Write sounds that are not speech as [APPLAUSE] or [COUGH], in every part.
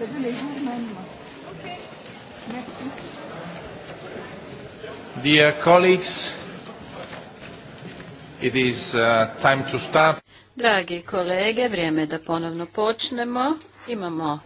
prévu les même. Okay. Merci. Dear colleagues, it is uh, time to start. Dragi kolege, vrijeme je da ponovno počnemo. Imamo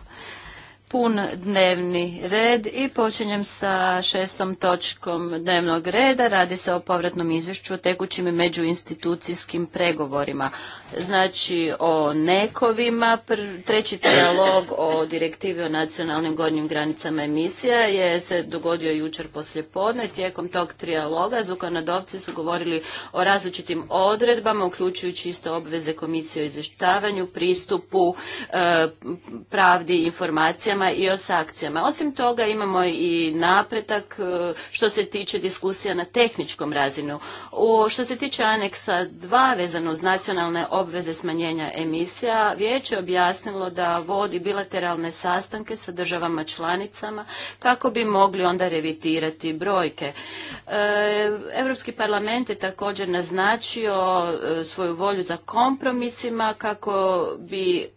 pun dnevni red i počinjem sa šestom točkom dnevnog reda. Radi se o povratnom izvješću o tekućim međuinstitucijskim pregovorima. Znači o nekovima, treći trialog o direktivi o nacionalnim gornjim granicama emisija je se dogodio jučer podne. Tijekom tog trijaloga Zukanadovci su govorili o različitim odredbama, uključujući isto obveze komisije o izvještavanju, pristupu, e, pravdi i informacijama i o akcijama. Osim toga imamo i napretak e, što se tiče diskusija na tehničkom razinu. o što se tiče aneksa 2 vezano uz nacionalne obveze smanjenja emisija, vijeće je objasnilo da vodi bilateralne sastanke sa državama članicama kako bi mogli onda revitirati brojke. E, Europski parlament je također naznačio e, svoju volju za kompromisima kako bi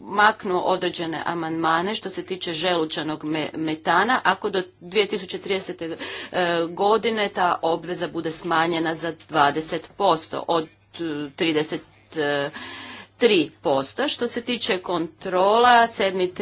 maknuo određene amandmane što se tiče tiče želučanog metana, ako do 2030. E, godine ta obveza bude smanjena za 20% od 30 e, 3%. Što se tiče kontrola, sedmi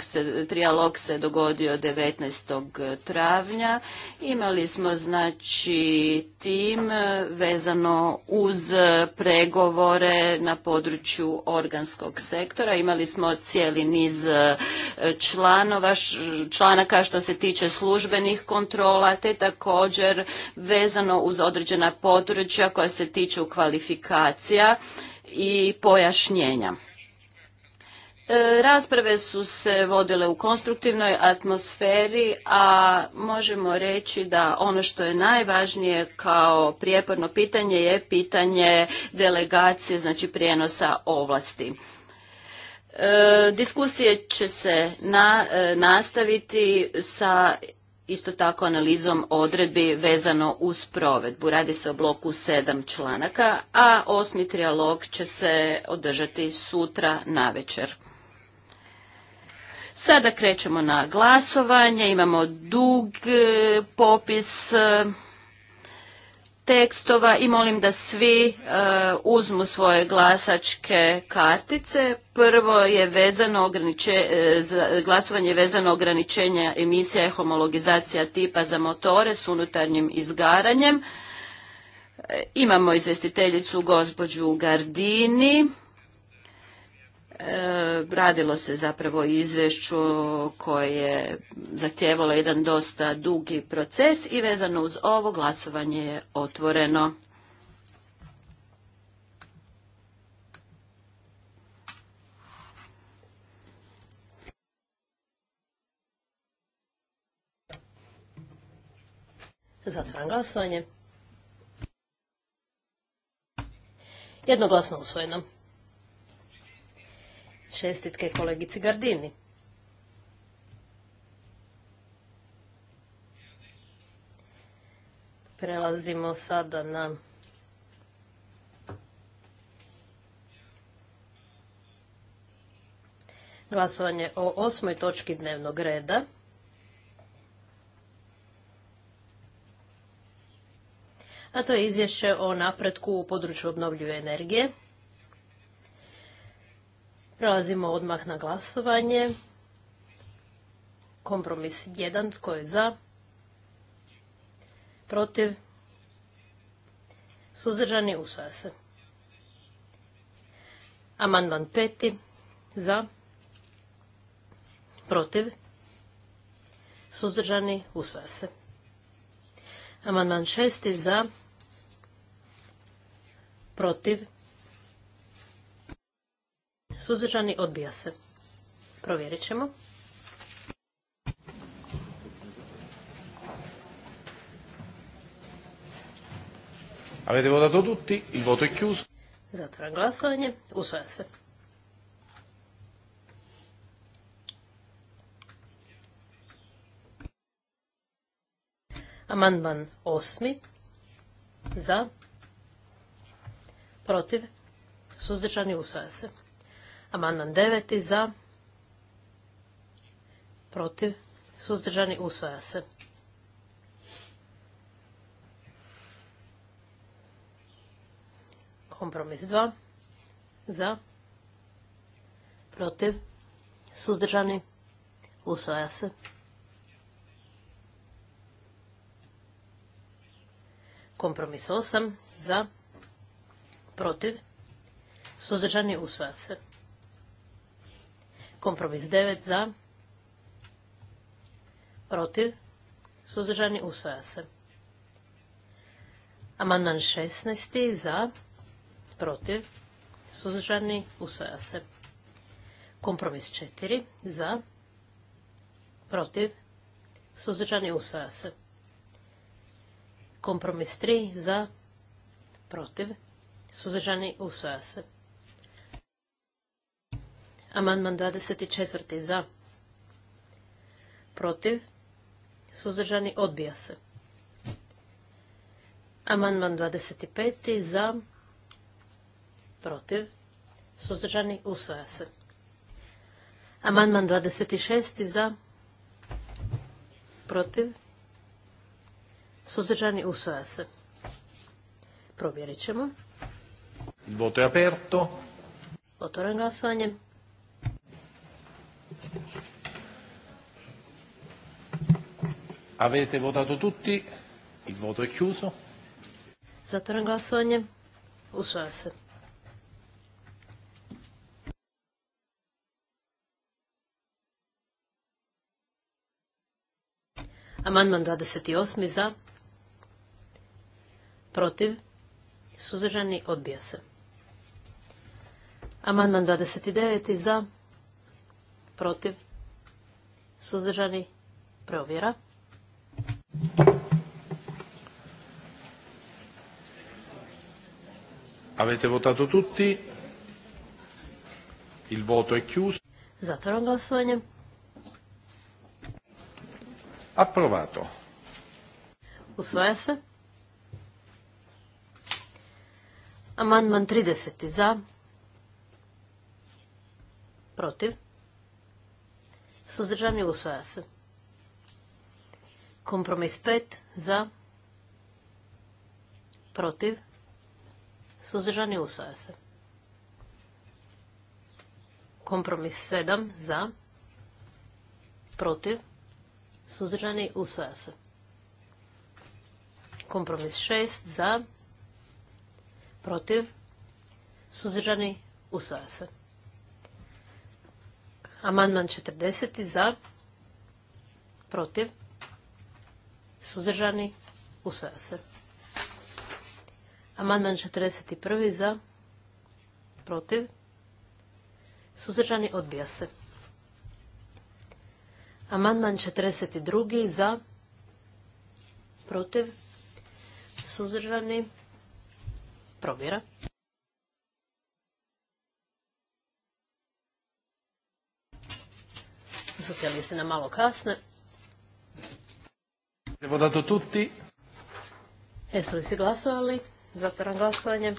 se, trialog se dogodio 19. travnja. Imali smo znači tim vezano uz pregovore na području organskog sektora. Imali smo cijeli niz e, članova, članaka što se tiče službenih kontrola, te također vezano uz određena područja koja se tiču kvalifikacija i pojašnjenja. E, rasprave su se vodile u konstruktivnoj atmosferi, a možemo reći da ono što je najvažnije kao prijeporno pitanje je pitanje delegacije, znači prijenosa ovlasti. E, diskusije će se e, nastaviti sa isto tako analizom odredbi vezano uz provedbu. Radi se o bloku sedam članaka, a osmi trijalog će se održati sutra na večer. Sada krećemo na glasovanje, imamo dug popis tekstova i molim da svi e, uzmu svoje glasačke kartice. Prvo je vezano ograničenje glasovanje je vezano ograničenja emisija i homologizacija tipa za motore s unutarnjim izgaranjem. E, imamo izvestiteljicu gospođu Gardini. E, radilo se zapravo o izvješću koje je zahtijevalo jedan dosta dugi proces i vezano uz ovo glasovanje je otvoreno. Zatvoram glasovanje. Jednoglasno usvojeno. Čestitke kolegici Gardini. Prelazimo sada na glasovanje o osmoj točki dnevnog reda. A to je izvješće o napretku u području obnovljive energije. Prelazimo odmah na glasovanje. Kompromis 1. Tko je za? Protiv? Suzdržani usvaja se. Amandman peti. Za? Protiv? Suzdržani usvaja se. Amandman šesti. Za? Protiv? Suzdržani odbija se. Provjerit ćemo. Avete votato tutti, il voto è chiuso. glasovanje, usvaja se. Amandman osmi. Za. Protiv. Suzdržani usvaja se. Amandman 9. za, protiv, suzdržani, usvaja se. Kompromis 2. Za, protiv, suzdržani, usvaja se. Kompromis 8. Za, protiv, suzdržani, usvaja se. Kompromis 9 za, protiv, suzdržani, usvaja se. Amandman 16 za, protiv, suzdržani, usvaja se. Kompromis 4 za, protiv, suzdržani, usvaja se. Kompromis 3 za, protiv, suzdržani, usvaja se. Amandman 24. za. Protiv. Suzdržani odbija se. Amandman 25. za. Protiv. Suzdržani usvaja se. Amandman 26. za. Protiv. Suzdržani usvaja se. Provjerit ćemo. Voto je aperto. Otvoren glasovanje. Avete votato tutti? Il voto è chiuso. Zatvoren glasovanje. Usvaja Amandman 28. za. Protiv. Suzdržani odbija se. Amandman 29. za protiv, suzdržani, provjera. Avete votato tutti? Il voto è chiuso. Zatvorom glasovanje. Approvato. Usvaja se. Amandman 30. za. Protiv. Suzdržani usvaja se. Kompromis 5 za. Protiv. Suzdržani usvaja se. Kompromis 7 za. Protiv. Suzdržani usvaja se. Kompromis 6 za. Protiv. Suzdržani usvaja se. Amandman 40. za, protiv, suzdržani, usvaja se. Amandman 41. za, protiv, suzdržani, odbija se. Amandman 42. za, protiv, suzdržani, provjera. socijalisti na malo kasne. Evo dato tutti. Jesu li svi glasovali? Zatvaram glasovanje.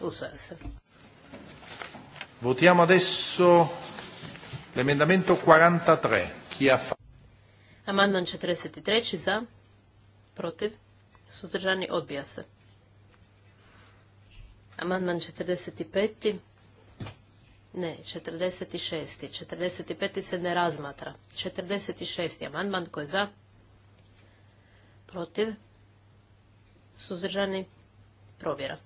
Usvaja se. Votiamo adesso l'emendamento 43. Chi ha fa... Amandman 43. za, protiv, suzdržani odbija se. Amandman 45. Ne, 46. 45. se ne razmatra. 46. amandman koji je za? Protiv? Suzdržani? Provjera.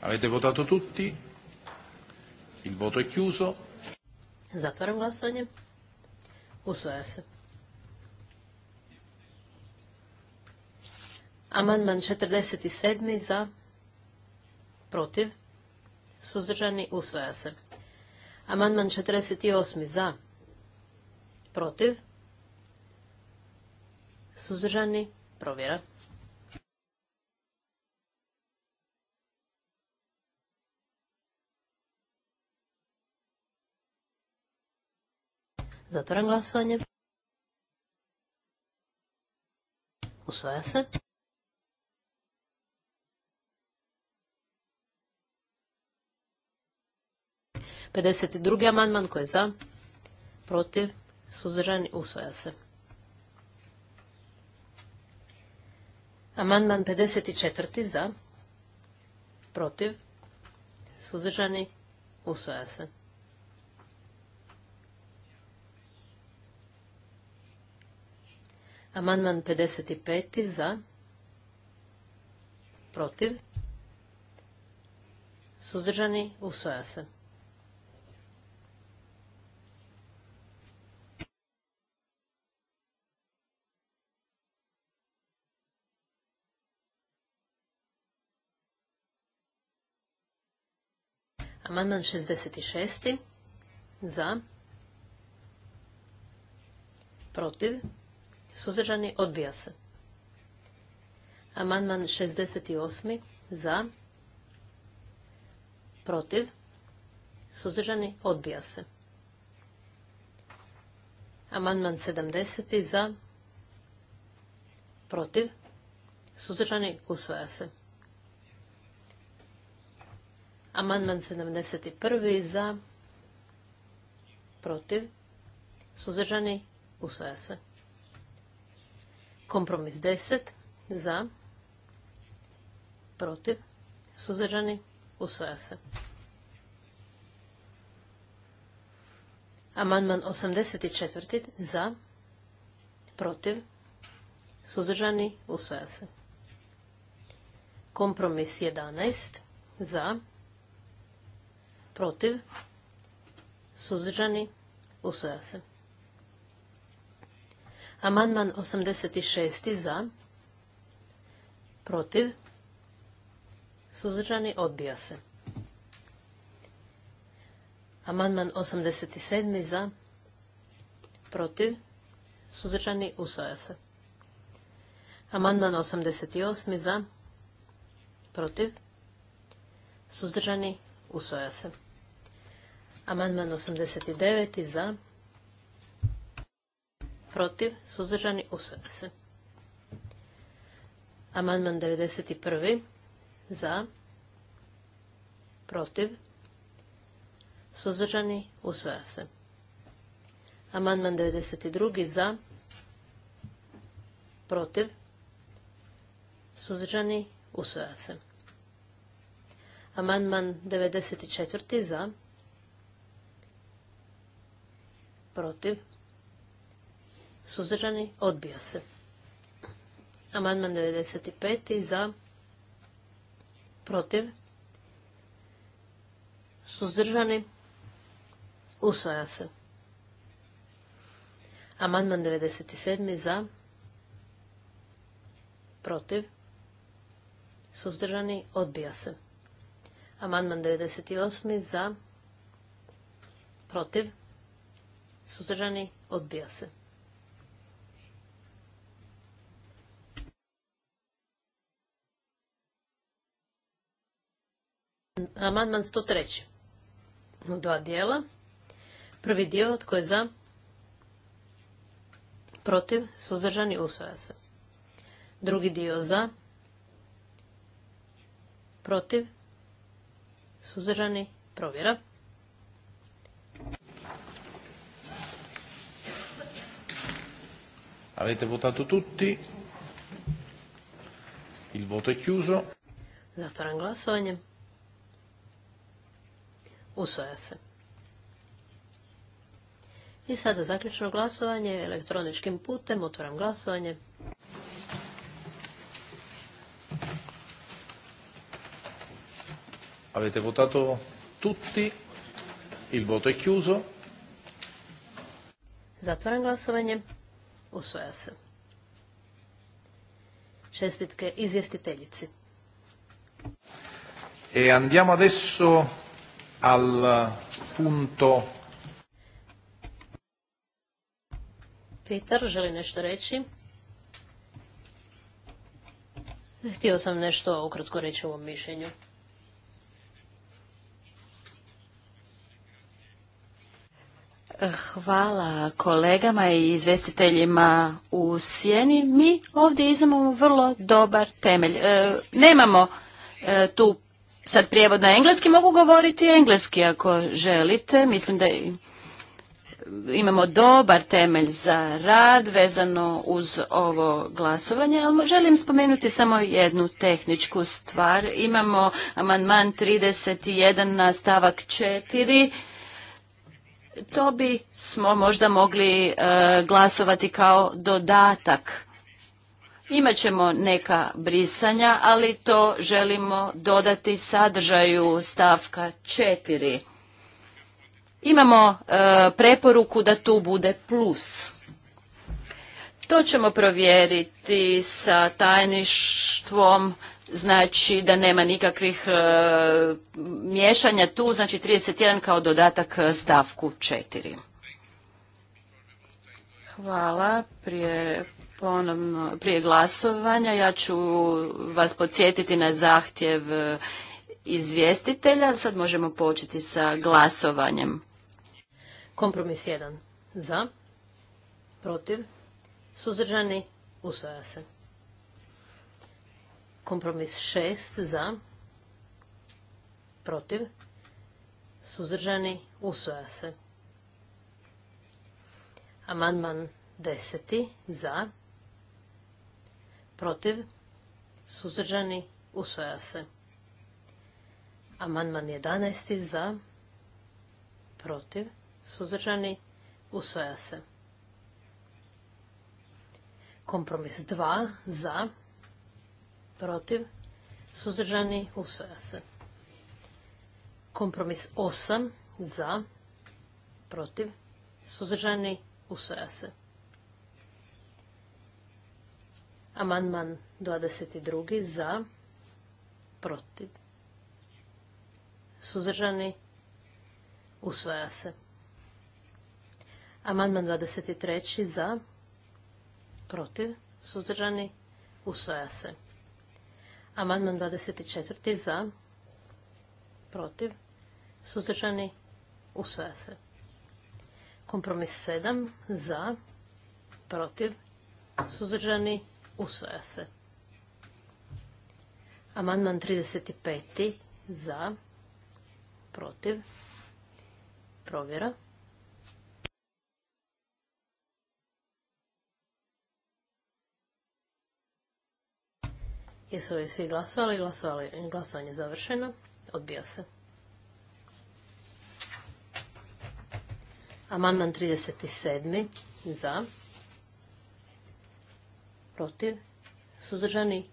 Avete votato tutti? Il voto è chiuso. Zatvaram glasovanje. Usvaja se. Amandman 47. za, protiv, suzdržani, usvaja se. Amandman 48. za, protiv, suzdržani, provjera. Zatvoram glasovanje. Usvaja se. 52. amandman koji je za, protiv, suzdržani, usvoja se. Amandman 54. za, protiv, suzdržani, usvoja se. Amandman 55. za, protiv, suzdržani, usvoja se. Amandman 66. Za. Protiv. Suzdržani odbija se. Amandman 68. Za. Protiv. Suzdržani odbija se. Amandman 70. Za. Protiv. Suzdržani usvoja se. Amandman 71. za, protiv, suzdržani, usvaja se. Kompromis 10. za, protiv, suzdržani, usvaja se. Amandman 84. za, protiv, suzdržani, usvaja se. Kompromis 11. za, protiv, suzdržani, usvoja se. Amandman 86. za, protiv, suzdržani, odbija se. Amandman 87. za, protiv, suzdržani, usvoja se. Amandman 88. za, protiv, suzdržani, usvoja se. Amandman 89. za. Protiv. Suzdržani. Usvaja se. Amandman 91. za. Protiv. Suzdržani. Usvaja se. Amandman 92. za. Protiv. Suzdržani. Usvaja se. Amandman 94. za. protiv, suzdržani, odbija se. Amandman 95. za, protiv, suzdržani, usvaja se. Amandman 97. za, protiv, suzdržani, odbija se. Amandman 98. za, protiv, Suzdržani? Odbija se. Amandman 103. U dva dijela. Prvi dio, od je za? Protiv? Suzdržani? Usvaja se. Drugi dio za? Protiv? Suzdržani? Provjera. Avete votato tutti? Il voto è chiuso. Zatvaram glasovanje. Usvaja se. I sada zaključno glasovanje elektroničkim putem. Otvaram glasovanje. Avete votato tutti? Il voto è chiuso. Zatvaram glasovanje. Usvoja se. Čestitke izvjestiteljici. E andiamo adesso al punto... Peter, želi nešto reći? Htio sam nešto ukratko reći o ovom mišljenju. Hvala kolegama i izvestiteljima u Sjeni. Mi ovdje izamo vrlo dobar temelj. E, nemamo e, tu sad prijevod na engleski, mogu govoriti engleski ako želite. Mislim da imamo dobar temelj za rad vezano uz ovo glasovanje, ali želim spomenuti samo jednu tehničku stvar. Imamo amandman 31 na stavak 4 to bi smo možda mogli e, glasovati kao dodatak Imaćemo neka brisanja, ali to želimo dodati sadržaju stavka 4. Imamo e, preporuku da tu bude plus. To ćemo provjeriti sa tajništvom znači da nema nikakvih e, miješanja tu, znači 31 kao dodatak e, stavku 4. Hvala. Prije ponovno, prije glasovanja ja ću vas podsjetiti na zahtjev e, izvjestitelja. Sad možemo početi sa glasovanjem. Kompromis 1. Za. Protiv. Suzdržani. Usvaja se. Kompromis 6 za, protiv, suzdržani, usvoja se. Amandman 10 za, protiv, suzdržani, usvoja se. Amandman 11 za, protiv, suzdržani, usvoja se. Kompromis 2 za, protiv, suzdržani, usvaja se. Kompromis 8 za, protiv, suzdržani, usvaja se. Amandman 22 za, protiv, suzdržani, usvaja se. Amandman 23 za, protiv, suzdržani, usvaja se. Amandman 24. za, protiv, suzdržani, usvaja se. Kompromis 7. za, protiv, suzdržani, usvaja se. Amandman 35. za, protiv, provjera. Jesu li svi glasovali? glasovali? Glasovanje je završeno. Odbija se. Amandman 37. Za. Protiv. Suzdržani.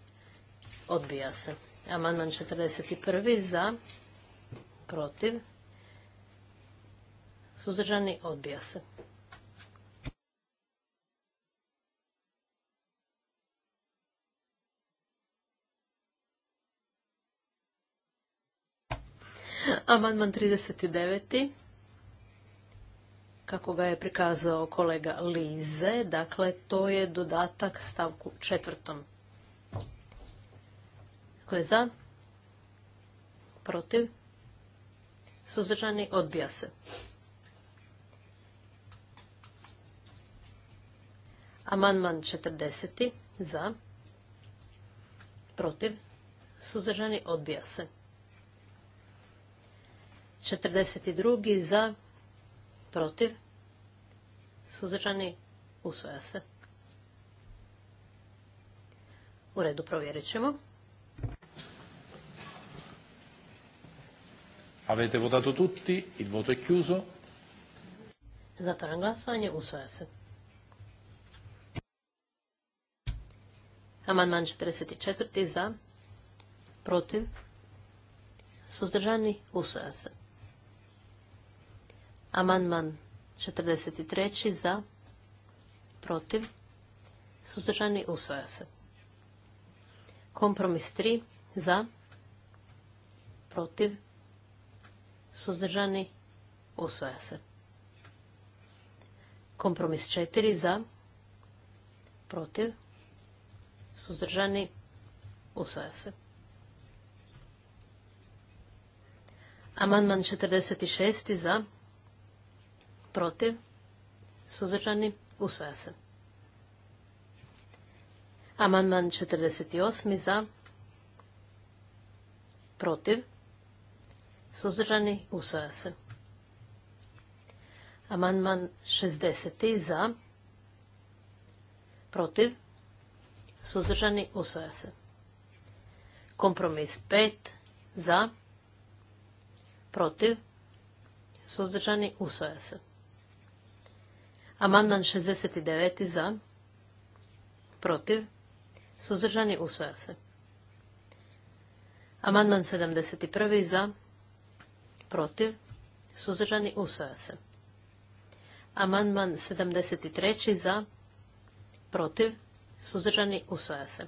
Odbija se. Amandman 41. Za. Protiv. Suzdržani. Odbija se. Amandman 39. Kako ga je prikazao kolega Lize, dakle to je dodatak stavku četvrtom. Tko je za? Protiv? Suzdržani odbija se. Amandman 40. Za. Protiv. Suzdržani odbija se. 42. za, protiv, suzdržani, usvoja se. U redu provjerit ćemo. Avete votato tutti, il voto è chiuso. Zatvaram glasovanje, usvoja se. Amandman 44. za, protiv, suzdržani, usvoja se. Amandman 43. za, protiv, suzdržani, usvoja se. Kompromis 3. za, protiv, suzdržani, usvoja se. Kompromis 4. za, protiv, suzdržani, usvoja se. Amandman 46. za, protiv, protiv, suzdržani, usvaja se. Amandman 48. za, protiv, suzdržani, usvaja se. Amandman 60. za, protiv, suzdržani, usvaja se. Kompromis 5 za, protiv, suzdržani, usvaja se. Amandman 69. za. Protiv. Suzdržani usvoja se. Amandman 71. za. Protiv. Suzdržani usvoja se. Amandman 73. za. Protiv. Suzdržani usvoja se.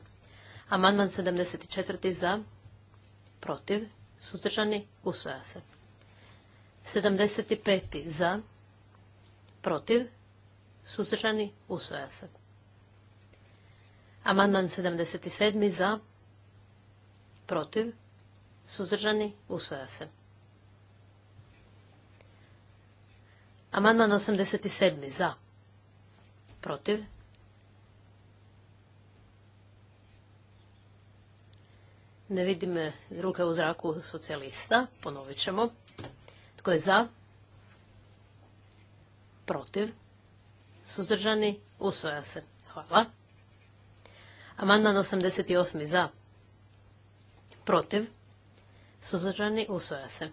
Amandman 74. za. Protiv. Suzdržani usvoja se. 75. za. Protiv. Suzdržani? usvoja se. Amandman 77. Za? Protiv? Suzdržani? usvoja se. Amandman 87. Za? Protiv? Ne vidim ruke u zraku socijalista. Ponovit ćemo. Tko je za? Protiv? suzdržani, usvoja se. Hvala. Amandman 88. za, protiv, suzdržani, usvoja se.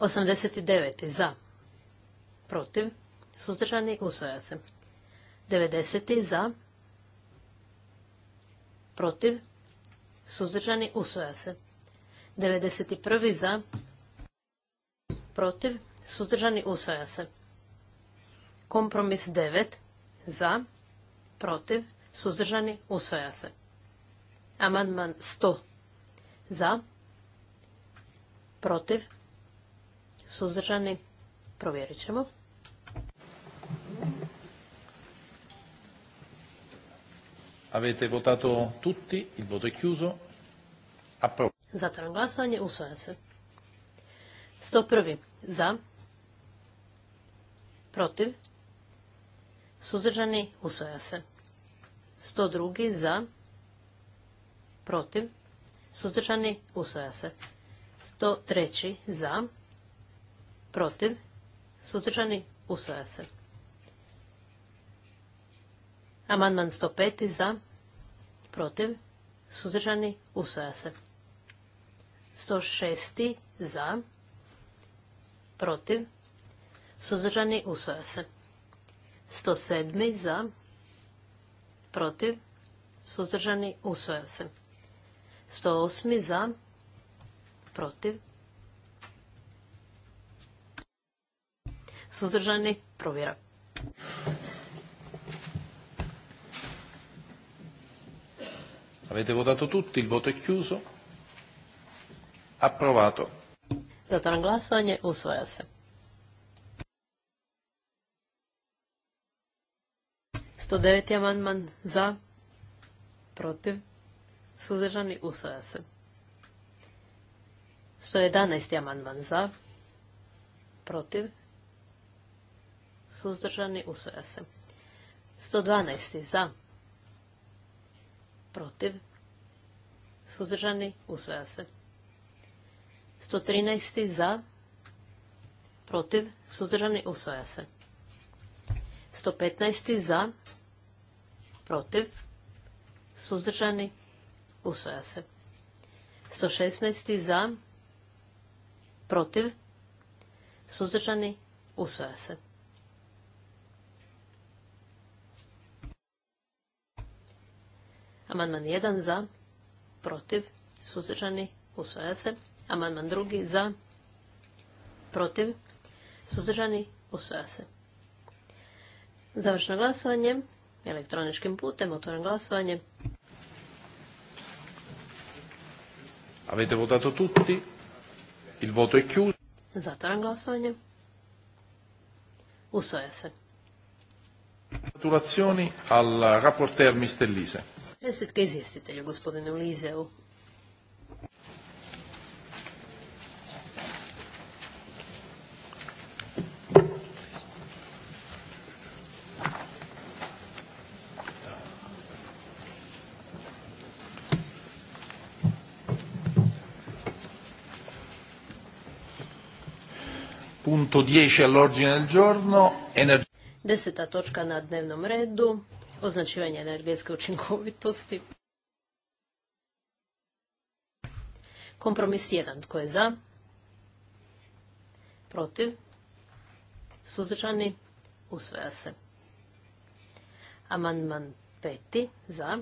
89. za, protiv, suzdržani, usvoja se. 90. za, protiv, suzdržani, usvoja se. 91. za, protiv, suzdržani, usvoja se. Kompromis 9 za, protiv, suzdržani, usvaja se. Amandman 100 za, protiv, suzdržani, provjerit ćemo. Avete votato tutti, il voto è chiuso. approvo. Zatvaram glasovanje, usvaja se. 101. Za. Protiv. Suzdržani usvaja se. 102. za. Protiv. Suzdržani usvaja se. 103. za. Protiv. Suzdržani usvaja se. Amandman 105. za. Protiv. Suzdržani usvaja se. 106. za. Protiv. Suzdržani usvaja se. 107. za, protiv, suzdržani, usvoja se. 108. za, protiv, suzdržani, provjera. Avete votato tutti, il voto è chiuso. Approvato. Zatvaram glasovanje, usvoja se. 109. amandman za, protiv, suzdržani, usvoja se. 111. amandman za, protiv, suzdržani, usvoja se. 112. za, protiv, suzdržani, usvoja se. 113. za, protiv, suzdržani, usvoja se. 115. za, protiv, suzdržani, usvoja se. 116. za, protiv, suzdržani, usvoja se. Amandman 1 za, protiv, suzdržani, usvoja se. Amandman 2 za, protiv, suzdržani, usvoja se. Završno glasovanje elektroničkim putem. Otvoren glasovanje. Avete votato tutti? Il voto è chiuso. Zatvoren glasovanje. Usvoja se. Gratulazioni al rapporteur Mr. Lise. Čestitke izvjestitelju, gospodine Lizeu. 10 all'ordine del giorno. Deseta točka na dnevnom redu, označivanje energetske učinkovitosti. Kompromis 1. Tko je za? Protiv? Suzdržani? Usvaja se. Amandman 5. Za?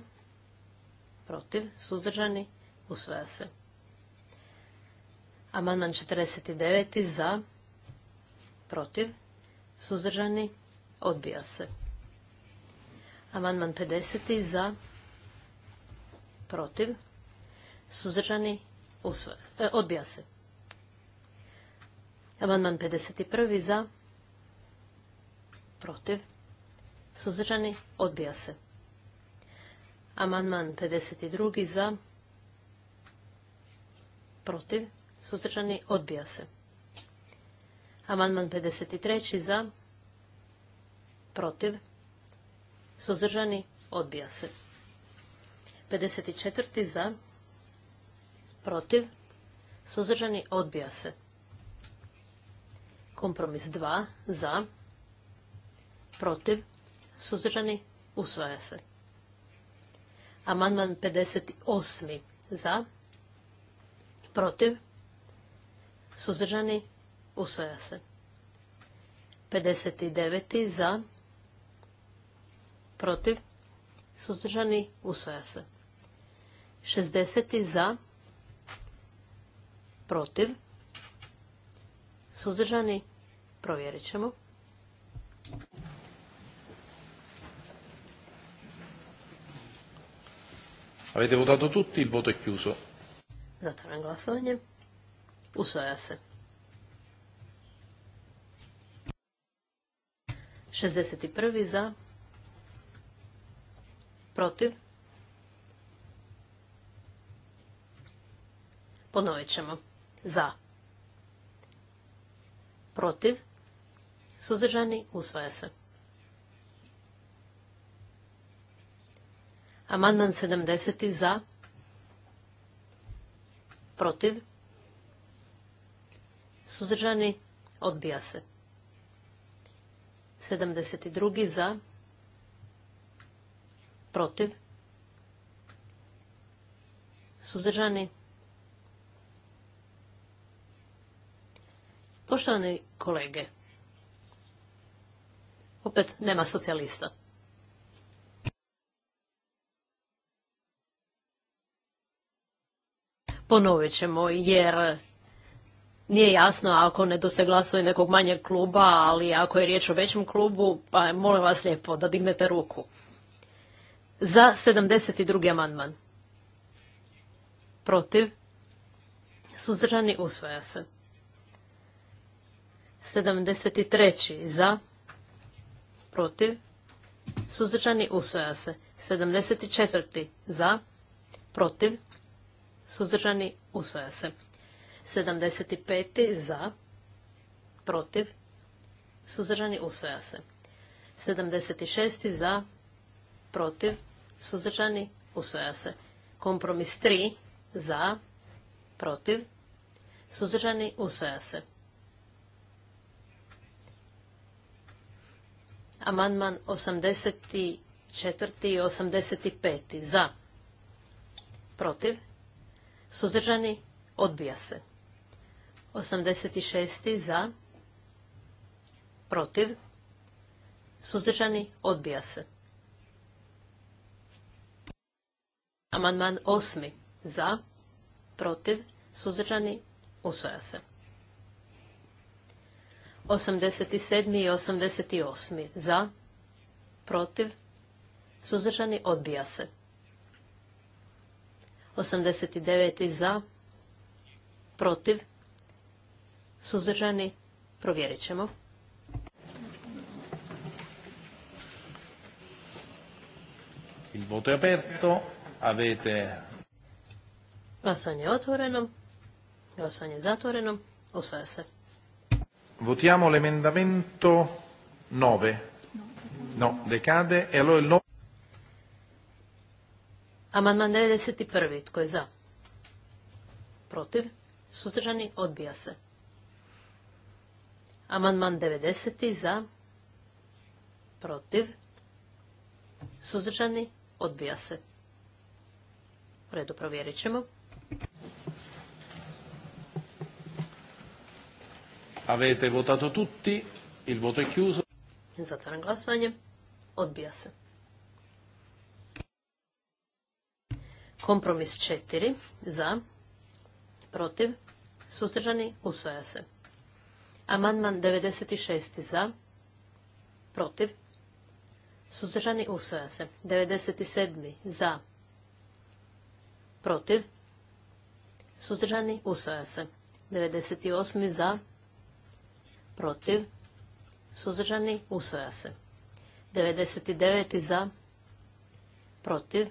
Protiv? Suzdržani? Usvaja se. Amandman 49. Za? protiv, suzdržani, odbija se. Amandman 50. E, za, protiv, suzdržani, odbija se. Amandman 51. za, protiv, suzdržani, odbija se. Amandman 52. za, protiv, suzdržani, odbija se. Amandman 53. za, protiv, suzdržani, odbija se. 54. za, protiv, suzdržani, odbija se. Kompromis 2 za, protiv, suzdržani, usvaja se. Amandman 58. za, protiv, suzdržani, Usvaja se. 59. za. Protiv. Suzdržani. Usvaja se. 60. za. Protiv. Suzdržani. Provjerit ćemo. Avete votato tutti, il voto è chiuso. Zatvaram glasovanje. Usvaja se. 61. za, protiv. Ponovit ćemo. Za, protiv, suzdržani, usvaja se. Amandman 70. za, protiv, suzdržani, odbija se. 72. za, protiv, suzdržani. Poštovani kolege, opet nema socijalista. Ponovit ćemo jer nije jasno ako ne doste glasovi nekog manjeg kluba, ali ako je riječ o većem klubu, pa molim vas lijepo da dignete ruku. Za 72. amandman. Protiv. Suzdržani usvaja se. 73. za. Protiv. Suzdržani usvaja se. 74. za. Protiv. Suzdržani usvaja se. 75. za, protiv, suzdržani usvoja se. 76. za, protiv, suzdržani usvoja se. Kompromis 3 za, protiv, suzdržani usvoja se. Amandman 84. i 85. za, protiv, suzdržani odbija se. 86. za, protiv, suzdržani, odbija se. Amandman 8. za, protiv, suzdržani, usvoja se. 87. i 88. za, protiv, suzdržani, odbija se. 89. za, protiv, Suzdržani? Provjerit ćemo. Il voto je aperto. Avete... Glasanje je otvoreno. Glasanje je zatvoreno. Usvaja se. Votiamo l'emendamento 9. No, decade. E allora il 9... Amandman 91. Tko je za? Protiv? Suzdržani? Odbija se. Amandman 90. za, protiv, suzdržani, odbija se. U redu provjerit ćemo. Avete votato tutti, il voto je chiuso. Zatvaram glasovanje, odbija se. Kompromis 4 za, protiv, suzdržani, usvaja se. Amandman 96. za. Protiv. Suzdržani usvoja se. 97. za. Protiv. Suzdržani usvoja se. 98. za. Protiv. Suzdržani usvoja se. 99. za. Protiv.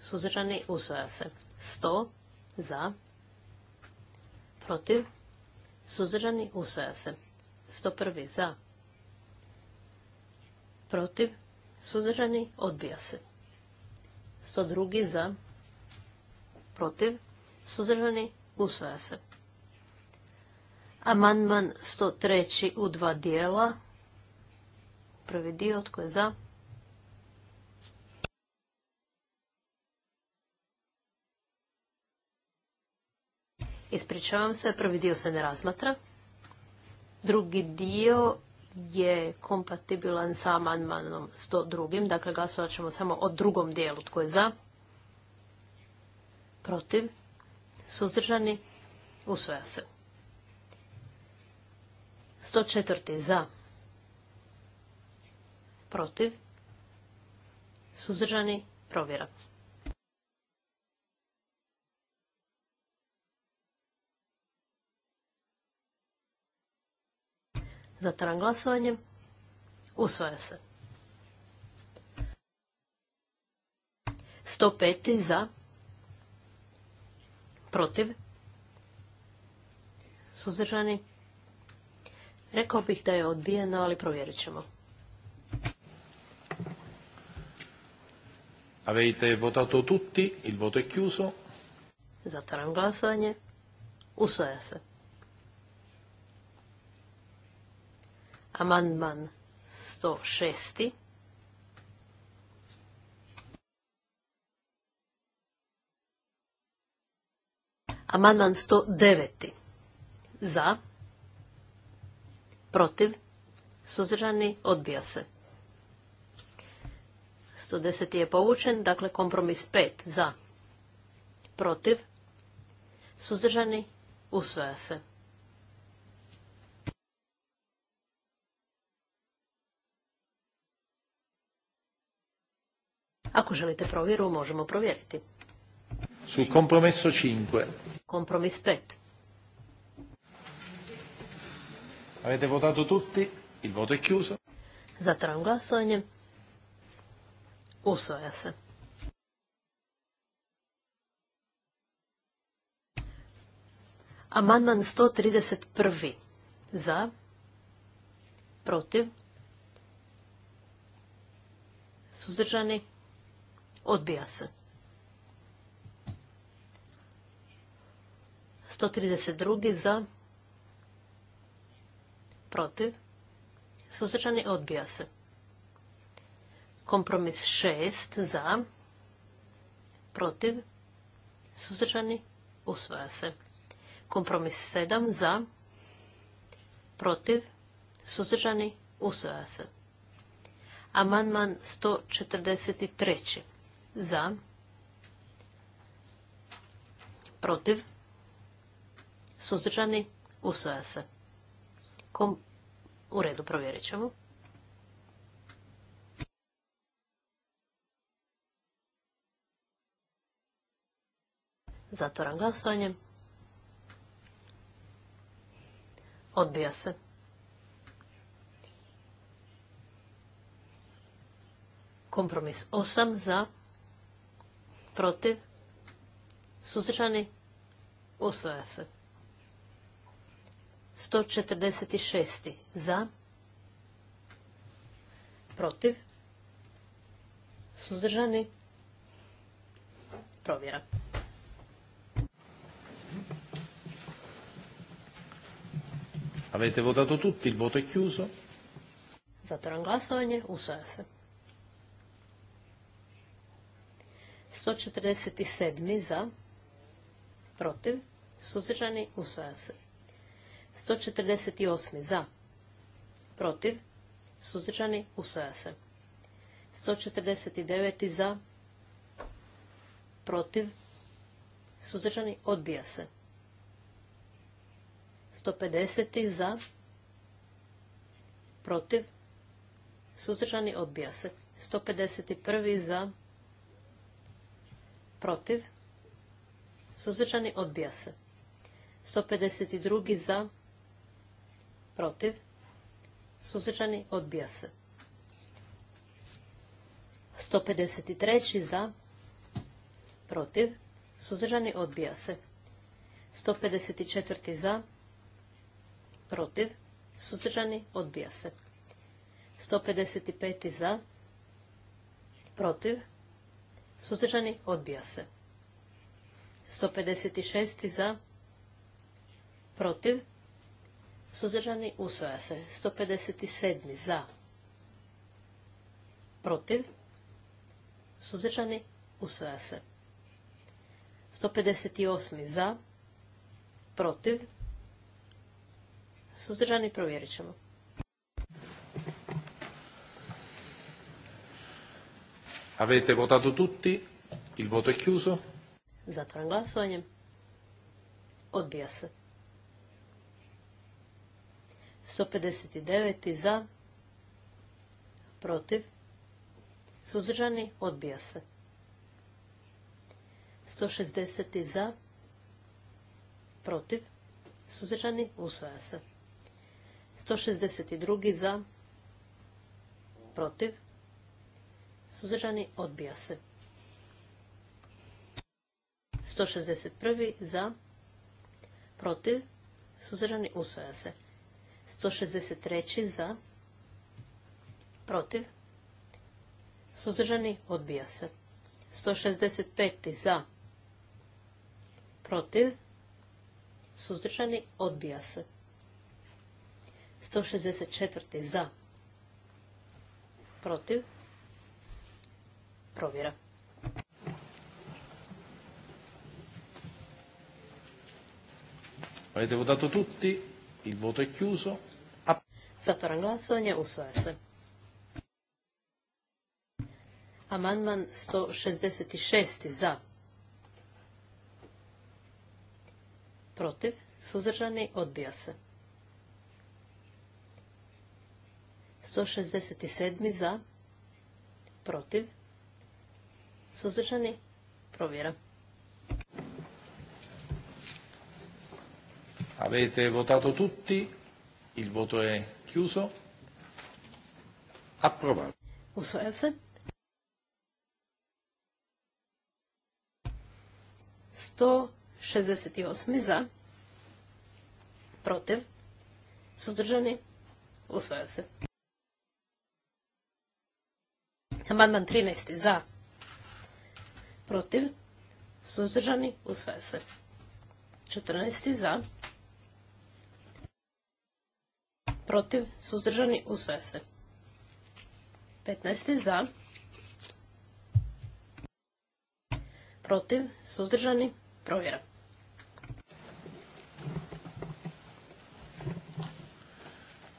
Suzdržani usvoja se. 100. za. Protiv. Suzdržani usvaja se. 101. za. Protiv. Suzdržani odbija se. 102. za. Protiv. Suzdržani usvaja se. Amandman 103. u dva dijela. Prvi dio tko je za. Ispričavam se, prvi dio se ne razmatra. Drugi dio je kompatibilan sa amandmanom 102. Dakle, glasovat ćemo samo o drugom dijelu. Tko je za? Protiv? Suzdržani? Usvoja se. 104. Za? Protiv? Suzdržani? Provjera. Zatvaram glasovanje. Usvaja se. 105. za. Protiv. Suzdržani. Rekao bih da je odbijeno, ali provjerit ćemo. Avete votato tutti, il voto è chiuso. Zatvaram glasovanje. Usvaja se. Amandman 106. Amandman 109. Za. Protiv. Suzdržani. Odbija se. 110. je povučen. Dakle, kompromis 5. Za. Protiv. Suzdržani. Usvaja se. Ako želite provjeru, možemo provjeriti. Su kompromiso 5. Kompromis 5. Avete votato tutti? Il voto è chiuso. Zatvaram glasovanje. Usvaja se. Amandman 131. Za. Protiv. Suzdržani. Odbija se. 132. za. Protiv. Suzdržani odbija se. Kompromis 6 za. Protiv. Suzdržani usvaja se. Kompromis 7 za. Protiv. Suzdržani usvaja se. Amandman 143 za, protiv, suzdržani, usvaja se. U redu, provjerit ćemo. Zatvoram glasovanje. Odbija se. Kompromis 8 za, protiv, suzdržani, usvaja se. 146. za, protiv, suzdržani, provjera. Avete votato tutti, il voto è chiuso. Zatoran glasovanje, usvaja se. 147. za, protiv, suzdržani, usvaja se. 148. za, protiv, suzdržani, usvaja se. 149. za, protiv, suzdržani, odbija se. 150. za, protiv, suzdržani, odbija se. 151. za, protiv, suzdržani, odbija se. 152. za, protiv, suzdržani, odbija se. 153. za, protiv, suzdržani, odbija se. 154. za, protiv, suzdržani, odbija se. 155. za, protiv, Suzdržani? Odbija se. 156. za. Protiv? Suzdržani? Usvaja se. 157. za. Protiv? Suzdržani? Usvaja se. 158. za. Protiv? Suzdržani? Provjerit ćemo. Avete votato tutti? Il voto è chiuso. Zatvoram glasovanje. Odbija se. 159. za. Protiv. Suzdržani. Odbija se. 160. za. Protiv. Suzdržani. Usvaja se. 162. za. Protiv Suzdržani odbija se. 161. za. Protiv. Suzdržani usvaja se. 163. za. Protiv. Suzdržani odbija se. 165. za. Protiv. Suzdržani odbija se. 164. za. Protiv provjera. Avete votato tutti? Il voto è chiuso. Zatvoran glasovanje, usvaja se. Amandman 166. za. Protiv. Suzdržani. Odbija se. 167. za. Protiv. Suzdržani? Provjera. Avete votato tutti? Il voto è chiuso? Approvato. Usvaja se. 168 za, protiv, suzdržani, usvaja se. Amandman 13 za, protiv, suzdržani, sve se. 14. za, protiv, suzdržani, usvaja se. 15. za, protiv, suzdržani, provjera.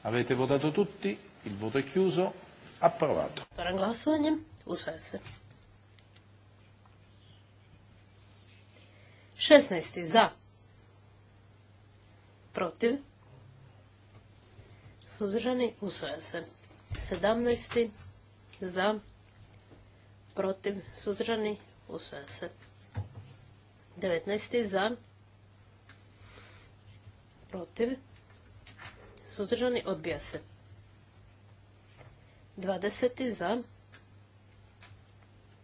Avete votato tutti, il voto è chiuso, approvato. Otvaram glasovanje, usvaja se. 16. za. Protiv. Suzdržani usvaja se. 17. za. Protiv. Suzdržani usvaja se. 19. za. Protiv. Suzdržani odbija se. 20. za.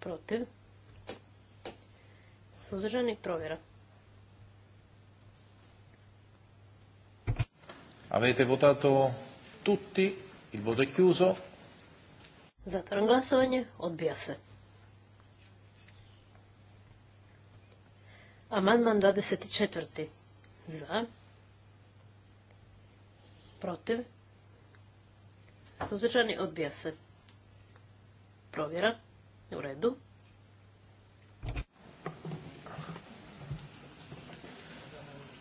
Protiv suzdržani, provjera. Avete votato tutti? Il voto è chiuso. Zatvoren glasovanje, odbija se. Amandman 24. Za. Protiv. Suzdržani odbija se. Provjera. U redu.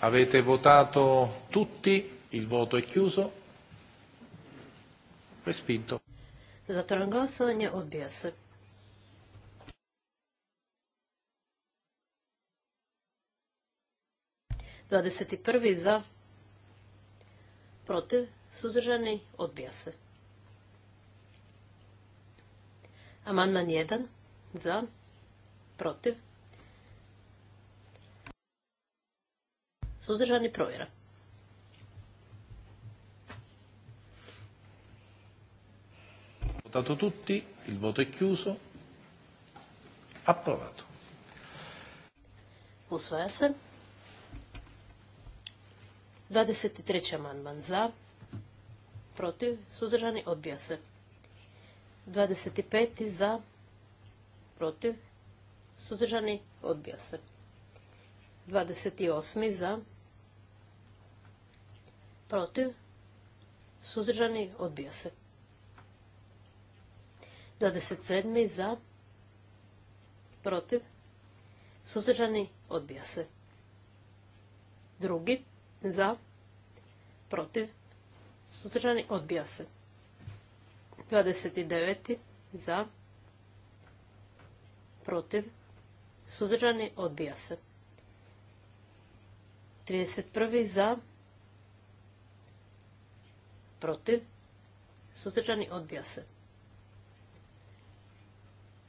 Avete votato tutti? Il voto è chiuso. Respinto. glasovanje, odbija Dvadeset za, protiv, suzdržani, odbija se. Amandman 1 za, protiv, Suzdržani provjera. Votato tutti, il voto è chiuso. Approvato. Usvaja se. 23. amandman za, protiv, suzdržani, odbija se. 25. za, protiv, suzdržani, odbija se. 28. za, protiv, suzdržani, odbija se. 27. za, protiv, suzdržani, odbija se. Drugi, za, protiv, suzdržani, odbija se. 29. za, protiv, suzdržani, odbija se. 31. za, protiv, suzdržani, odbija se.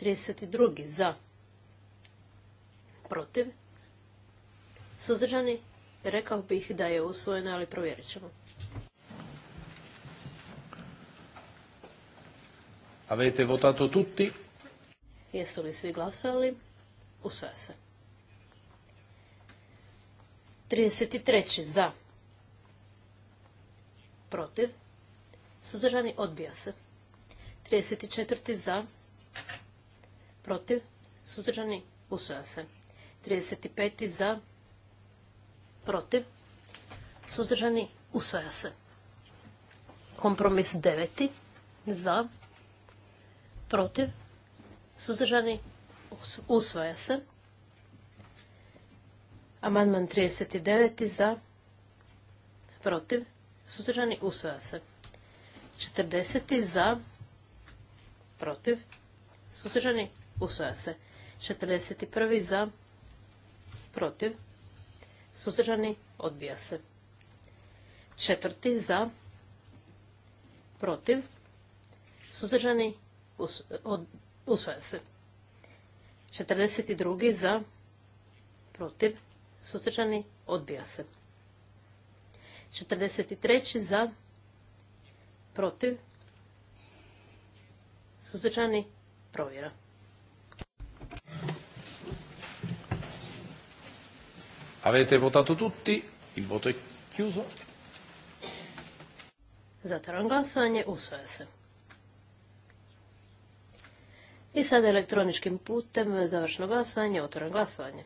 32. za, protiv, suzdržani, rekao bih da je usvojeno, ali provjerit ćemo. Avete votato tutti? Jesu li svi glasovali? Usvoja se. 33. za. Protiv. Suzdržani odbija se. 34. za. Protiv. Suzdržani usvoja se. 35. za. Protiv. Suzdržani usvoja se. Kompromis 9. za. Protiv. Suzdržani usvoja se. Amandman 39. za. Protiv. Suzdržani usvoja se. 40. za, protiv, suzdržani, usvaja se. 41. za, protiv, suzdržani, odbija se. Četvrti za, protiv, suzdržani, usvaja se. 42. za, protiv, suzdržani, odbija se. 43. za, protiv, protiv, suzdržani, provjera. Avete votato tutti, il voto è chiuso. Zatvaram glasovanje, usvaja se. I sada elektroničkim putem završno glasovanje, Otvaram glasovanje.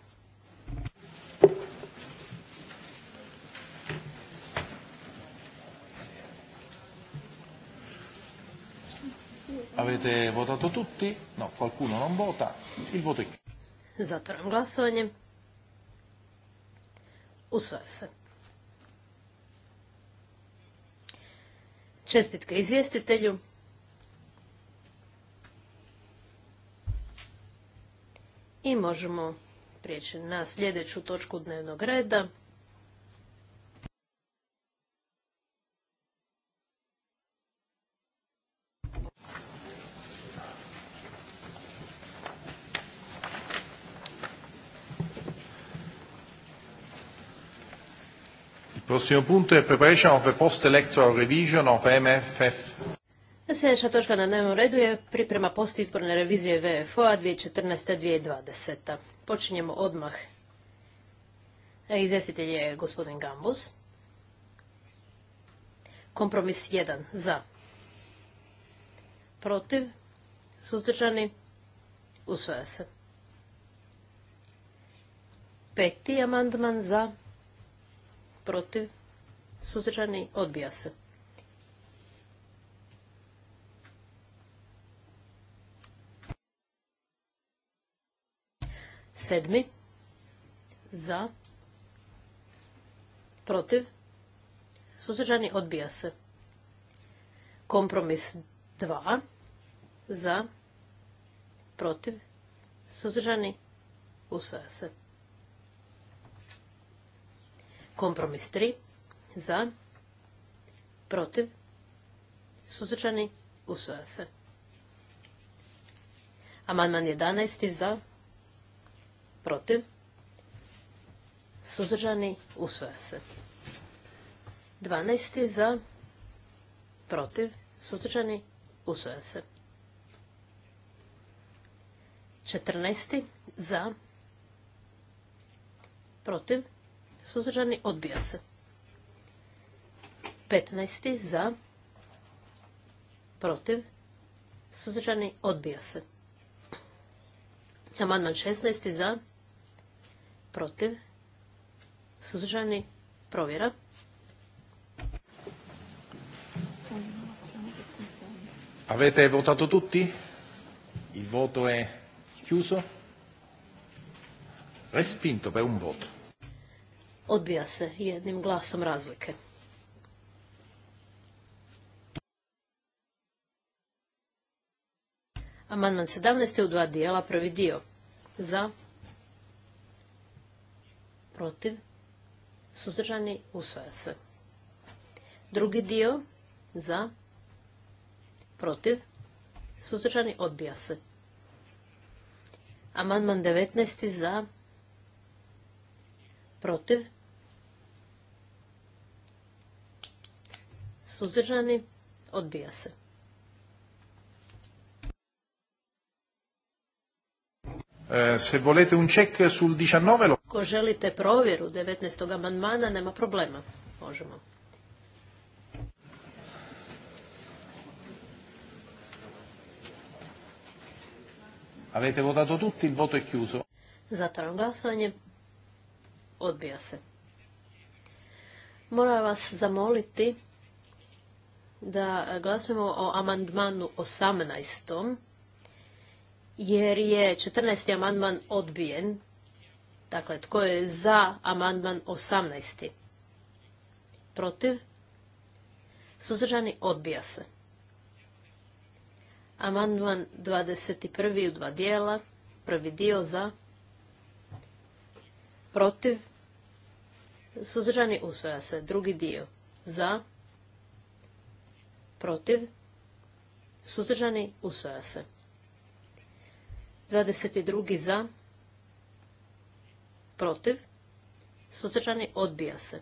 Avete votato tutti? No, qualcuno non vota. Il voto è chiuso. glasovanje. Usvaja se. Čestitke izvjestitelju. I možemo prijeći na sljedeću točku dnevnog reda. prossimo punto è preparation of post revision of MFF. Sljedeća točka na dnevnom redu je priprema postizborne revizije VFO-a 2014-2020. Počinjemo odmah. E, izvjestitelj je gospodin Gambus. Kompromis jedan za. Protiv. Suzdržani. Usvaja se. Peti amandman za protiv, suzdržani, odbija se. Sedmi, za, protiv, suzdržani, odbija se. Kompromis dva, za, protiv, suzdržani, usvaja se. Kompromis 3 za, protiv, suzdržani, usvoja se. Amandman 11 za, protiv, suzdržani, usvoja se. 12 za, protiv, suzdržani, usvoja se. 14 za, protiv, suzdržani, odbija se. 15. za, protiv, suzdržani, odbija se. Amandman 16. za, protiv, suzdržani, provjera. Avete votato tutti? Il voto è chiuso? Respinto per un voto. Odbija se jednim glasom razlike. Amandman 17. u dva dijela, prvi dio. Za, protiv, suzdržani, usvaja se. Drugi dio, za, protiv, suzdržani, odbija se. Amandman 19. za, protiv, suzdržani, odbija se. Eh, se volete un check sul 19 ko želite provjeru 19. amandmana, nema problema. Možemo. Avete votato tutti, il voto è chiuso. Zatvaram glasovanje. Odbija se. Moram vas zamoliti da glasujemo o amandmanu 18. jer je 14. amandman odbijen. Dakle, tko je za amandman 18. Protiv? Suzdržani odbija se. Amandman 21. u dva dijela. Prvi dio za. Protiv? Suzdržani usvoja se. Drugi dio za protiv, suzdržani, usvaja se. 22. za, protiv, suzdržani, odbija se.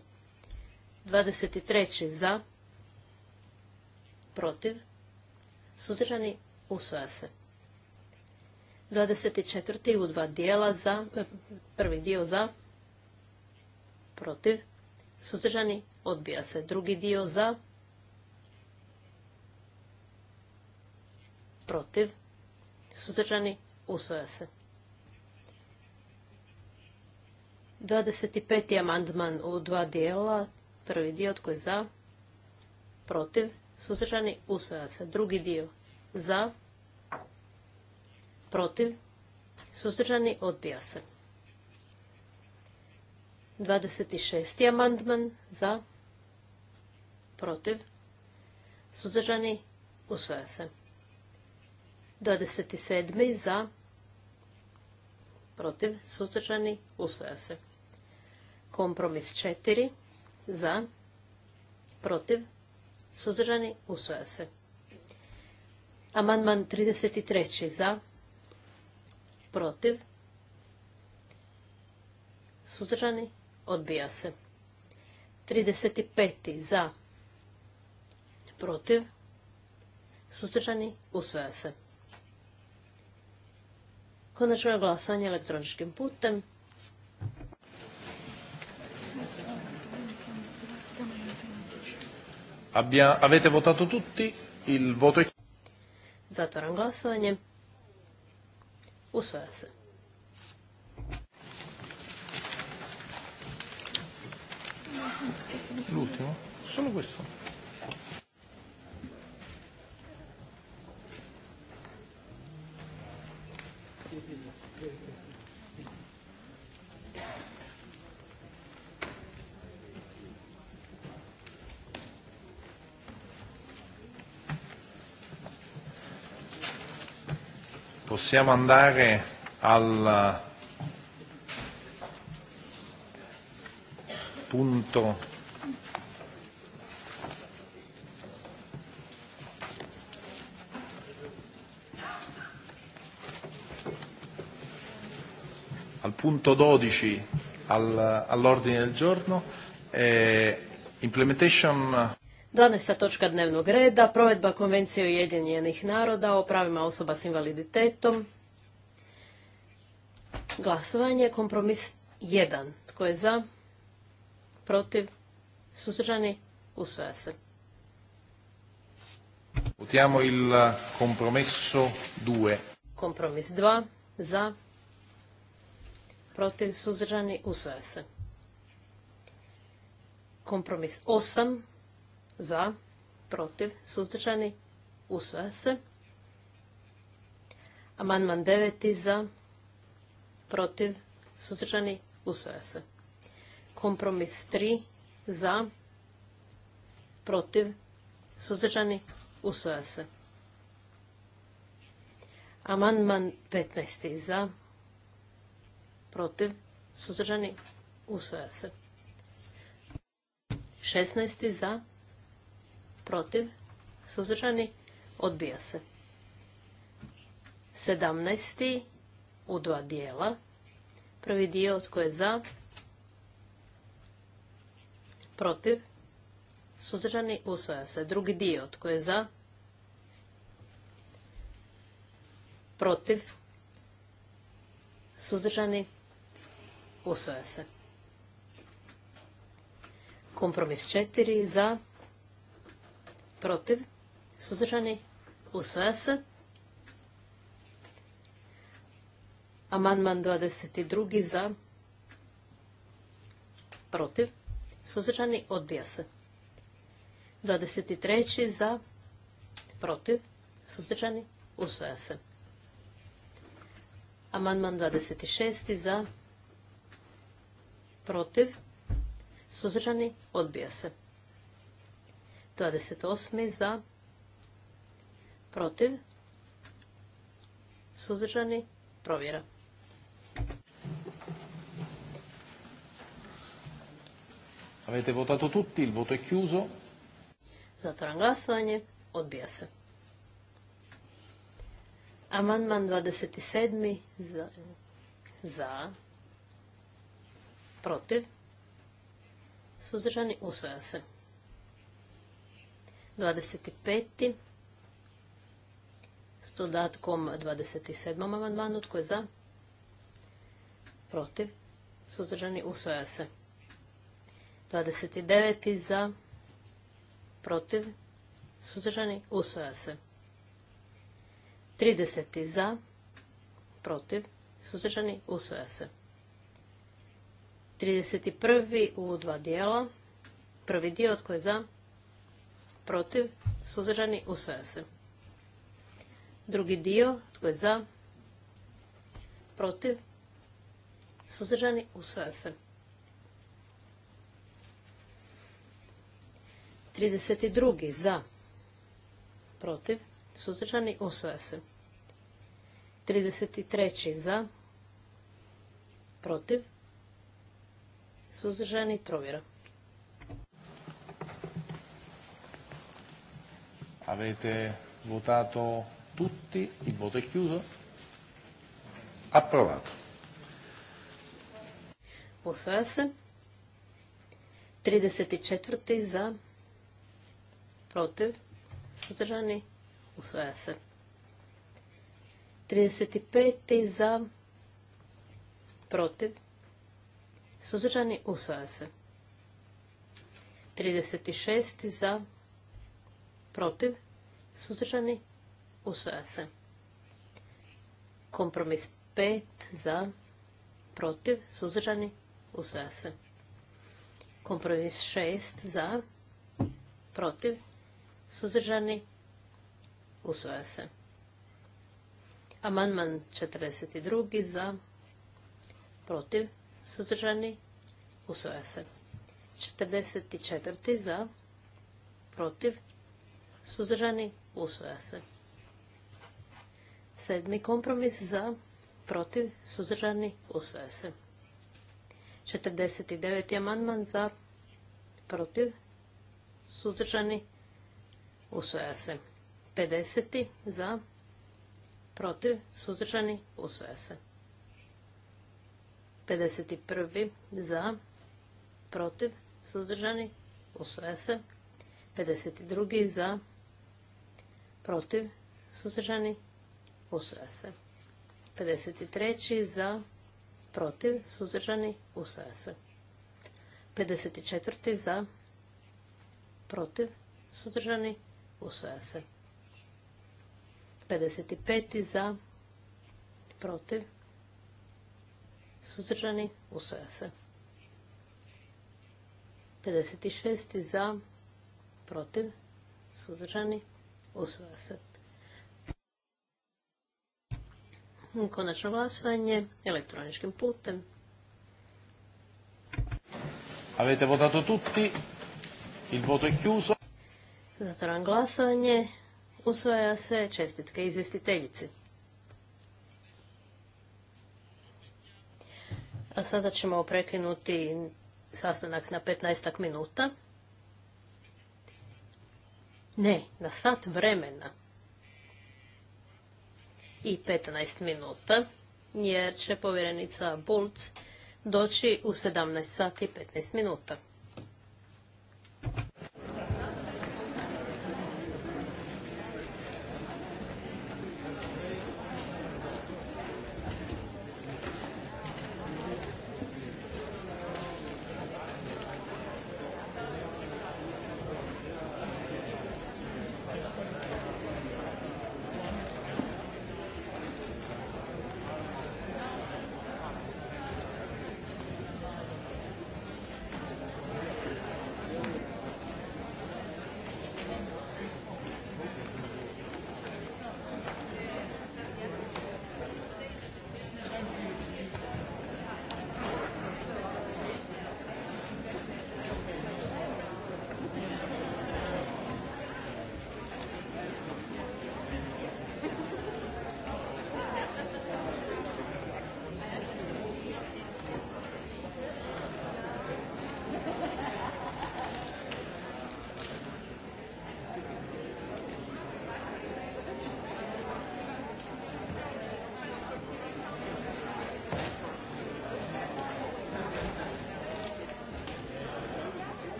23. za, protiv, suzdržani, usvaja se. 24. u dva dijela za, prvi dio za, protiv, suzdržani, odbija se. Drugi dio za, protiv, suzdržani, usvoja se. 25. amandman u dva dijela, prvi dio tko je za, protiv, suzdržani, usvoja se. Drugi dio za, protiv, suzdržani, odbija se. 26. amandman za, protiv, suzdržani, usvoja se. 27. za, protiv, suzdržani, usvoja se. Kompromis 4 za, protiv, suzdržani, usvoja se. Amandman 33. za, protiv, suzdržani, odbija se. 35. za, protiv, suzdržani, usvoja se. Konačno je glasanje elektroničkim putem. Abbia, avete votato tutti, il voto è... Zatvoram glasovanje. Usvoja se. L'ultimo? Solo questo? Possiamo andare al eh, punto punto 12 al, all'ordine del giorno, eh, implementation... 12. točka dnevnog reda, provedba Konvencije Ujedinjenih naroda o pravima osoba s invaliditetom. Glasovanje, kompromis 1. Tko je za? Protiv? Suzdržani? Usvaja se. Votiamo il eh, compromesso 2. Kompromis 2. Za? protiv, suzdržani, usvaja se. Kompromis 8 za, protiv, suzdržani, usvaja se. Amandman 9 za, protiv, suzdržani, usvaja se. Kompromis 3 za, protiv, suzdržani, usvaja se. Amandman 15 za, protiv, suzdržani, usvaja se. 16. za, protiv, suzdržani, odbija se. 17. u dva dijela. Prvi dio tko je za, protiv, suzdržani, usvaja se. Drugi dio tko je za, protiv, suzdržani, Usvaja se. Kompromis 4 za, protiv, suzdržani, usvaja se. Amandman 22 za, protiv, suzdržani, odbija se. 23 za, protiv, suzdržani, usvaja se. Amandman 26 za, protiv, suzdržani, odbija se. 28. za, protiv, suzdržani, provjera. Avete votato tutti, il voto è chiuso. Zatvoram glasovanje, odbija se. Amandman 27. za, za protiv, suzdržani, usvoja se. 25. s dodatkom 27. amandmanu, tko je za, protiv, suzdržani, usvoja se. 29. za, protiv, suzdržani, usvoja se. 30. za, protiv, suzdržani, usvoja se. 31. u dva dijela. Prvi dio tko je za, protiv, suzdržani, usvaja se. Drugi dio tko je za, protiv, suzdržani, usvaja se. 32. za, protiv, suzdržani, usvaja se. 33. za, protiv, suzdržani, provjera. Avete votato tutti, il voto è chiuso, approvato. Usvaja se. 34. za, protiv, suzdržani, usvaja se. 35. za, protiv, Suzdržani usvaja se. 36. za. Protiv. Suzdržani usvaja se. Kompromis 5 za. Protiv. Suzdržani usvaja se. Kompromis 6 za. Protiv. Suzdržani usvaja se. Amandman 42. za. Protiv. Suzdržani? Usvaja se. 44. za. Protiv? Suzdržani? u se. Sedmi kompromis za. Protiv? Suzdržani? Usvaja se. 49. amandman za. Protiv? Suzdržani? usvoja se. 50. za. Protiv? Suzdržani? u se. 51. za, protiv, suzdržani, usvaja se. 52. za, protiv, suzdržani, usvaja se. 53. za, protiv, suzdržani, usvaja se. 54. za, protiv, suzdržani, usvaja se. 55. za, protiv, suzdržani, usvoja se. 56. za, protiv, suzdržani, usvoja se. Konačno glasovanje elektroničkim putem. Avete votato tutti? Il voto è chiuso. glasovanje. Usvaja se čestitke izvjestiteljici. A sada ćemo prekinuti sastanak na 15 minuta. Ne, na sat vremena i 15 minuta, jer će povjerenica Bulc doći u 17 sati 15 minuta.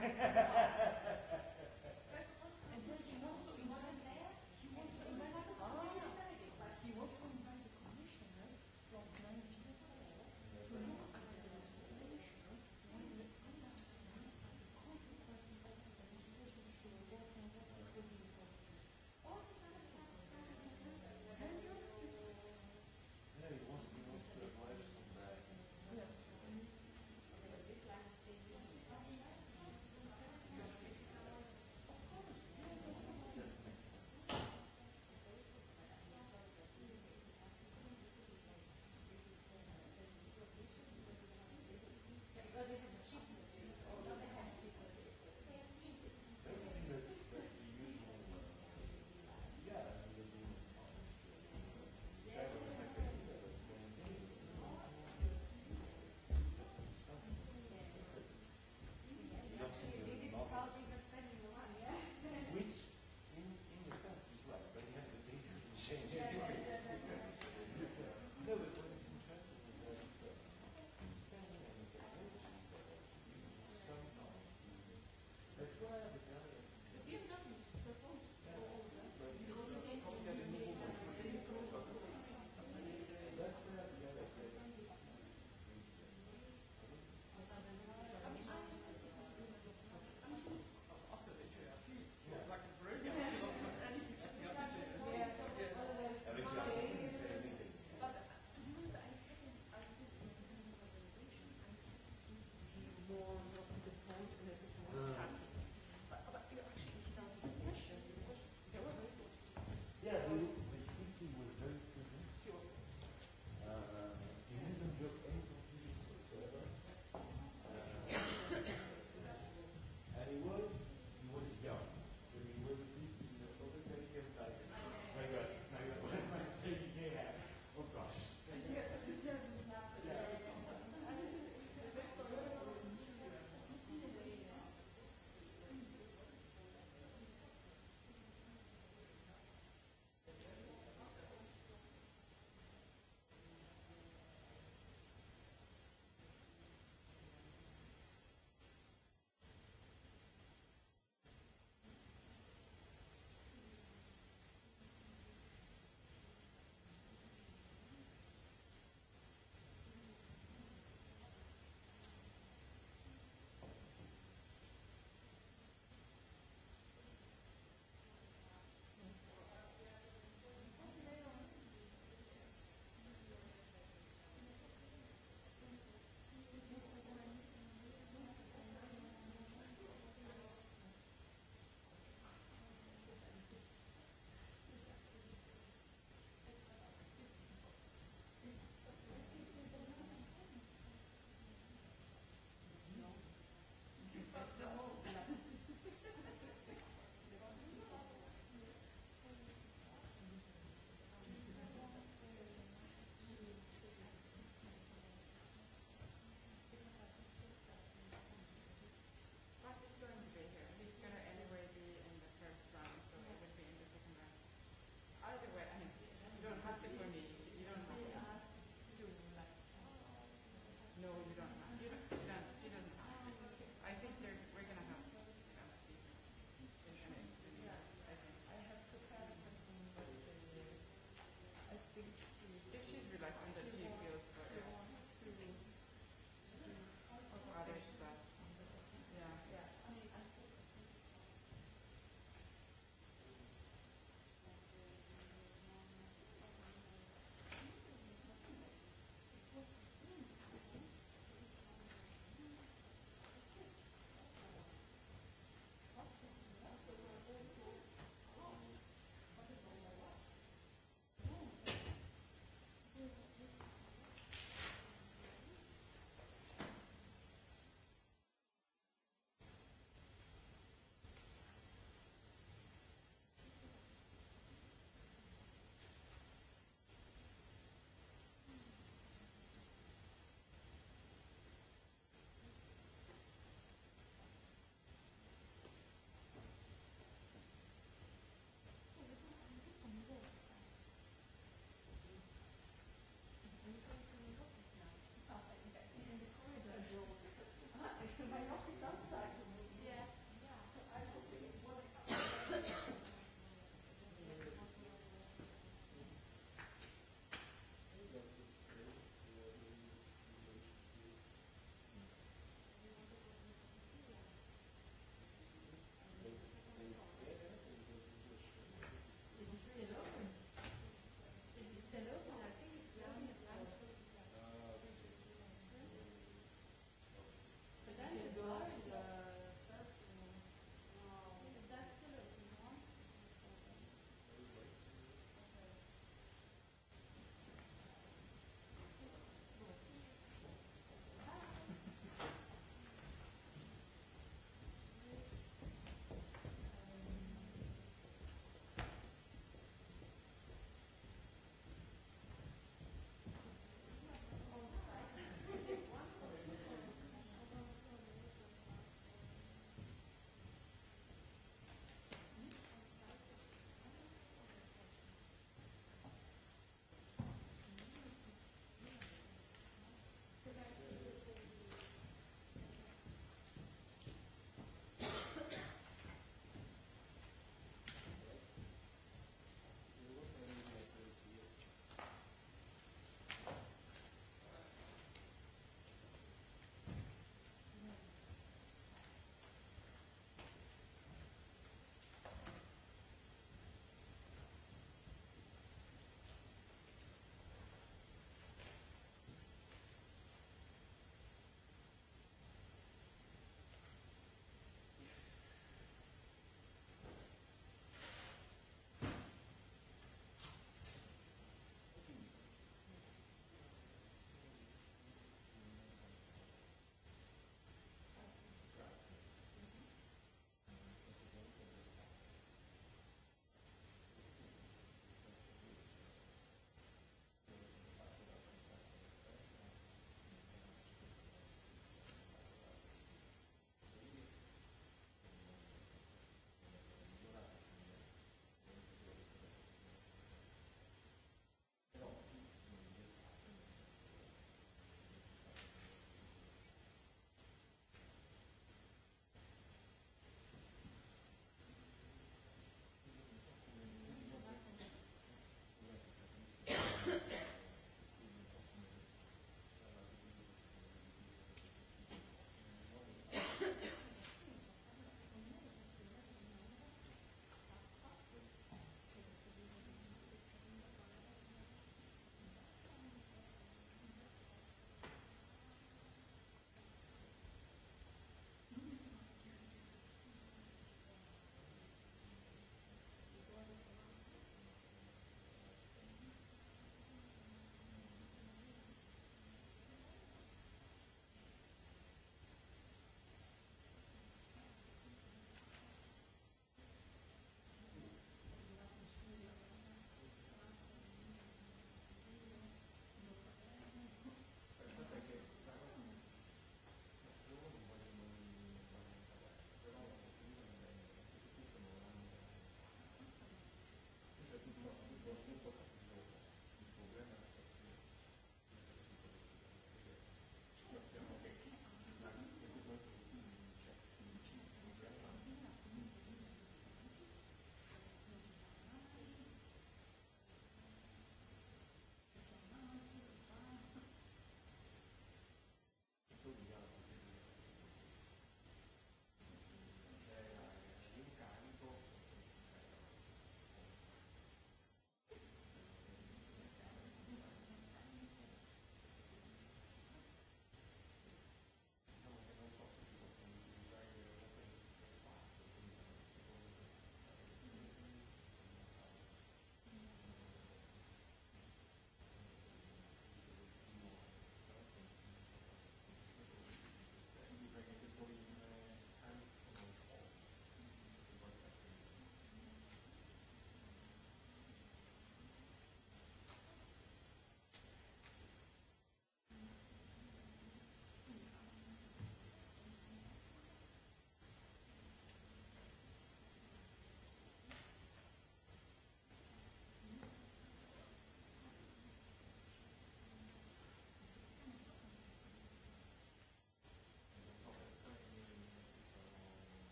niti [LAUGHS]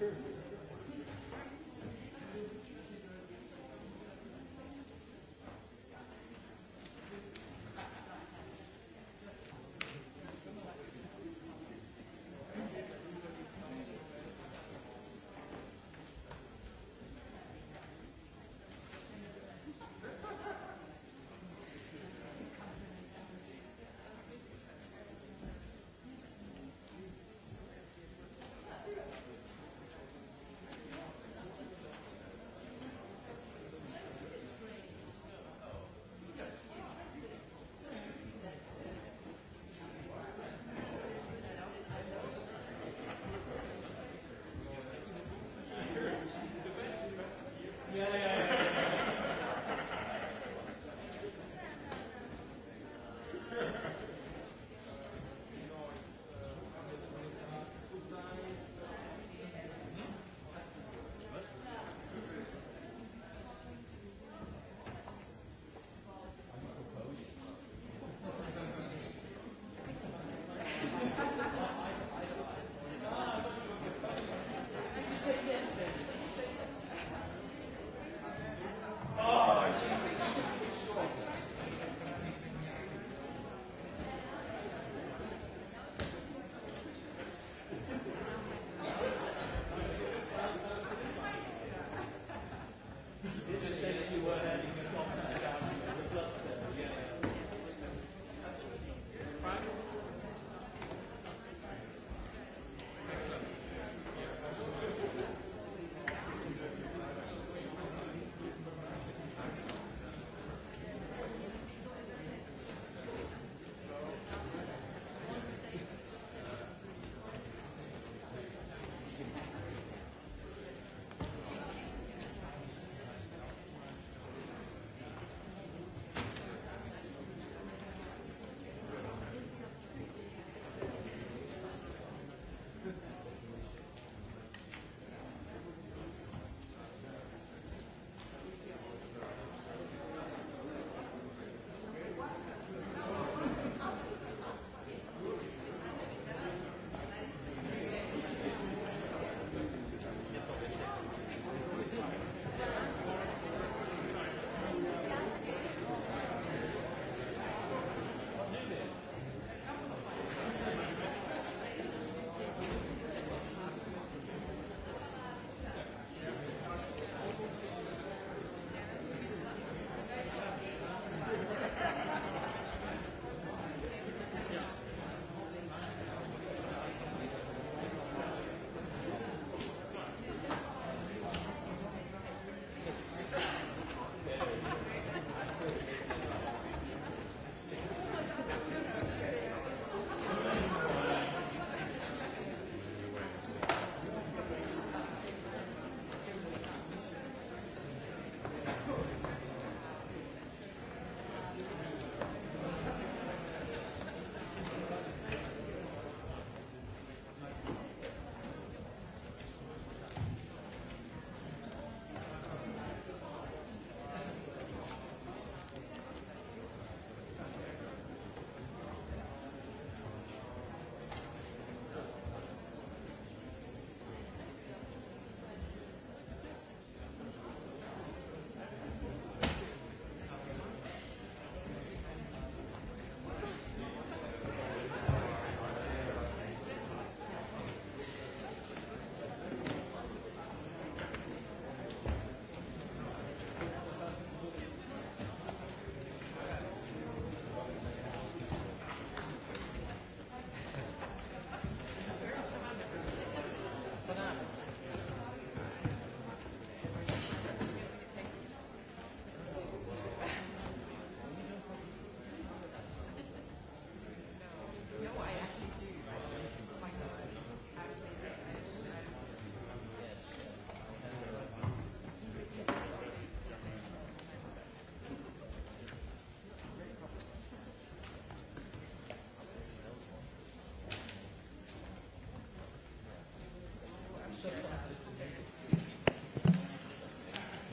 po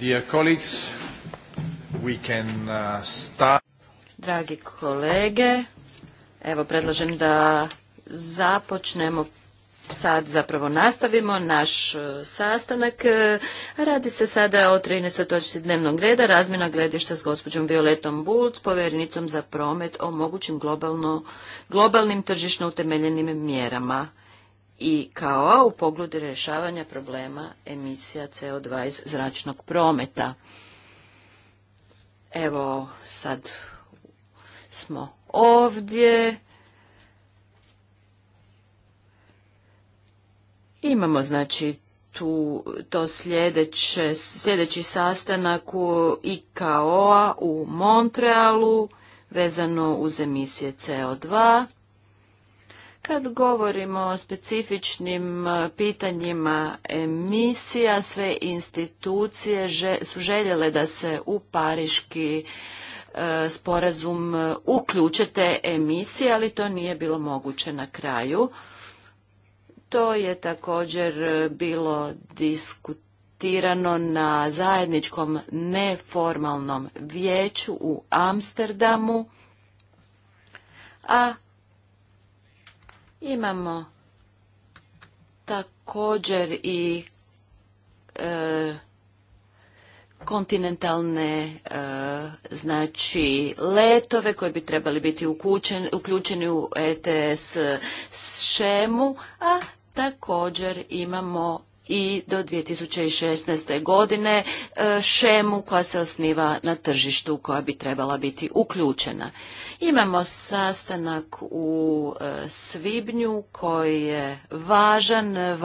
Dear uh, Dragi kolege, evo predlažem da započnemo sad zapravo nastavimo naš e, sastanak. E, radi se sada o 13. točci dnevnog reda, razmjena gledišta s gospođom Violetom Bulc, povjerenicom za promet o mogućim globalnim tržišno utemeljenim mjerama i kao u pogledu rješavanja problema emisija CO2 iz zračnog prometa. Evo sad smo ovdje. Imamo znači tu to sljedeće, sljedeći sastanak u IKO-a u Montrealu vezano uz emisije CO2. Kad govorimo o specifičnim e, pitanjima emisija, sve institucije su željele da se u pariški e, sporazum e, te emisije, ali to nije bilo moguće na kraju. To je također bilo diskutirano na zajedničkom neformalnom vijeću u Amsterdamu, a Imamo također i e, kontinentalne e, znači, letove koji bi trebali biti uključeni u ETS šemu, a također imamo i do 2016. godine e, šemu koja se osniva na tržištu koja bi trebala biti uključena. Imamo sastanak u e, Svibnju koji je važan e,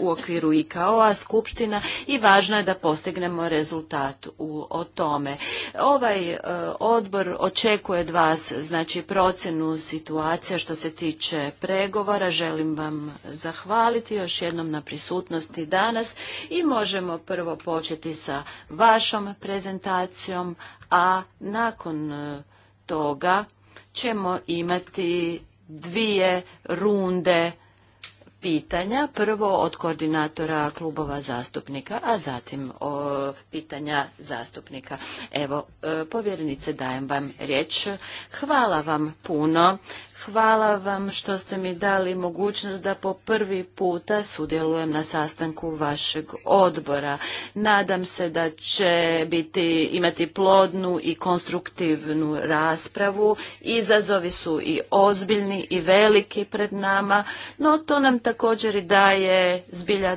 u okviru IKO-a, Skupština i važno je da postignemo rezultat u, o tome. Ovaj e, odbor očekuje od vas znači procjenu situacija što se tiče pregovora. Želim vam zahvaliti još jednom na prisutnosti danas i možemo prvo početi sa vašom prezentacijom, a nakon toga ćemo imati dvije runde pitanja, prvo od koordinatora klubova zastupnika, a zatim o pitanja zastupnika. Evo, e, povjerenice, dajem vam riječ. Hvala vam puno Hvala vam što ste mi dali mogućnost da po prvi puta sudjelujem na sastanku vašeg odbora. Nadam se da će biti imati plodnu i konstruktivnu raspravu. Izazovi su i ozbiljni i veliki pred nama, no to nam također i daje zbilja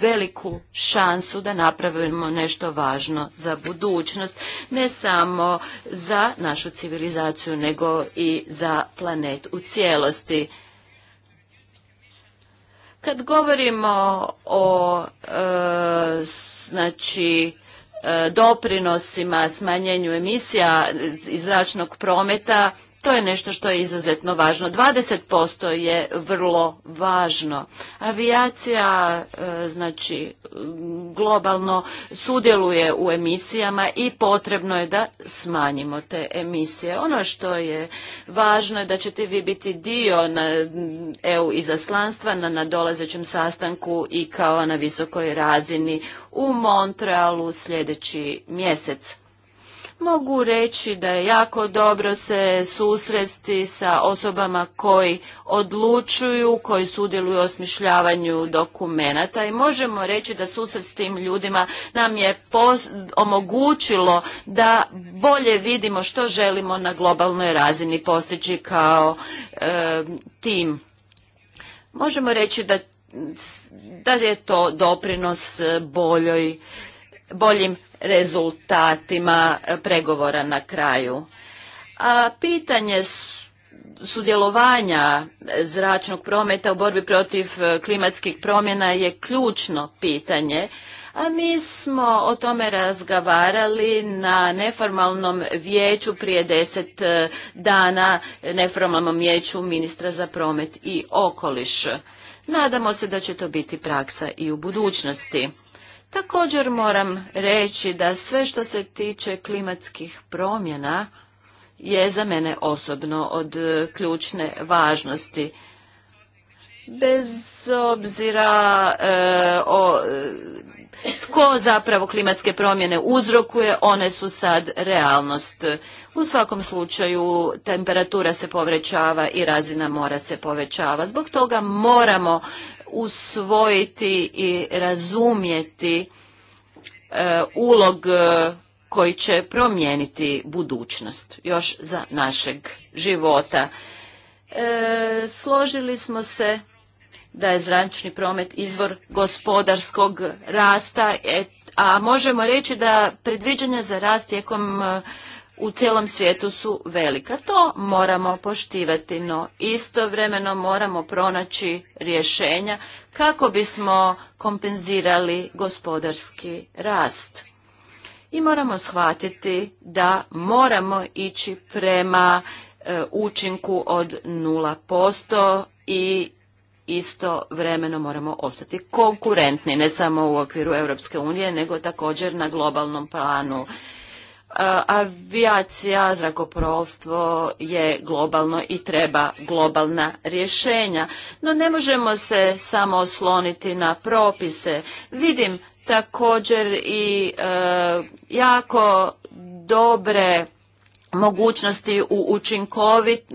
veliku šansu da napravimo nešto važno za budućnost, ne samo za našu civilizaciju, nego i za planetu u cijelosti. Kad govorimo o e, znači e, doprinosima smanjenju emisija iz zračnog prometa to je nešto što je izuzetno važno. 20% je vrlo važno. Avijacija e, znači globalno sudjeluje u emisijama i potrebno je da smanjimo te emisije. Ono što je važno je da ćete vi biti dio na mm, EU izaslanstva na nadolazećem sastanku i kao na visokoj razini u Montrealu sljedeći mjesec mogu reći da je jako dobro se susresti sa osobama koji odlučuju, koji sudjeluju u osmišljavanju dokumenata i možemo reći da susret s tim ljudima nam je omogućilo da bolje vidimo što želimo na globalnoj razini postići kao e, tim. Možemo reći da da je to doprinos boljoj boljim rezultatima e, pregovora na kraju. A pitanje sudjelovanja zračnog prometa u borbi protiv e, klimatskih promjena je ključno pitanje. A mi smo o tome razgovarali na neformalnom vijeću prije deset e, dana, neformalnom vijeću ministra za promet i okoliš. Nadamo se da će to biti praksa i u budućnosti. Također moram reći da sve što se tiče klimatskih promjena je za mene osobno od e, ključne važnosti. Bez obzira e, o, e, tko zapravo klimatske promjene uzrokuje, one su sad realnost. U svakom slučaju temperatura se povećava i razina mora se povećava. Zbog toga moramo usvojiti i razumjeti e, ulog e, koji će promijeniti budućnost još za našeg života. E, složili smo se da je zračni promet izvor gospodarskog rasta, a možemo reći da predviđanja za rast tijekom u cijelom svijetu su velika. To moramo poštivati, no istovremeno moramo pronaći rješenja kako bismo kompenzirali gospodarski rast. I moramo shvatiti da moramo ići prema e, učinku od 0% i istovremeno moramo ostati konkurentni, ne samo u okviru Europske unije, nego također na globalnom planu E, avijacija, zrakoprovstvo je globalno i treba globalna rješenja. No ne možemo se samo osloniti na propise. Vidim također i e, jako dobre mogućnosti u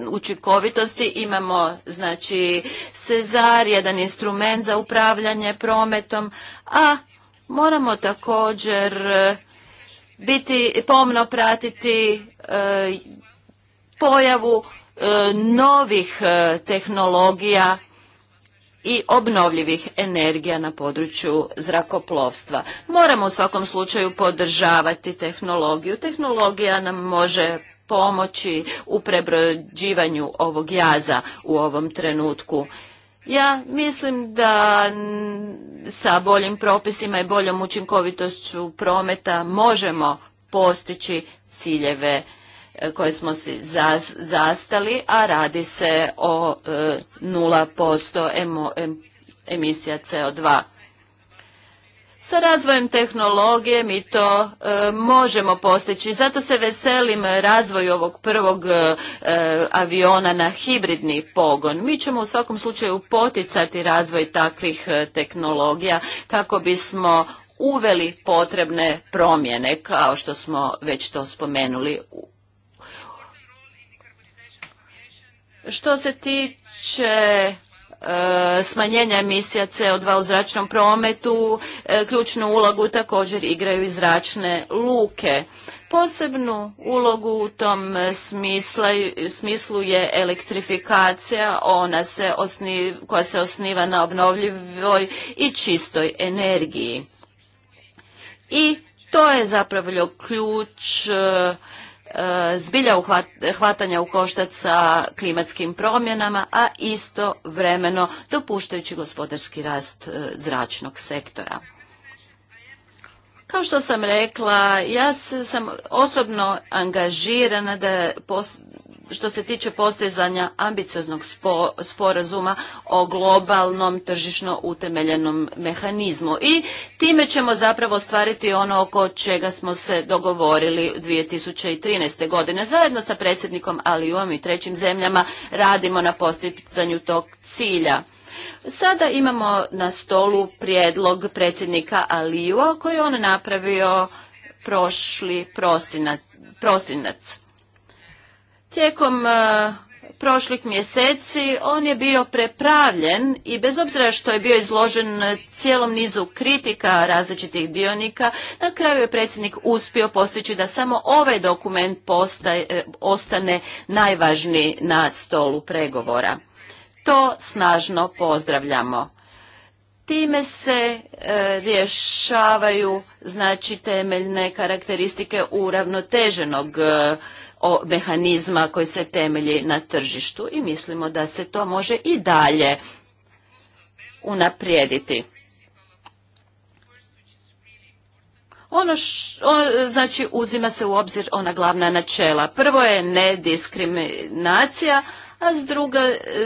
učinkovitosti imamo znači Cezar, jedan instrument za upravljanje prometom, a moramo također biti pomno pratiti e, pojavu e, novih e, tehnologija i obnovljivih energija na području zrakoplovstva. Moramo u svakom slučaju podržavati tehnologiju. Tehnologija nam može pomoći u prebrođivanju ovog jaza u ovom trenutku. Ja mislim da sa boljim propisima i boljom učinkovitošću prometa možemo postići ciljeve e, koje smo si zastali, a radi se o 0% e, emisija CO2. Sa razvojem tehnologije mi to e, možemo postići. Zato se veselim razvoju ovog prvog e, aviona na hibridni pogon. Mi ćemo u svakom slučaju poticati razvoj takvih e, tehnologija kako bismo uveli potrebne promjene kao što smo već to spomenuli. Što se tiče E, smanjenja emisija CO2 u zračnom prometu, e, ključnu ulogu također igraju i zračne luke. Posebnu ulogu u tom smislu je elektrifikacija, ona se koja se osniva na obnovljivoj i čistoj energiji. I to je zapravo ključ e, E, zbilja hvatanja u koštac sa klimatskim promjenama, a isto vremeno dopuštajući gospodarski rast e, zračnog sektora. Kao što sam rekla, ja sam osobno angažirana da što se tiče postizanja ambicioznog sporazuma o globalnom tržišno utemeljenom mehanizmu. I time ćemo zapravo ostvariti ono oko čega smo se dogovorili 2013. godine. Zajedno sa predsjednikom Alijom i trećim zemljama radimo na postizanju tog cilja. Sada imamo na stolu prijedlog predsjednika Alijua koji je on napravio prošli prosinac. Tijekom e, prošlih mjeseci on je bio prepravljen i bez obzira što je bio izložen e, cijelom nizu kritika različitih dionika, na kraju je predsjednik uspio postići da samo ovaj dokument e, ostane najvažniji na stolu pregovora. To snažno pozdravljamo. Time se rješavaju znači temeljne karakteristike uravnoteženog e, o mehanizma koji se temelji na tržištu i mislimo da se to može i dalje unaprijediti. Ono znači uzima se u obzir ona glavna načela. Prvo je nediskriminacija, a s druge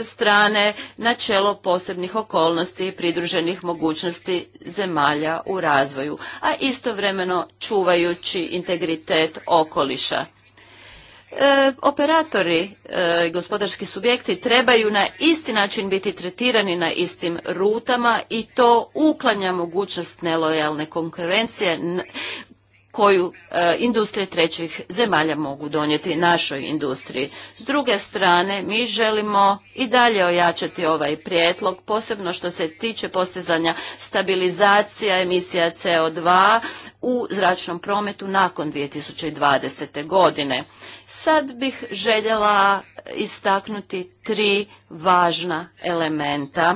strane načelo posebnih okolnosti i pridruženih mogućnosti zemalja u razvoju, a istovremeno čuvajući integritet okoliša. E, operatori, i e, gospodarski subjekti trebaju na isti način biti tretirani na istim rutama i to uklanja mogućnost nelojalne konkurencije koju e, industrije trećih zemalja mogu donijeti našoj industriji. S druge strane, mi želimo i dalje ojačati ovaj prijedlog, posebno što se tiče postizanja stabilizacija emisija CO2 u zračnom prometu nakon 2020. godine. Sad bih željela istaknuti tri važna elementa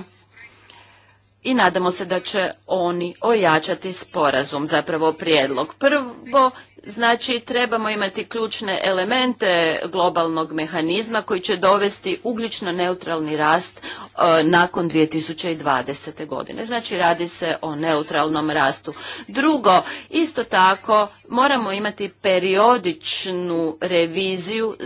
i nadamo se da će oni ojačati sporazum, zapravo prijedlog. Prvo, znači trebamo imati ključne elemente globalnog mehanizma koji će dovesti ugljično neutralni rast e, nakon 2020. godine. Znači radi se o neutralnom rastu. Drugo, isto tako moramo imati periodičnu reviziju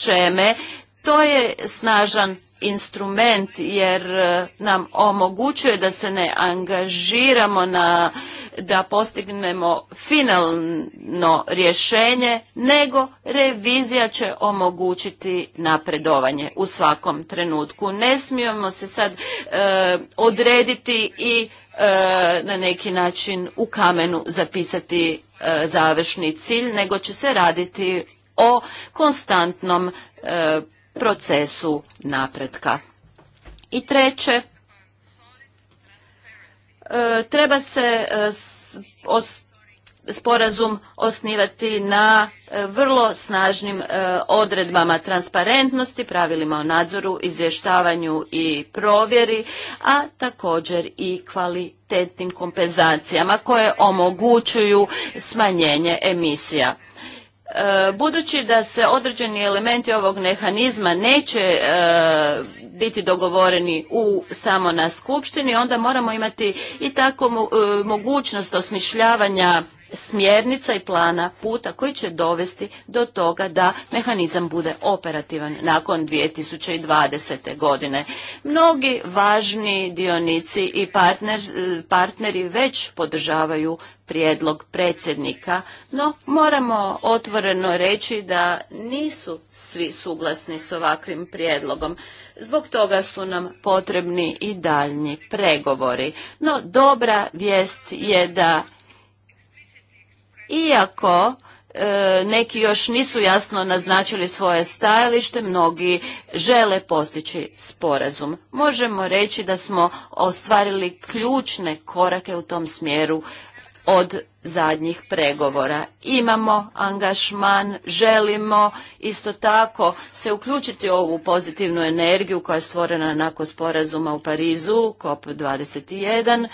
šeme to je snažan instrument jer e, nam omogućuje da se ne angažiramo na da postignemo finalno rješenje, nego revizija će omogućiti napredovanje u svakom trenutku. Ne smijemo se sad e, odrediti i e, na neki način u kamenu zapisati završni cilj, nego će se raditi o konstantnom procesu napretka. I treće, e, treba se e, sporazum osnivati na e, vrlo snažnim odredbama transparentnosti, pravilima o nadzoru, izvještavanju i provjeri, a također i kvalitetnim kompenzacijama koje omogućuju smanjenje emisija. E, budući da se određeni elementi ovog mehanizma neće e, biti dogovoreni u samo na skupštini, onda moramo imati i tako e, mogućnost osmišljavanja smjernica i plana puta koji će dovesti do toga da mehanizam bude operativan nakon 2020. godine. Mnogi važni dionici i partneri već podržavaju prijedlog predsjednika, no moramo otvoreno reći da nisu svi suglasni s ovakvim prijedlogom. Zbog toga su nam potrebni i daljnji pregovori. No dobra vijest je da iako e, neki još nisu jasno naznačili svoje stajalište, mnogi žele postići sporazum. Možemo reći da smo ostvarili ključne korake u tom smjeru od zadnjih pregovora. Imamo angažman, želimo isto tako se uključiti u ovu pozitivnu energiju koja je stvorena nakon sporazuma u Parizu, COP21.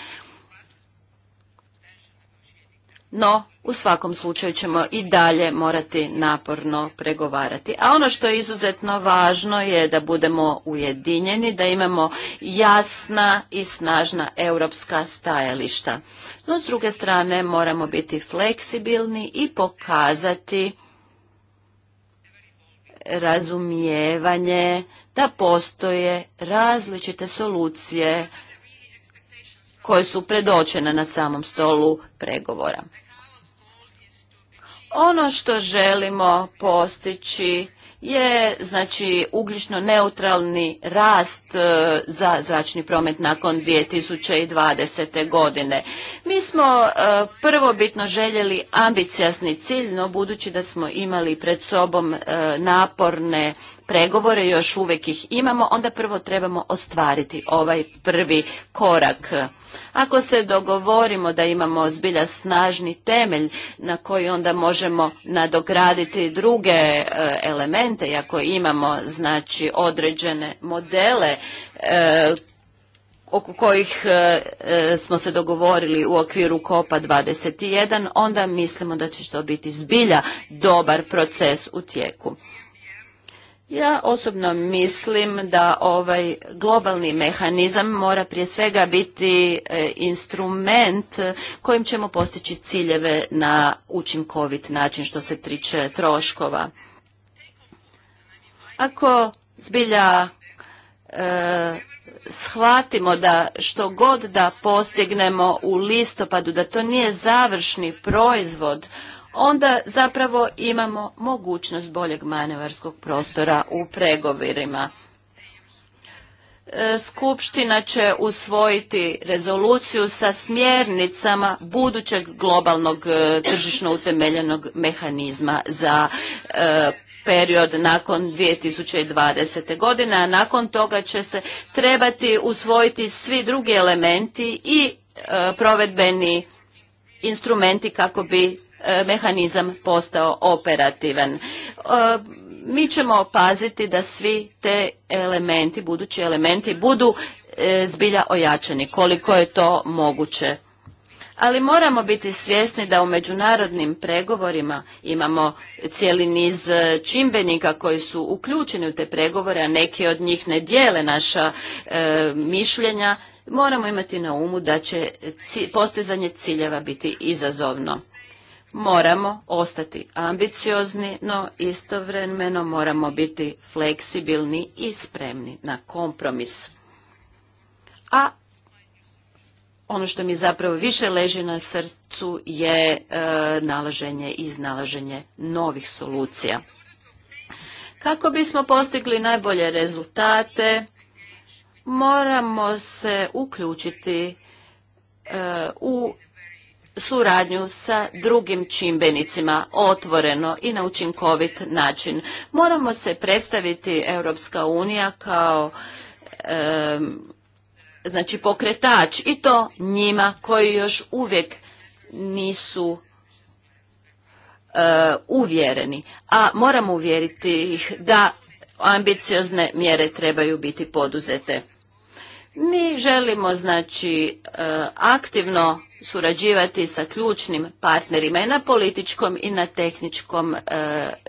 No, u svakom slučaju ćemo i dalje morati naporno pregovarati. A ono što je izuzetno važno je da budemo ujedinjeni, da imamo jasna i snažna europska stajališta. No s druge strane moramo biti fleksibilni i pokazati razumijevanje da postoje različite solucije koje su predočene na samom stolu pregovora. Ono što želimo postići je znači ugljično neutralni rast e, za zračni promet nakon 2020. godine. Mi smo e, prvo bitno željeli ambicijasni cilj, no budući da smo imali pred sobom e, naporne pregovore, još uvijek ih imamo, onda prvo trebamo ostvariti ovaj prvi korak. Ako se dogovorimo da imamo zbilja snažni temelj na koji onda možemo nadograditi druge e, elemente i ako imamo znači određene modele e, oko kojih e, smo se dogovorili u okviru Kopa 21, onda mislimo da će to biti zbilja dobar proces u tijeku. Ja osobno mislim da ovaj globalni mehanizam mora prije svega biti e, instrument kojim ćemo postići ciljeve na učinkovit način što se tiče troškova. Ako zbilja e, shvatimo da što god da postignemo u listopadu, da to nije završni proizvod, onda zapravo imamo mogućnost boljeg manevarskog prostora u pregovorima. E, skupština će usvojiti rezoluciju sa smjernicama budućeg globalnog e, tržišno utemeljenog mehanizma za e, period nakon 2020. godine, a nakon toga će se trebati usvojiti svi drugi elementi i provedbeni instrumenti kako bi E, mehanizam postao operativan. E, mi ćemo paziti da svi te elementi, budući elementi, budu e, zbilja ojačeni koliko je to moguće. Ali moramo biti svjesni da u međunarodnim pregovorima imamo cijeli niz čimbenika koji su uključeni u te pregovore, a neki od njih ne dijele naša mišljenja. Moramo imati na umu da će postizanje ciljeva biti izazovno moramo ostati ambiciozni, no istovremeno moramo biti fleksibilni i spremni na kompromis. A ono što mi zapravo više leži na srcu je e, nalaženje i iznalaženje novih solucija. Kako bismo postigli najbolje rezultate, moramo se uključiti e, u suradnju sa drugim čimbenicima otvoreno i na učinkovit način. Moramo se predstaviti Europska unija kao znači pokretač i to njima koji još uvijek nisu e, uvjereni, a moramo uvjeriti ih da ambiciozne mjere trebaju biti poduzete. Mi želimo znači e, aktivno surađivati sa ključnim partnerima i na političkom i na tehničkom e,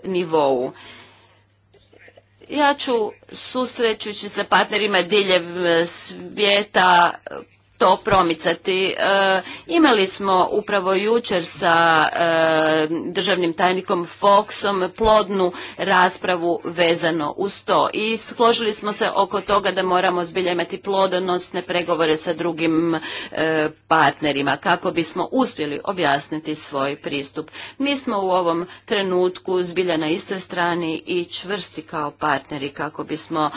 nivou. Ja ću susrećući sa partnerima diljem e, svijeta to promicati. E, imali smo upravo jučer sa e, državnim tajnikom Foxom plodnu raspravu vezano uz to i složili smo se oko toga da moramo zbilja imati plodonosne pregovore sa drugim e, partnerima kako bismo uspjeli objasniti svoj pristup. Mi smo u ovom trenutku zbilja na istoj strani i čvrsti kao partneri kako bismo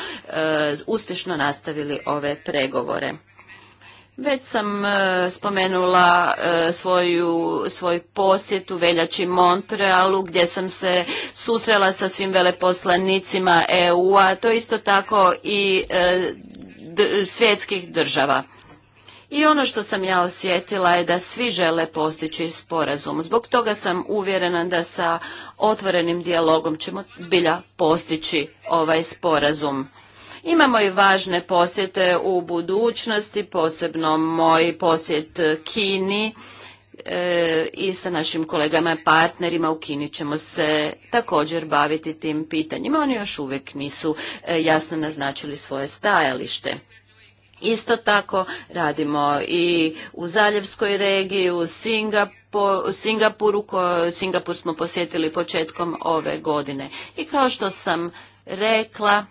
uspješno nastavili ove pregovore. Već sam e, spomenula e, svoju, svoj posjet u Veljači Montrealu gdje sam se susrela sa svim veleposlanicima EU-a, to isto tako i e, svjetskih država. I ono što sam ja osjetila je da svi žele postići sporazum. Zbog toga sam uvjerena da sa otvorenim dijalogom ćemo zbilja postići ovaj sporazum. Imamo i važne posjete u budućnosti, posebno moj posjet Kini e, i sa našim kolegama i partnerima u Kini ćemo se također baviti tim pitanjima. Oni još uvijek nisu e, jasno naznačili svoje stajalište. Isto tako radimo i u Zaljevskoj regiji, u Singapuru, Singapur smo posjetili početkom ove godine. I kao što sam rekla,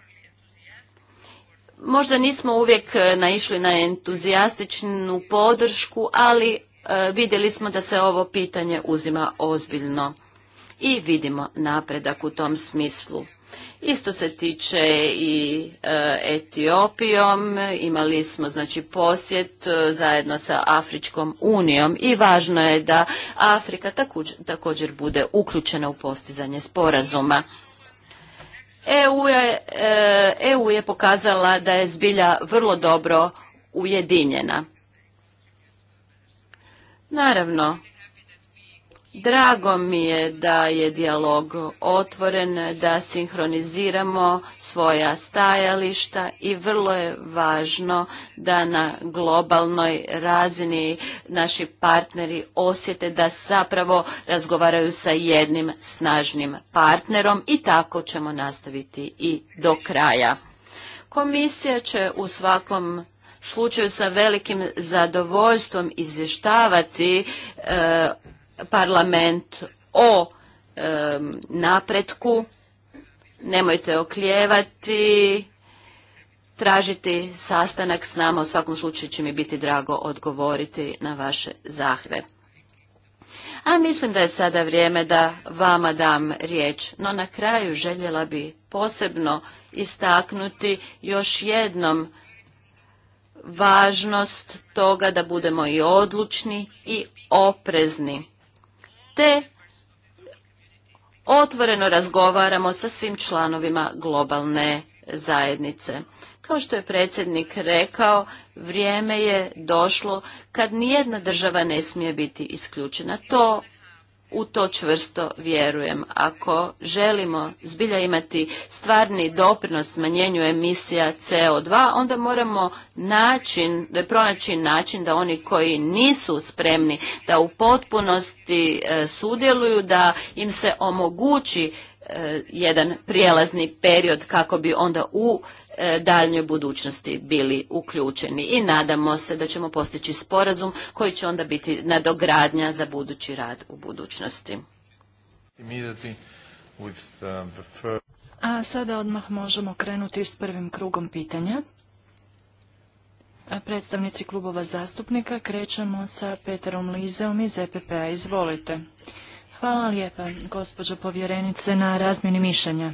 Možda nismo uvijek e, naišli na entuzijastičnu podršku, ali e, vidjeli smo da se ovo pitanje uzima ozbiljno i vidimo napredak u tom smislu. Isto se tiče i e, Etiopijom, imali smo znači posjet zajedno sa Afričkom unijom i važno je da Afrika također bude uključena u postizanje sporazuma. EU je, EU e je pokazala da je zbilja vrlo dobro ujedinjena. Naravno, Drago mi je da je dijalog otvoren, da sinhroniziramo svoja stajališta i vrlo je važno da na globalnoj razini naši partneri osjete da zapravo razgovaraju sa jednim snažnim partnerom i tako ćemo nastaviti i do kraja. Komisija će u svakom slučaju sa velikim zadovoljstvom izvještavati e, parlament o napretku, nemojte oklijevati, tražiti sastanak s nama, u svakom slučaju će mi biti drago odgovoriti na vaše zahve. A mislim da je sada vrijeme da vama dam riječ, no na kraju željela bi posebno istaknuti još jednom važnost toga da budemo i odlučni i oprezni te otvoreno razgovaramo sa svim članovima globalne zajednice. Kao što je predsjednik rekao, vrijeme je došlo kad nijedna država ne smije biti isključena. To u to čvrsto vjerujem. Ako želimo zbilja imati stvarni doprinos smanjenju emisija CO2, onda moramo način, da pronaći način da oni koji nisu spremni da u potpunosti e, sudjeluju, da im se omogući e, jedan prijelazni period kako bi onda u E, daljnjoj budućnosti bili uključeni i nadamo se da ćemo postići sporazum koji će onda biti nadogradnja za budući rad u budućnosti. A sada odmah možemo krenuti s prvim krugom pitanja. Predstavnici klubova zastupnika krećemo sa Peterom Lizeom iz EPP-a. Izvolite. Hvala lijepa, gospođo povjerenice, na razmjeni mišljenja.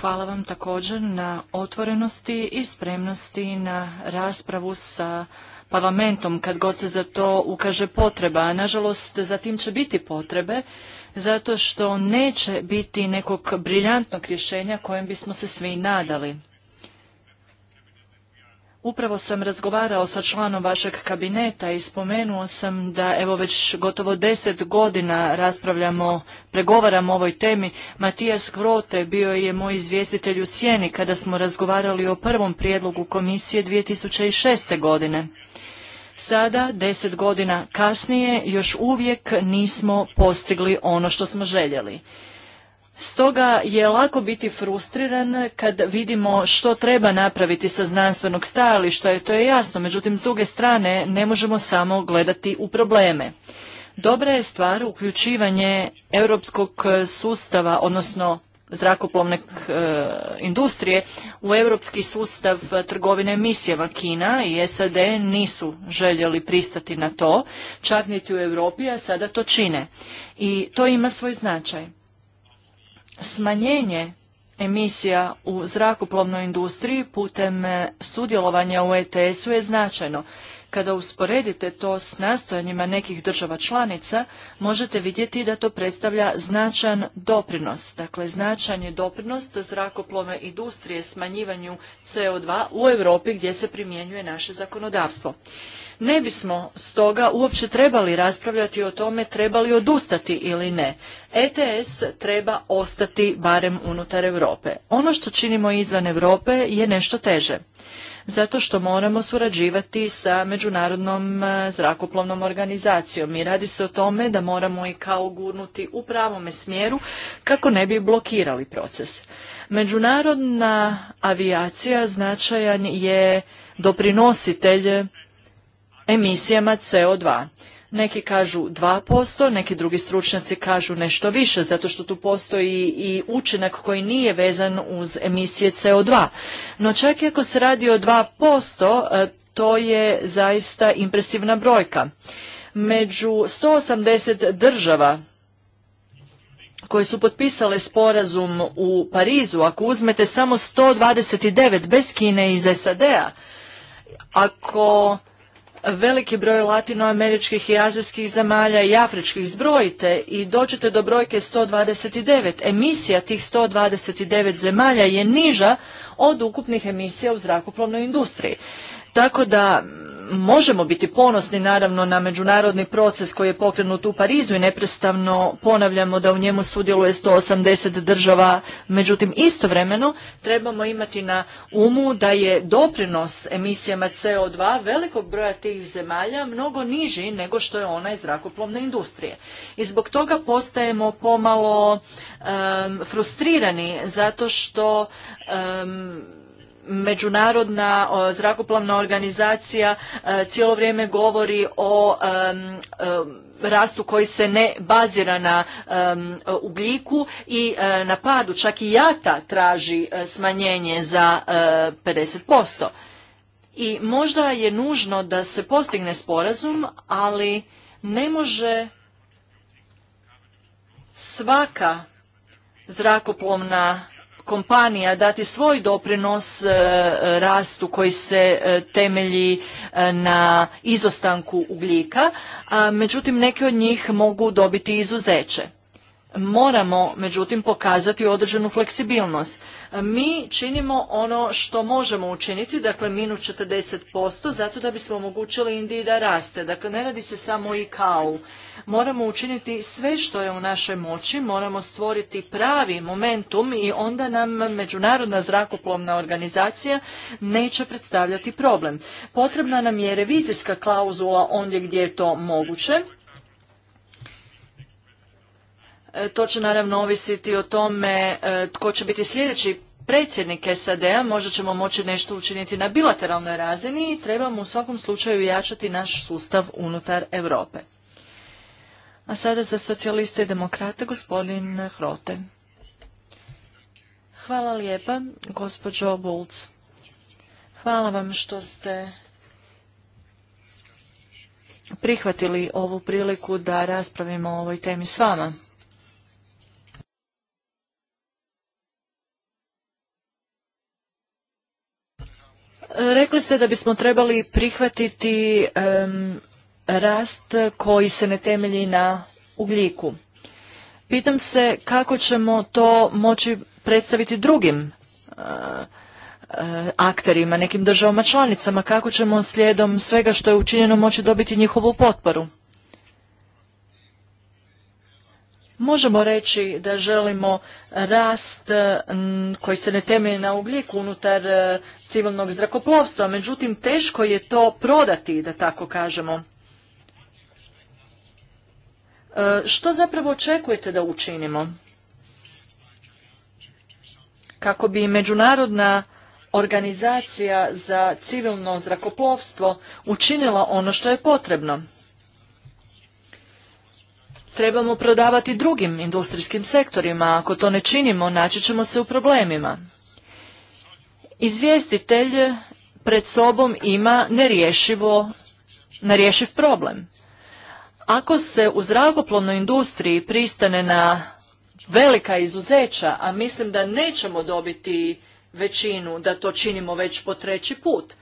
Hvala vam također na otvorenosti i spremnosti na raspravu sa parlamentom kad god se za to ukaže potreba. Nažalost, za tim će biti potrebe zato što neće biti nekog briljantnog rješenja kojem bismo se svi nadali. Upravo sam razgovarao sa članom vašeg kabineta i spomenuo sam da evo već gotovo deset godina raspravljamo, pregovaramo o ovoj temi. Matijas Grote bio je moj izvjestitelj u Sjeni kada smo razgovarali o prvom prijedlogu komisije 2006. godine. Sada, deset godina kasnije, još uvijek nismo postigli ono što smo željeli. Stoga je lako biti frustriran kad vidimo što treba napraviti sa znanstvenog stajališta, i to je jasno, međutim s druge strane ne možemo samo gledati u probleme. Dobra je stvar uključivanje europskog sustava, odnosno zrakoplovne eh, industrije u europski sustav eh, trgovine emisijeva Kina i SAD nisu željeli pristati na to, čak niti u Europi, a sada to čine. I to ima svoj značaj smanjenje emisija u zrakoplovnoj industriji putem e, sudjelovanja u ETS-u je značajno. Kada usporedite to s nastojanjima nekih država članica, možete vidjeti da to predstavlja značan doprinos. Dakle, značan je doprinos zrakoplove industrije smanjivanju CO2 u Europi gdje se primjenjuje naše zakonodavstvo. Ne bismo stoga uopće trebali raspravljati o tome trebali odustati ili ne. ETS treba ostati barem unutar Europe. Ono što činimo izvan Europe je nešto teže zato što moramo surađivati sa Međunarodnom e, zrakoplovnom organizacijom i radi se o tome da moramo i kao gurnuti u pravome smjeru kako ne bi blokirali proces. Međunarodna avijacija značajan je doprinositelj emisijama CO2. Neki kažu 2%, neki drugi stručnjaci kažu nešto više, zato što tu postoji i učinak koji nije vezan uz emisije CO2. No čak i ako se radi o 2%, e, to je zaista impresivna brojka. Među 180 država koje su potpisale sporazum u Parizu, ako uzmete samo 129 bez Kine iz SAD-a, ako veliki broj latinoameričkih i azijskih zemalja i afričkih zbrojite i dođete do brojke 129. Emisija tih 129 zemalja je niža od ukupnih emisija u zrakoplovnoj industriji. Tako da možemo biti ponosni naravno na međunarodni proces koji je pokrenut u Parizu i neprestavno ponavljamo da u njemu sudjeluje 180 država. Međutim, istovremeno trebamo imati na umu da je doprinos emisijama CO2 velikog broja tih zemalja mnogo niži nego što je ona iz zrakoplovne industrije. I zbog toga postajemo pomalo frustrirani zato što međunarodna zrakoplavna organizacija e, cijelo vrijeme govori o e, rastu koji se ne bazira na ugljiku i e, na padu čak i jata traži smanjenje za 50%. I možda je nužno da se postigne sporazum, ali ne može svaka zrakoplovna kompanija dati svoj doprinos e, rastu koji se e, temelji e, na izostanku ugljika, međutim neki od njih mogu dobiti izuzeće moramo međutim pokazati određenu fleksibilnost. Mi činimo ono što možemo učiniti, dakle minus 40%, zato da bismo omogućili Indiji da raste. Dakle, ne radi se samo o kao. Moramo učiniti sve što je u našoj moći, moramo stvoriti pravi momentum i onda nam Međunarodna zrakoplovna organizacija neće predstavljati problem. Potrebna nam je revizijska klauzula ondje gdje je to moguće E, to će naravno ovisiti o tome e, tko će biti sljedeći predsjednik SAD-a, možda ćemo moći nešto učiniti na bilateralnoj razini i trebamo u svakom slučaju jačati naš sustav unutar Europe. A sada za socijaliste i demokrate gospodin Hrote. Hvala lijepa, gospođo Bulc. Hvala vam što ste prihvatili ovu priliku da raspravimo o ovoj temi s vama. Rekli ste da bismo trebali prihvatiti rast koji se ne temelji na ugljiku. Pitam se kako ćemo to moći predstaviti drugim uh, akterima, nekim državama članicama, kako ćemo slijedom svega što je učinjeno moći dobiti njihovu potporu. Možemo reći da želimo rast eh, koji se ne temelji na ugljiku unutar eh, civilnog zrakoplovstva, međutim teško je to prodati, da tako kažemo. Eh, što zapravo očekujete da učinimo? Kako bi međunarodna organizacija za civilno zrakoplovstvo učinila ono što je potrebno trebamo prodavati drugim industrijskim sektorima. Ako to ne činimo, naći ćemo se u problemima. Izvjestitelj pred sobom ima nerješivo, nerješiv problem. Ako se u zrakoplovnoj industriji pristane na velika izuzeća, a mislim da nećemo dobiti većinu da to činimo već po treći put,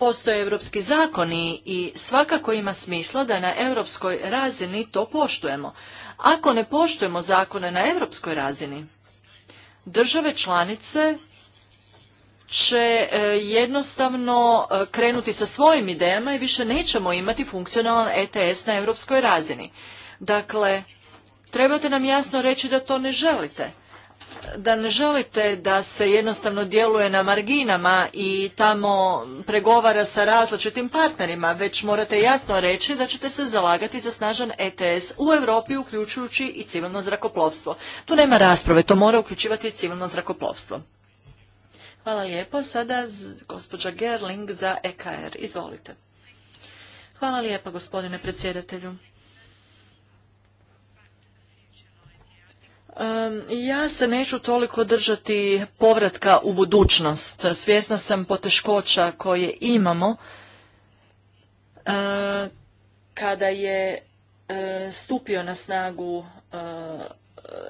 postoje europski zakoni i svakako ima smisla da na europskoj razini to poštujemo. Ako ne poštujemo zakone na europskoj razini, države članice će e, jednostavno e, krenuti sa svojim idejama i više nećemo imati funkcionalan ETS na europskoj razini. Dakle, trebate nam jasno reći da to ne želite da ne želite da se jednostavno djeluje na marginama i tamo pregovara sa različitim partnerima, već morate jasno reći da ćete se zalagati za snažan ETS u Europi uključujući i civilno zrakoplovstvo. Tu nema rasprave, to mora uključivati i civilno zrakoplovstvo. Hvala lijepo. Sada gospođa Gerling za EKR. Izvolite. Hvala lijepo, gospodine predsjedatelju. Ja se neću toliko držati povratka u budućnost. Svjesna sam poteškoća koje imamo e, kada je e, stupio na snagu e,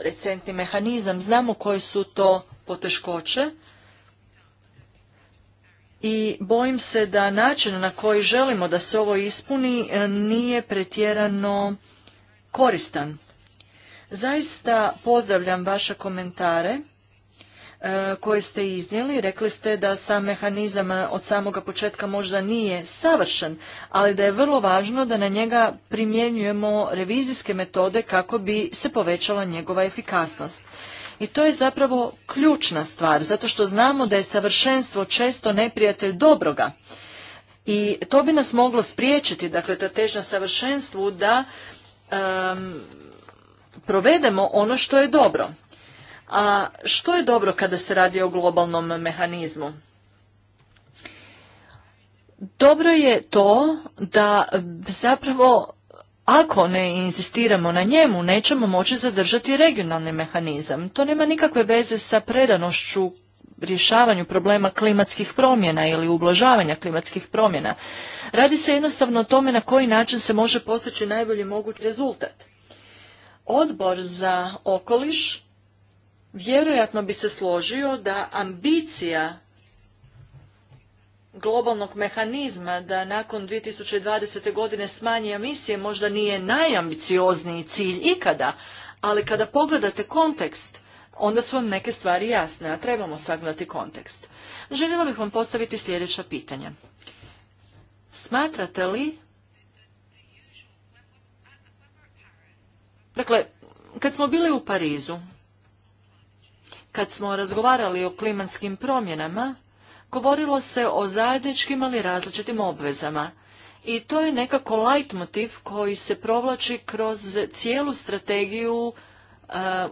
recentni mehanizam. Znamo koje su to poteškoće i bojim se da način na koji želimo da se ovo ispuni nije pretjerano koristan. Zaista pozdravljam vaše komentare e, koje ste iznijeli. Rekli ste da sam mehanizam od samoga početka možda nije savršen, ali da je vrlo važno da na njega primjenjujemo revizijske metode kako bi se povećala njegova efikasnost. I to je zapravo ključna stvar, zato što znamo da je savršenstvo često neprijatelj dobroga. I to bi nas moglo spriječiti, dakle, ta težna savršenstvu da provedemo ono što je dobro. A što je dobro kada se radi o globalnom mehanizmu? Dobro je to da zapravo ako ne insistiramo na njemu, nećemo moći zadržati regionalni mehanizam. To nema nikakve veze sa predanošću rješavanju problema klimatskih promjena ili ublažavanja klimatskih promjena. Radi se jednostavno o tome na koji način se može postići najbolji mogući rezultat. Odbor za okoliš vjerojatno bi se složio da ambicija globalnog mehanizma da nakon 2020. godine smanji emisije možda nije najambiciozniji cilj ikada, ali kada pogledate kontekst, onda su vam neke stvari jasne, a trebamo sagledati kontekst. Željela bih vam postaviti sljedeća pitanja. Smatrate li Dakle, kad smo bili u Parizu, kad smo razgovarali o klimatskim promjenama, govorilo se o zajedničkim ali različitim obvezama. I to je nekako motiv koji se provlači kroz cijelu strategiju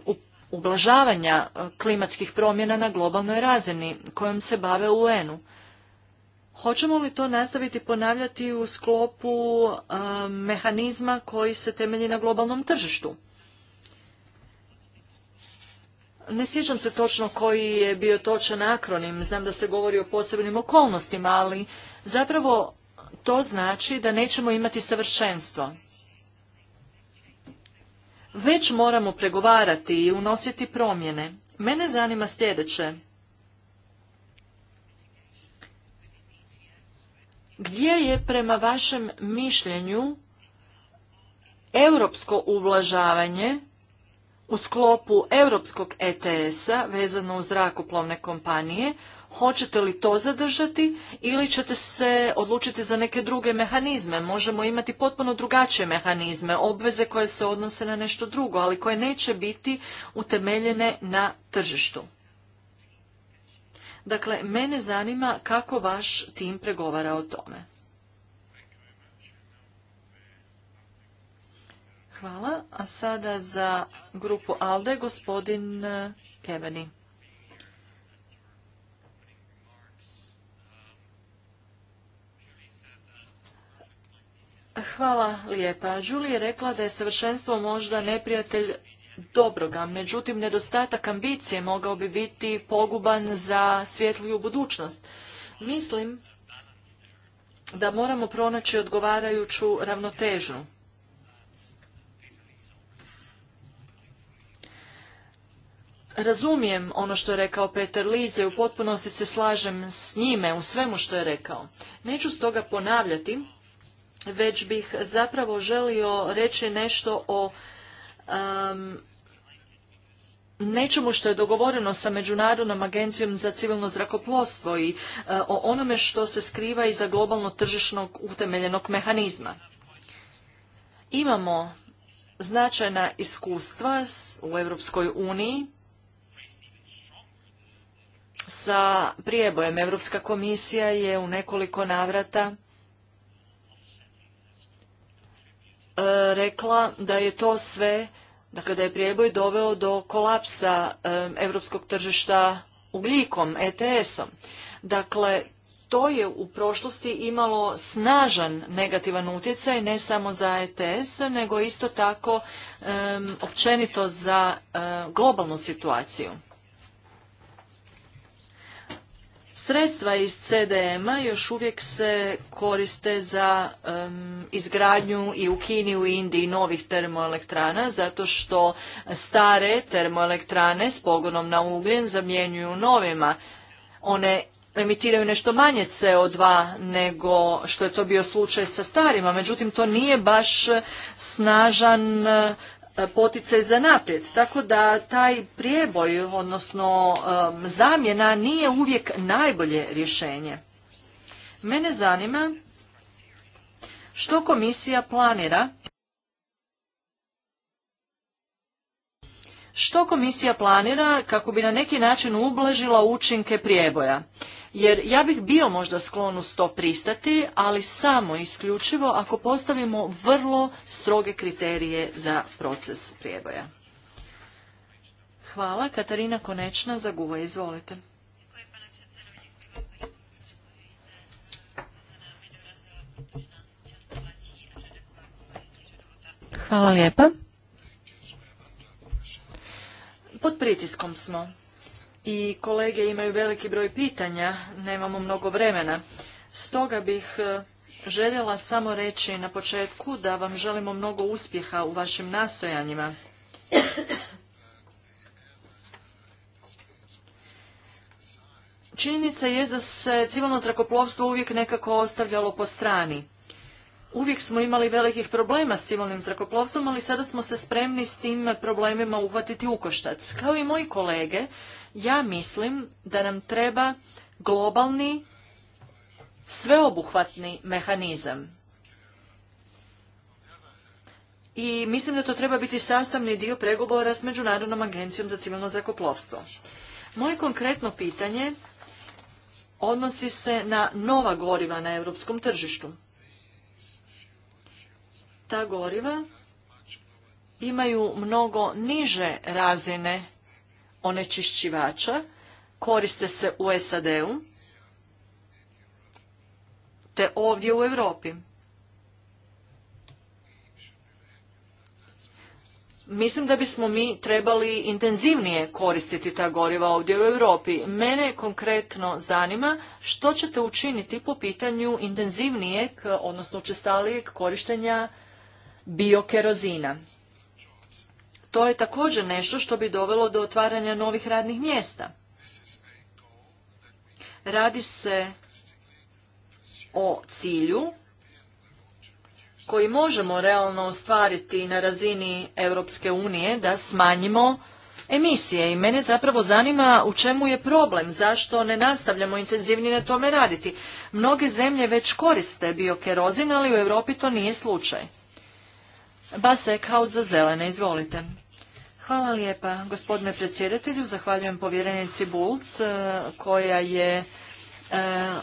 uh, ublažavanja uh, klimatskih promjena na globalnoj razini kojom se bave UN-u. Hoćemo li to nastaviti ponavljati u sklopu e, mehanizma koji se temelji na globalnom tržištu? Ne sjećam se točno koji je bio točan akronim, znam da se govori o posebnim okolnostima, ali zapravo to znači da nećemo imati savršenstvo. Već moramo pregovarati i unositi promjene. Mene zanima sljedeće. Gdje je prema vašem mišljenju europsko ublažavanje u sklopu europskog ETS-a vezano uz zrakoplovne kompanije? Hoćete li to zadržati ili ćete se odlučiti za neke druge mehanizme? Možemo imati potpuno drugačije mehanizme, obveze koje se odnose na nešto drugo, ali koje neće biti utemeljene na tržištu. Dakle, mene zanima kako vaš tim pregovara o tome. Hvala. A sada za grupu ALDE gospodin e, Keveni. Hvala lijepa. Julie je rekla da je savršenstvo možda neprijatelj dobroga, međutim nedostatak ambicije mogao bi biti poguban za svjetliju budućnost. Mislim da moramo pronaći odgovarajuću ravnotežu. Razumijem ono što je rekao Peter Lize, u potpunosti se slažem s njime u svemu što je rekao. Neću stoga ponavljati, već bih zapravo želio reći nešto o nečemu što je dogovoreno sa Međunarodnom agencijom za civilno zrakoplovstvo i e, o onome što se skriva iza globalno tržišnog utemeljenog mehanizma. Imamo značajna iskustva u Europskoj uniji sa prijebojem. Europska komisija je u nekoliko navrata e, rekla da je to sve Dakle, da je prijeboj doveo do kolapsa europskog tržišta ugljikom, ETS-om. Dakle, to je u prošlosti imalo snažan negativan utjecaj ne samo za ETS, nego isto tako općenito za globalnu situaciju. Sredstva iz CDM-a još uvijek se koriste za izgradnju i u Kini, u Indiji novih termoelektrana, zato što stare termoelektrane s pogonom na ugljen zamjenjuju novima. One emitiraju nešto manje CO2 nego što je to bio slučaj sa starima, međutim to nije baš snažan E, poticaj za naprijed. Tako da taj prijeboj, odnosno zamjena, nije uvijek najbolje rješenje. Mene zanima što komisija planira Što komisija planira kako bi na neki način ublažila učinke prijeboja? Jer ja bih bio možda sklon uz to pristati, ali samo isključivo ako postavimo vrlo stroge kriterije za proces prijeboja. Hvala. Katarina Konečna za Guva. Izvolite. Hvala lijepa. Pod pritiskom smo i kolege imaju veliki broj pitanja, nemamo mnogo vremena. Stoga bih e, željela samo reći na početku da vam želimo mnogo uspjeha u vašim nastojanjima. Činjenica je da se civilno zrakoplovstvo uvijek nekako ostavljalo po strani. Uvijek smo imali velikih problema s civilnim zrakoplovstvom, ali sada smo se spremni s tim problemima uhvatiti u koštac. Kao i moji kolege, ja mislim da nam treba globalni, sveobuhvatni mehanizam. I mislim da to treba biti sastavni dio pregovora s Međunarodnom agencijom za civilno zrakoplovstvo. Moje konkretno pitanje odnosi se na nova goriva na europskom tržištu ta goriva imaju mnogo niže razine onečišćivača, koriste se u SAD-u, te ovdje u Europi. Mislim da bismo mi trebali intenzivnije koristiti ta goriva ovdje u Europi. Mene konkretno zanima što ćete učiniti po pitanju intenzivnijeg, odnosno učestalijeg korištenja biokerozina. To je također nešto što bi dovelo do otvaranja novih radnih mjesta. Radi se o cilju koji možemo realno ostvariti na razini Europske unije da smanjimo emisije i mene zapravo zanima u čemu je problem, zašto ne nastavljamo intenzivnije na tome raditi. Mnoge zemlje već koriste biokerozin, ali u Europi to nije slučaj. Basek zelene, izvolite. Hvala lijepa gospodine predsjedatelju, zahvaljujem povjerenici Bulc e, koja je e,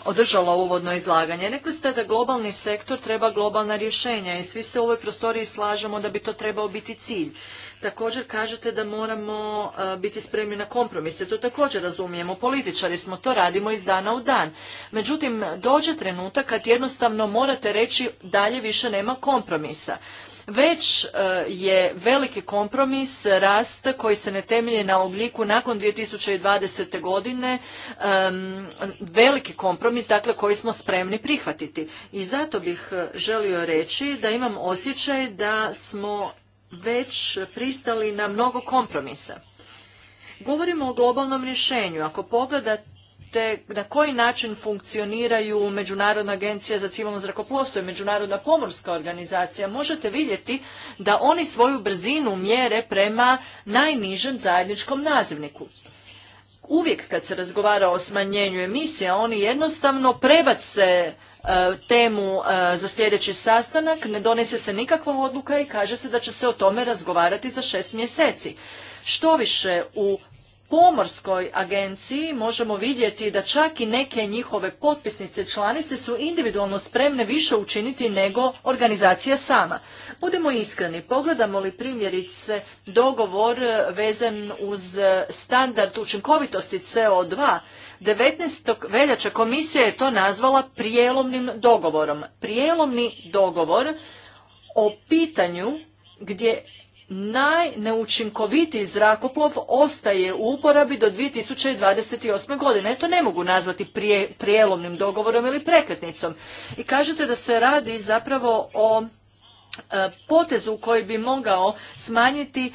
održala uvodno izlaganje. Rekli ste da globalni sektor treba globalna rješenja i svi se u ovoj prostoriji slažemo da bi to trebao biti cilj. Također kažete da moramo e, biti spremni na kompromise. To također razumijemo. Političari smo, to radimo iz dana u dan. Međutim, dođe trenutak kad jednostavno morate reći dalje više nema kompromisa. Već e, je veliki kompromis rast koji se ne temelji na obliku nakon 2020. godine veliki kompromis dakle koji smo spremni prihvatiti. I zato bih e, želio reći da imam osjećaj da smo već pristali na mnogo kompromisa. Govorimo o globalnom rješenju. Ako pogledate vidite na koji način funkcioniraju Međunarodna agencija za civilno zrakoplovstvo i Međunarodna pomorska organizacija, možete vidjeti da oni svoju brzinu mjere prema najnižem zajedničkom nazivniku. Uvijek kad se razgovara o smanjenju emisija, oni jednostavno prebace e, temu e, za sljedeći sastanak, ne donese se nikakva odluka i kaže se da će se o tome razgovarati za šest mjeseci. Što više, u pomorskoj agenciji možemo vidjeti da čak i neke njihove potpisnice članice su individualno spremne više učiniti nego organizacija sama. Budemo iskreni, pogledamo li primjerice dogovor e, vezan uz e, standard učinkovitosti CO2, 19. veljača komisija je to nazvala prijelomnim dogovorom. Prijelomni dogovor o pitanju gdje najneučinkovitiji zrakoplov ostaje u uporabi do 2028. godine. To ne mogu nazvati prijelomnim dogovorom ili prekretnicom. I kažete da se radi zapravo o E, potezu koji bi mogao smanjiti e,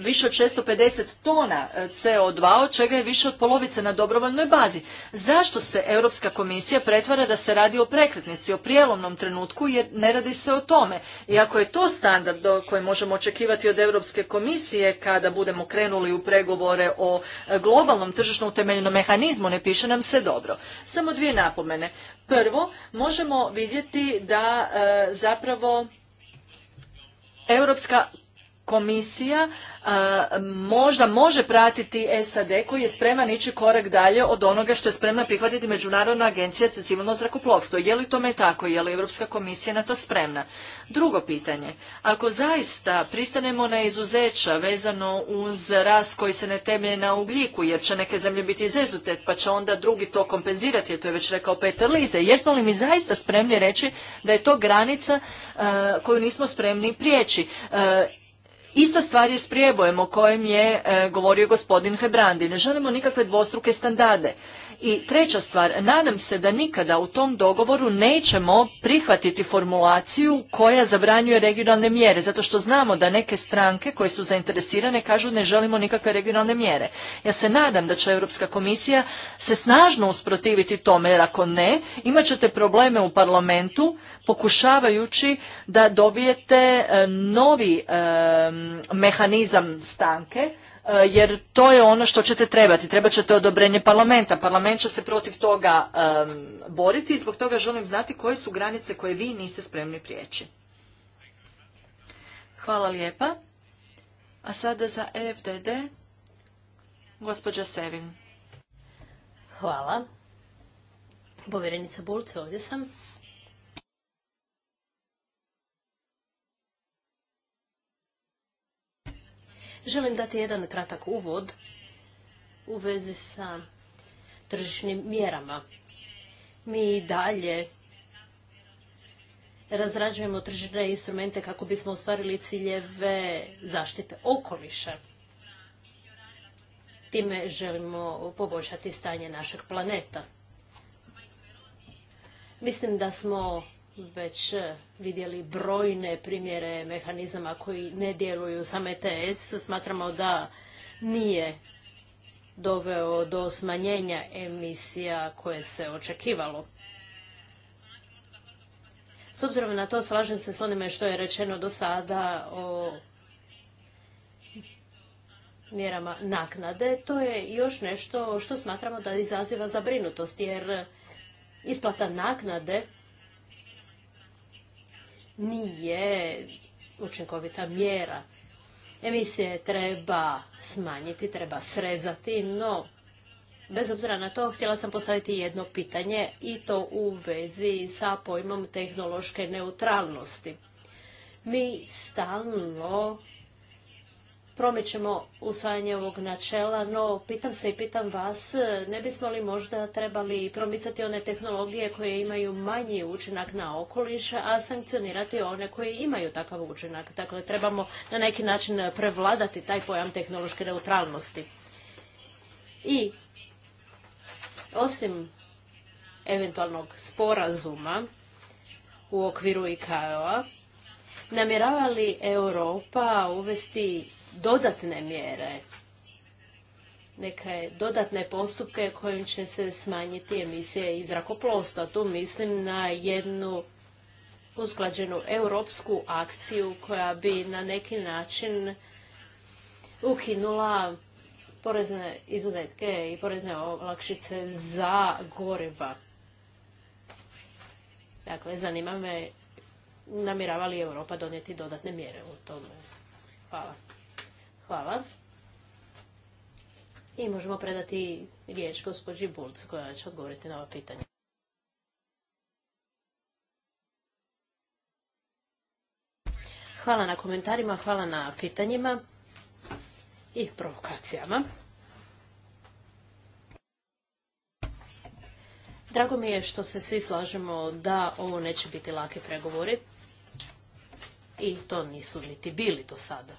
više od 650 tona e, CO2, od čega je više od polovice na dobrovoljnoj bazi. Zašto se Europska komisija pretvara da se radi o prekretnici, o prijelomnom trenutku, jer ne radi se o tome. I ako je to standard koji možemo očekivati od Europske komisije kada budemo krenuli u pregovore o globalnom tržišno utemeljenom mehanizmu, ne piše nam se dobro. Samo dvije napomene. Prvo, možemo vidjeti da e, zapravo Europska komisija e, možda može pratiti SAD koji je spreman ići korak dalje od onoga što je spremna prihvatiti Međunarodna agencija za civilno zrakoplovstvo. Je li tome tako? Je li Europska komisija na to spremna? Drugo pitanje. Ako zaista pristanemo na izuzeća vezano uz rast koji se ne temelje na ugljiku, jer će neke zemlje biti izuzete, pa će onda drugi to kompenzirati, jer to je već rekao Peter Lize. Jesmo li mi zaista spremni reći da je to granica e, koju nismo spremni prijeći? E, Ista stvar je s prijebojem o kojem je e, govorio gospodin Hebrandi. Ne želimo nikakve dvostruke standarde. I treća stvar, nadam se da nikada u tom dogovoru nećemo prihvatiti formulaciju koja zabranjuje regionalne mjere, zato što znamo da neke stranke koje su zainteresirane kažu ne želimo nikakve regionalne mjere. Ja se nadam da će Europska komisija se snažno usprotiviti tome, jer ako ne, imat ćete probleme u parlamentu pokušavajući da dobijete e, novi e, mehanizam stanke, Eh, jer to je ono što ćete trebati. Trebat ćete odobrenje parlamenta. Parlament će se protiv toga boriti i zbog toga želim znati koje su granice koje vi niste spremni prijeći. Hvala lijepa. A sada za e FDD, gospođa Sevin. Hvala. Povjerenica Bulc, ovdje sam. Želim dati jedan kratak uvod u vezi sa tržišnim mjerama. Mi i dalje razrađujemo tržišne instrumente kako bismo ostvarili ciljeve zaštite okoliša. Time želimo poboljšati stanje našeg planeta. Mislim da smo već vidjeli brojne primjere mehanizama koji ne djeluju sam ETS. Smatramo da nije doveo do smanjenja emisija koje se očekivalo. S obzirom na to slažem se s onime što je rečeno do sada o mjerama naknade. To je još nešto što smatramo da izaziva zabrinutost jer isplata naknade nije učinkovita mjera. Emisije treba smanjiti, treba srezati, no bez obzira na to htjela sam postaviti jedno pitanje i to u vezi sa pojmom tehnološke neutralnosti. Mi stalno promičemo usvajanje ovog načela, no pitam se i pitam vas, ne bismo li možda trebali promicati one tehnologije koje imaju manji učinak na okoliš, a sankcionirati one koje imaju takav učinak? Dakle, trebamo na neki način prevladati taj pojam tehnološke neutralnosti. I osim eventualnog sporazuma u okviru iko a namjerava li Europa uvesti dodatne mjere, neke dodatne postupke kojim će se smanjiti emisije iz zrakoplovstva. Tu mislim na jednu usklađenu europsku akciju koja bi na neki način ukinula porezne izuzetke i porezne olakšice za goriva. Dakle, zanima me namjerava li Europa donijeti dodatne mjere u tome. Hvala. Hvala. I možemo predati riječ gospođi Bulc koja će odgovoriti na ova pitanja. Hvala na komentarima, hvala na pitanjima i provokacijama. Drago mi je što se svi slažemo da ovo neće biti lake pregovori i to nisu niti bili do sada.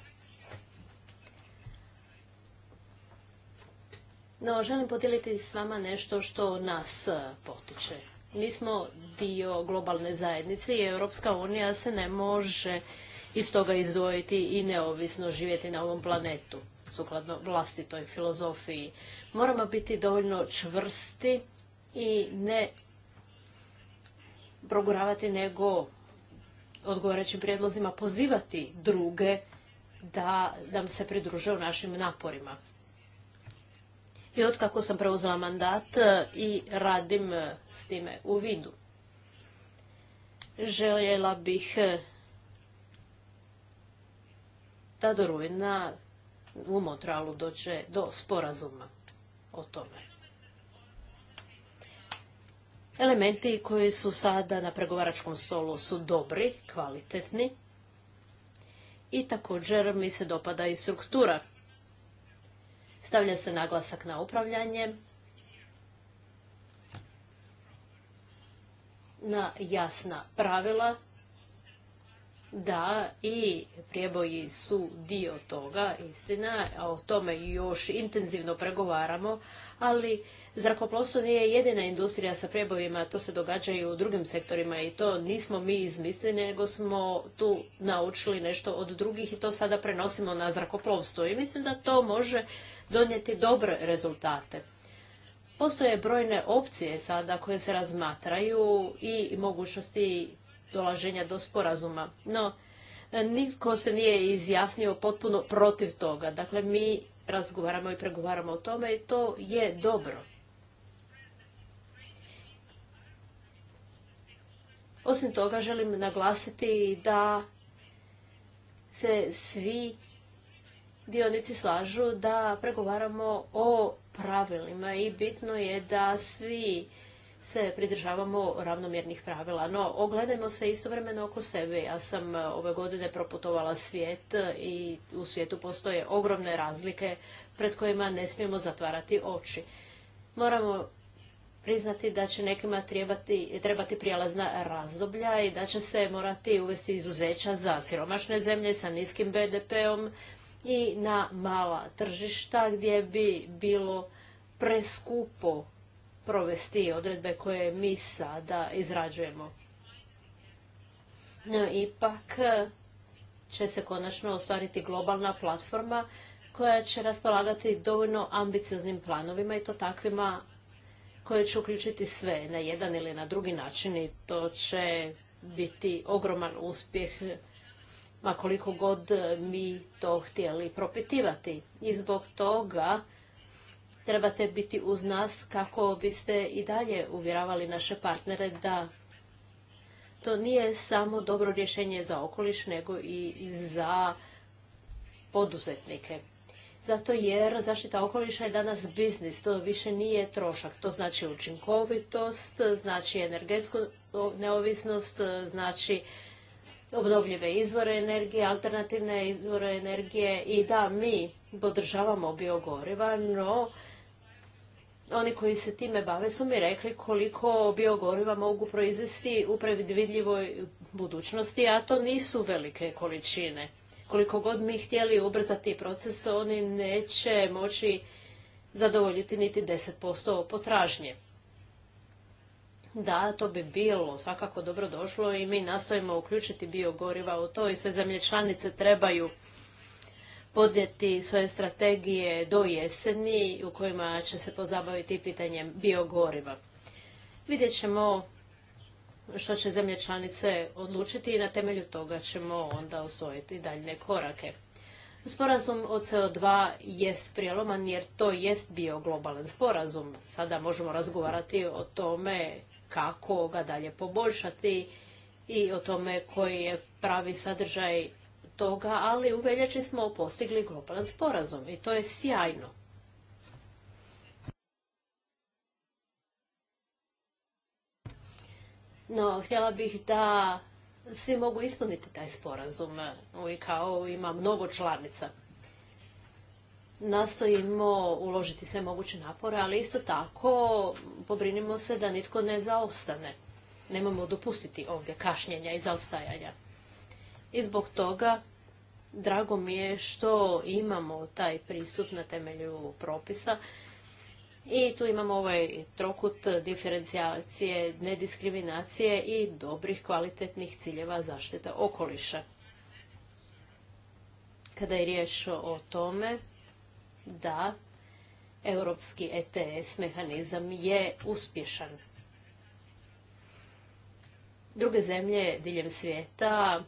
No, želim podijeliti s vama nešto što nas e, potiče. Mi smo dio globalne zajednice i Europska unija se ne može iz toga izdvojiti i neovisno živjeti na ovom planetu, sukladno vlastitoj filozofiji. Moramo biti dovoljno čvrsti i ne proguravati nego odgovarajućim prijedlozima pozivati druge da nam se pridruže u našim naporima i otkako sam preuzela mandat e, i radim e, s time u vidu. Željela bih e, da do rujna u Motralu dođe do sporazuma o tome. Elementi koji su sada na pregovaračkom stolu su dobri, kvalitetni i također mi se dopada i struktura Stavlja se naglasak na upravljanje, na jasna pravila, da i prijeboji su dio toga, istina, a o tome još intenzivno pregovaramo, ali zrakoplovstvo nije jedina industrija sa prijebojima, to se događa i u drugim sektorima i to nismo mi izmislili, nego smo tu naučili nešto od drugih i to sada prenosimo na zrakoplovstvo i mislim da to može donijeti dobre rezultate. Postoje brojne opcije sada koje se razmatraju i mogućnosti dolaženja do sporazuma. No, nitko se nije izjasnio potpuno protiv toga. Dakle, mi razgovaramo i pregovaramo o tome i to je dobro. Osim toga, želim naglasiti da se svi dionici slažu da pregovaramo o pravilima i bitno je da svi se pridržavamo ravnomjernih pravila. No, ogledajmo se istovremeno oko sebe. Ja sam ove godine proputovala svijet i u svijetu postoje ogromne razlike pred kojima ne smijemo zatvarati oči. Moramo priznati da će nekima trebati, trebati prijelazna razdoblja i da će se morati uvesti izuzeća za siromašne zemlje sa niskim BDP-om, i na mala tržišta gdje bi bilo preskupo provesti odredbe koje mi sada izrađujemo. No, ipak e, će se konačno ostvariti globalna platforma koja će raspolagati dovoljno ambicioznim planovima i to takvima koje će uključiti sve na jedan ili na drugi način i to će biti ogroman uspjeh ma koliko god mi to htjeli propitivati. I zbog toga trebate biti uz nas kako biste i dalje uvjeravali naše partnere da to nije samo dobro rješenje za okoliš, nego i za poduzetnike. Zato jer zaštita okoliša je danas biznis, to više nije trošak. To znači učinkovitost, znači energetsku neovisnost, znači obnovljive izvore energije, alternativne izvore energije i da mi podržavamo biogoriva, no oni koji se time bave su mi rekli koliko biogoriva mogu proizvesti u predvidljivoj budućnosti, a to nisu velike količine. Koliko god mi htjeli ubrzati proces, oni neće moći zadovoljiti niti 10% potražnje. Da, to bi bilo svakako dobro došlo i mi nastojimo uključiti biogoriva u to i sve zemlje članice trebaju podnijeti svoje strategije do jeseni u kojima će se pozabaviti pitanjem biogoriva. Vidjet ćemo što će zemlje članice odlučiti i na temelju toga ćemo onda usvojiti daljne korake. Sporazum o CO2 je prijeloman jer to jest bio globalan sporazum. Sada možemo razgovarati o tome kako ga dalje poboljšati i o tome koji je pravi sadržaj toga, ali u veljači smo postigli globalan sporazum i to je sjajno. No, htjela bih da svi mogu ispuniti taj sporazum. U kao ima mnogo članica nastojimo uložiti sve moguće napore, ali isto tako pobrinimo se da nitko ne zaostane. Nemamo dopustiti ovdje kašnjenja i zaostajanja. I zbog toga drago mi je što imamo taj pristup na temelju propisa i tu imamo ovaj trokut diferencijacije, nediskriminacije i dobrih kvalitetnih ciljeva zaštite okoliša. Kada je riječ o tome, da europski ETS mehanizam je uspješan. Druge zemlje diljem svijeta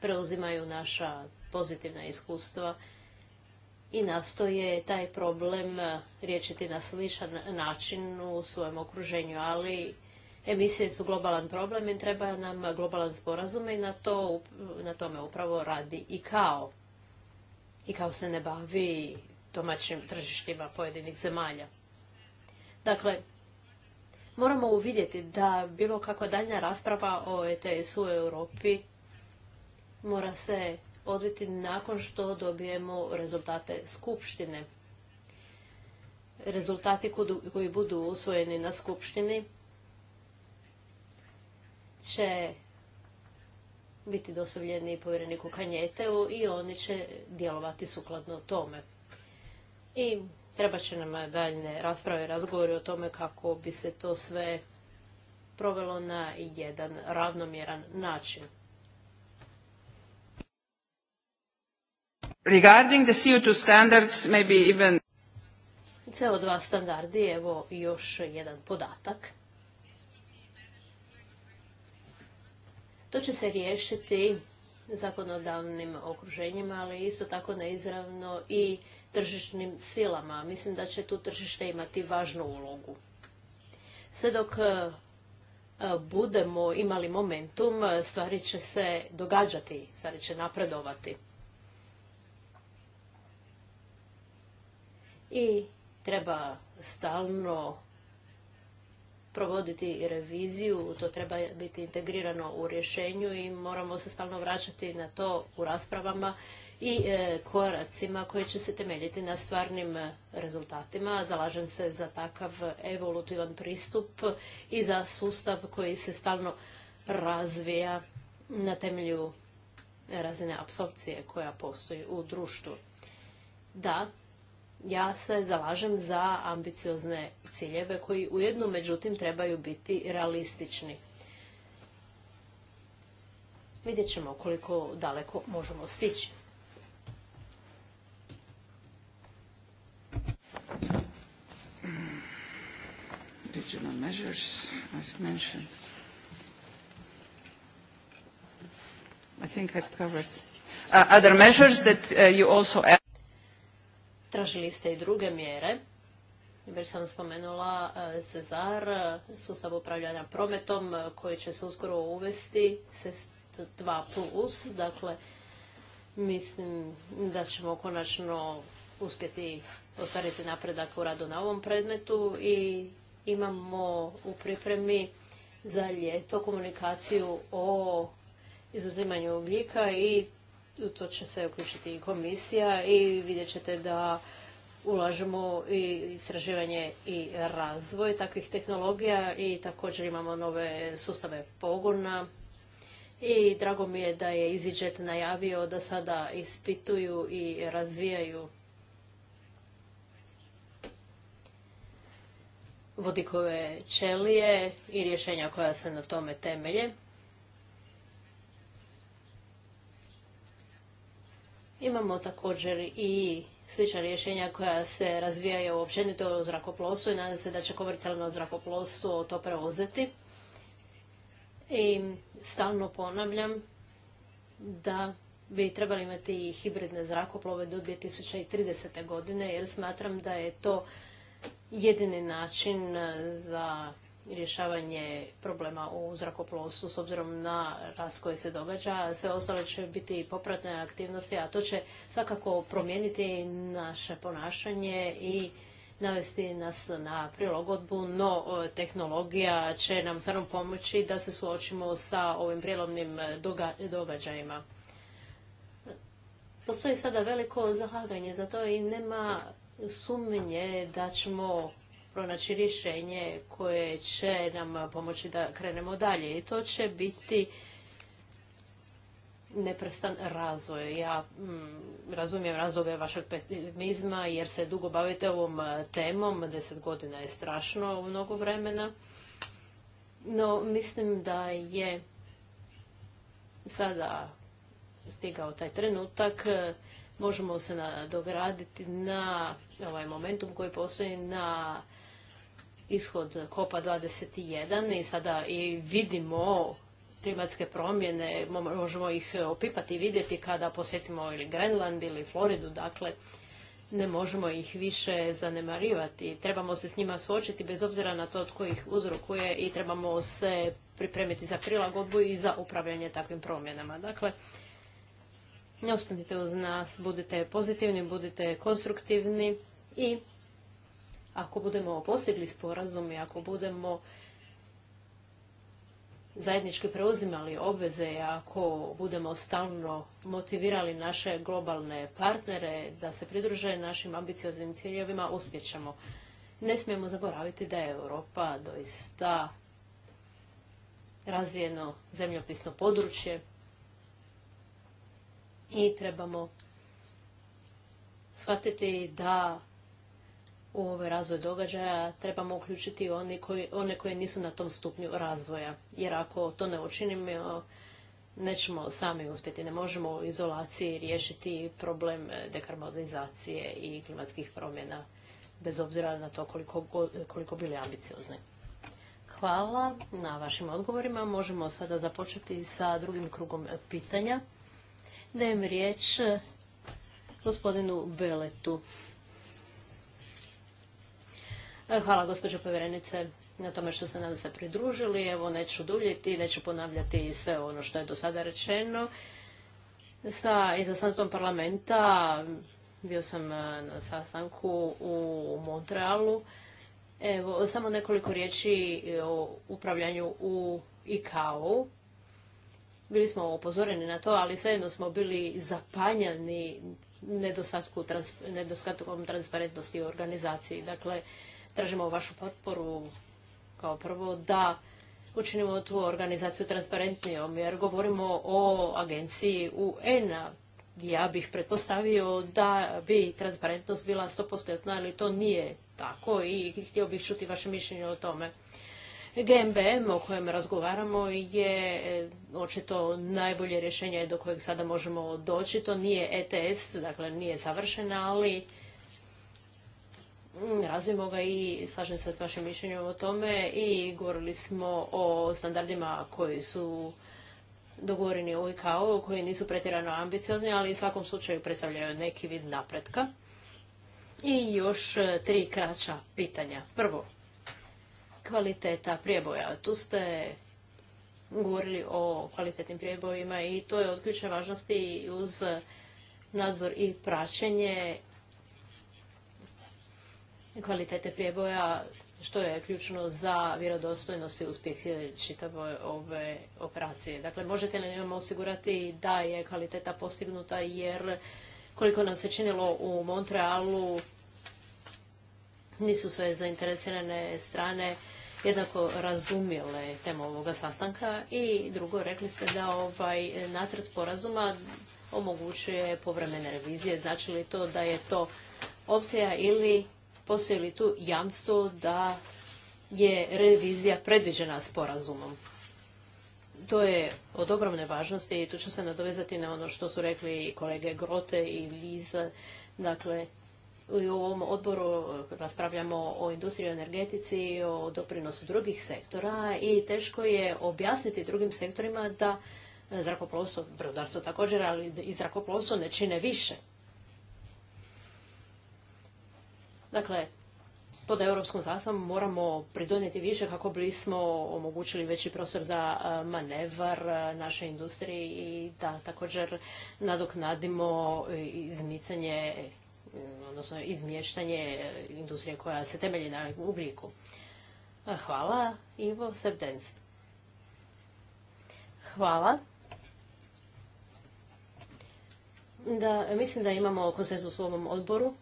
preuzimaju naša pozitivna iskustva i nastoje taj problem riješiti na sličan način u svojem okruženju, ali emisije su globalan problem i treba nam globalan sporazum i na, na tome upravo radi i kao i kao se ne bavi domaćim tržištima pojedinih zemalja. Dakle, moramo uvidjeti da bilo kakva daljnja rasprava o ETS-u u Europi mora se odviti nakon što dobijemo rezultate skupštine. Rezultati koji budu usvojeni na skupštini će biti dosavljeni povjereniku Kanjeteu i oni će djelovati sukladno tome. I treba će nam daljne rasprave, razgovori o tome kako bi se to sve provelo na jedan ravnomjeran način. Regarding the CO2 standards, maybe even... CO2 standardi, evo još jedan podatak. To će se riješiti zakonodavnim okruženjima, ali isto tako neizravno i tržišnim silama. Mislim da će tu tržište imati važnu ulogu. Sve dok e, budemo imali momentum, stvari će se događati, stvari će napredovati. I treba stalno provoditi reviziju, to treba biti integrirano u rješenju i moramo se stalno vraćati na to u raspravama i e, koracima koji će se temeljiti na stvarnim e, rezultatima. Zalažem se za takav evolutivan pristup i za sustav koji se stalno razvija na temelju razine apsorpcije koja postoji u društvu. Da, ja se zalažem za ambiciozne ciljeve koji ujedno međutim trebaju biti realistični. Vidjet ćemo koliko daleko možemo stići. Regional measures as mentioned. I think I've covered uh, other measures that uh, you also asked. Tražili ste i druge mjere. Već sam spomenula e, Cezar, e, sustav upravljanja prometom e, koji će se uskoro uvesti, se 2+. Dakle, mislim da ćemo konačno uspjeti ostvariti napredak u radu na ovom predmetu i imamo u pripremi za ljeto komunikaciju o izuzimanju ugljika i to će se uključiti i komisija i vidjet ćete da ulažemo i istraživanje i razvoj takvih tehnologija i također imamo nove sustave pogona. I drago mi je da je EasyJet najavio da sada ispituju i razvijaju vodikove čelije i rješenja koja se na tome temelje. Imamo također i slična rješenja koja se razvijaju općenito u zrakoplovstvu i nadam se da će komercijalno zrakoplovstvo to preuzeti. I stalno ponavljam da bi trebali imati i hibridne zrakoplove do 2030. godine jer smatram da je to jedini način za rješavanje problema u zrakoplovstvu s obzirom na rast koji se događa. Sve ostalo će biti popratne aktivnosti, a to će svakako promijeniti naše ponašanje i navesti nas na prilogodbu, no e, tehnologija će nam stvarno pomoći da se suočimo sa ovim prijelomnim e, događajima. Postoji sada veliko zahaganje za to i nema sumnje da ćemo pronaći rješenje koje će nam pomoći da krenemo dalje. I to će biti neprestan razvoj. Ja mm, razumijem razloge vašeg pesimizma jer se dugo bavite ovom temom, deset godina je strašno u mnogo vremena. No, mislim da je sada stigao taj trenutak, možemo se nadograditi na ovaj momentum koji postoji na ishod Kopa 21 i sada i vidimo klimatske promjene, možemo ih e, opipati i vidjeti kada posjetimo ili Grenland ili Floridu, dakle ne možemo ih više zanemarivati. Trebamo se s njima suočiti bez obzira na to tko ih uzrokuje i trebamo se pripremiti za prilagodbu i za upravljanje takvim promjenama. Dakle, ne ostanite uz nas, budite pozitivni, budite konstruktivni i ako budemo postigli sporazum i ako budemo zajednički preuzimali obveze, i ako budemo stalno motivirali naše globalne partnere da se pridruže našim ambicioznim ciljevima, uspjećemo. Ne smijemo zaboraviti da je Europa doista razvijeno zemljopisno područje i trebamo shvatiti da u ovaj razvoj događaja trebamo uključiti oni koji, one koje nisu na tom stupnju razvoja. Jer ako to ne učinimo, nećemo sami uspjeti. Ne možemo u izolaciji riješiti problem e, dekarbonizacije i klimatskih promjena, bez obzira na to koliko, koliko bili ambiciozni. Hvala na vašim odgovorima. Možemo sada započeti sa drugim krugom pitanja. Dajem riječ e, gospodinu Beletu. E, hvala gospođo povjerenice na tome što ste nam se pridružili. Evo neću duljiti, neću ponavljati sve ono što je do sada rečeno. Sa izaslanstvom parlamenta bio sam e, na sastanku u Montrealu. Evo, samo nekoliko riječi o upravljanju u ICAO. Bili smo upozoreni na to, ali svejedno smo bili zapanjani nedostatkom transparentnosti u organizaciji. Dakle, tražimo vašu potporu kao prvo da učinimo tu organizaciju transparentnijom, jer govorimo o agenciji UN-a. Ja bih pretpostavio da bi transparentnost bila 100%, ali to nije tako i htio bih čuti vaše mišljenje o tome. GMBM o kojem razgovaramo je eh, očito najbolje rješenje do kojeg sada možemo doći. To nije ETS, dakle nije savršena, ali Mm, razvijemo ga i slažem se s vašim mišljenjem o tome i govorili smo o standardima koji su dogovoreni u ICAO, koji nisu pretjerano ambiciozni, ali u svakom slučaju predstavljaju neki vid napretka. I još tri kraća pitanja. Prvo, kvaliteta prijeboja. Tu ste govorili o kvalitetnim prijebojima i to je od ključne važnosti uz nadzor i praćenje kvalitete prijeboja, što je ključno za vjerodostojnost i uspjeh čitave ove operacije. Dakle, možete li nam osigurati da je kvaliteta postignuta jer koliko nam se činilo u Montrealu nisu sve zainteresirane strane jednako razumjele temu ovoga sastanka i drugo rekli ste da ovaj nacrt sporazuma omogućuje povremene revizije. Znači li to da je to opcija ili postoji li tu jamstvo da je revizija predviđena sporazumom? To je od ogromne važnosti i tu ću se nadovezati na ono što su rekli kolege Grote i Liza. Dakle, u ovom odboru raspravljamo o industriji i energetici, o doprinosu drugih sektora i teško je objasniti drugim sektorima da zrakoplovstvo, brodarstvo također, ali i zrakoplovstvo ne čine više. Dakle, pod europskom zastavom moramo pridonijeti više kako bismo omogućili veći prostor za e, manevar e, naše industriji i da također nadoknadimo izmicanje, e, odnosno izmještanje industrije koja se temelji na ugljiku. Hvala, Ivo Sevdenst. Hvala. Da, mislim da imamo konsenzus u ovom odboru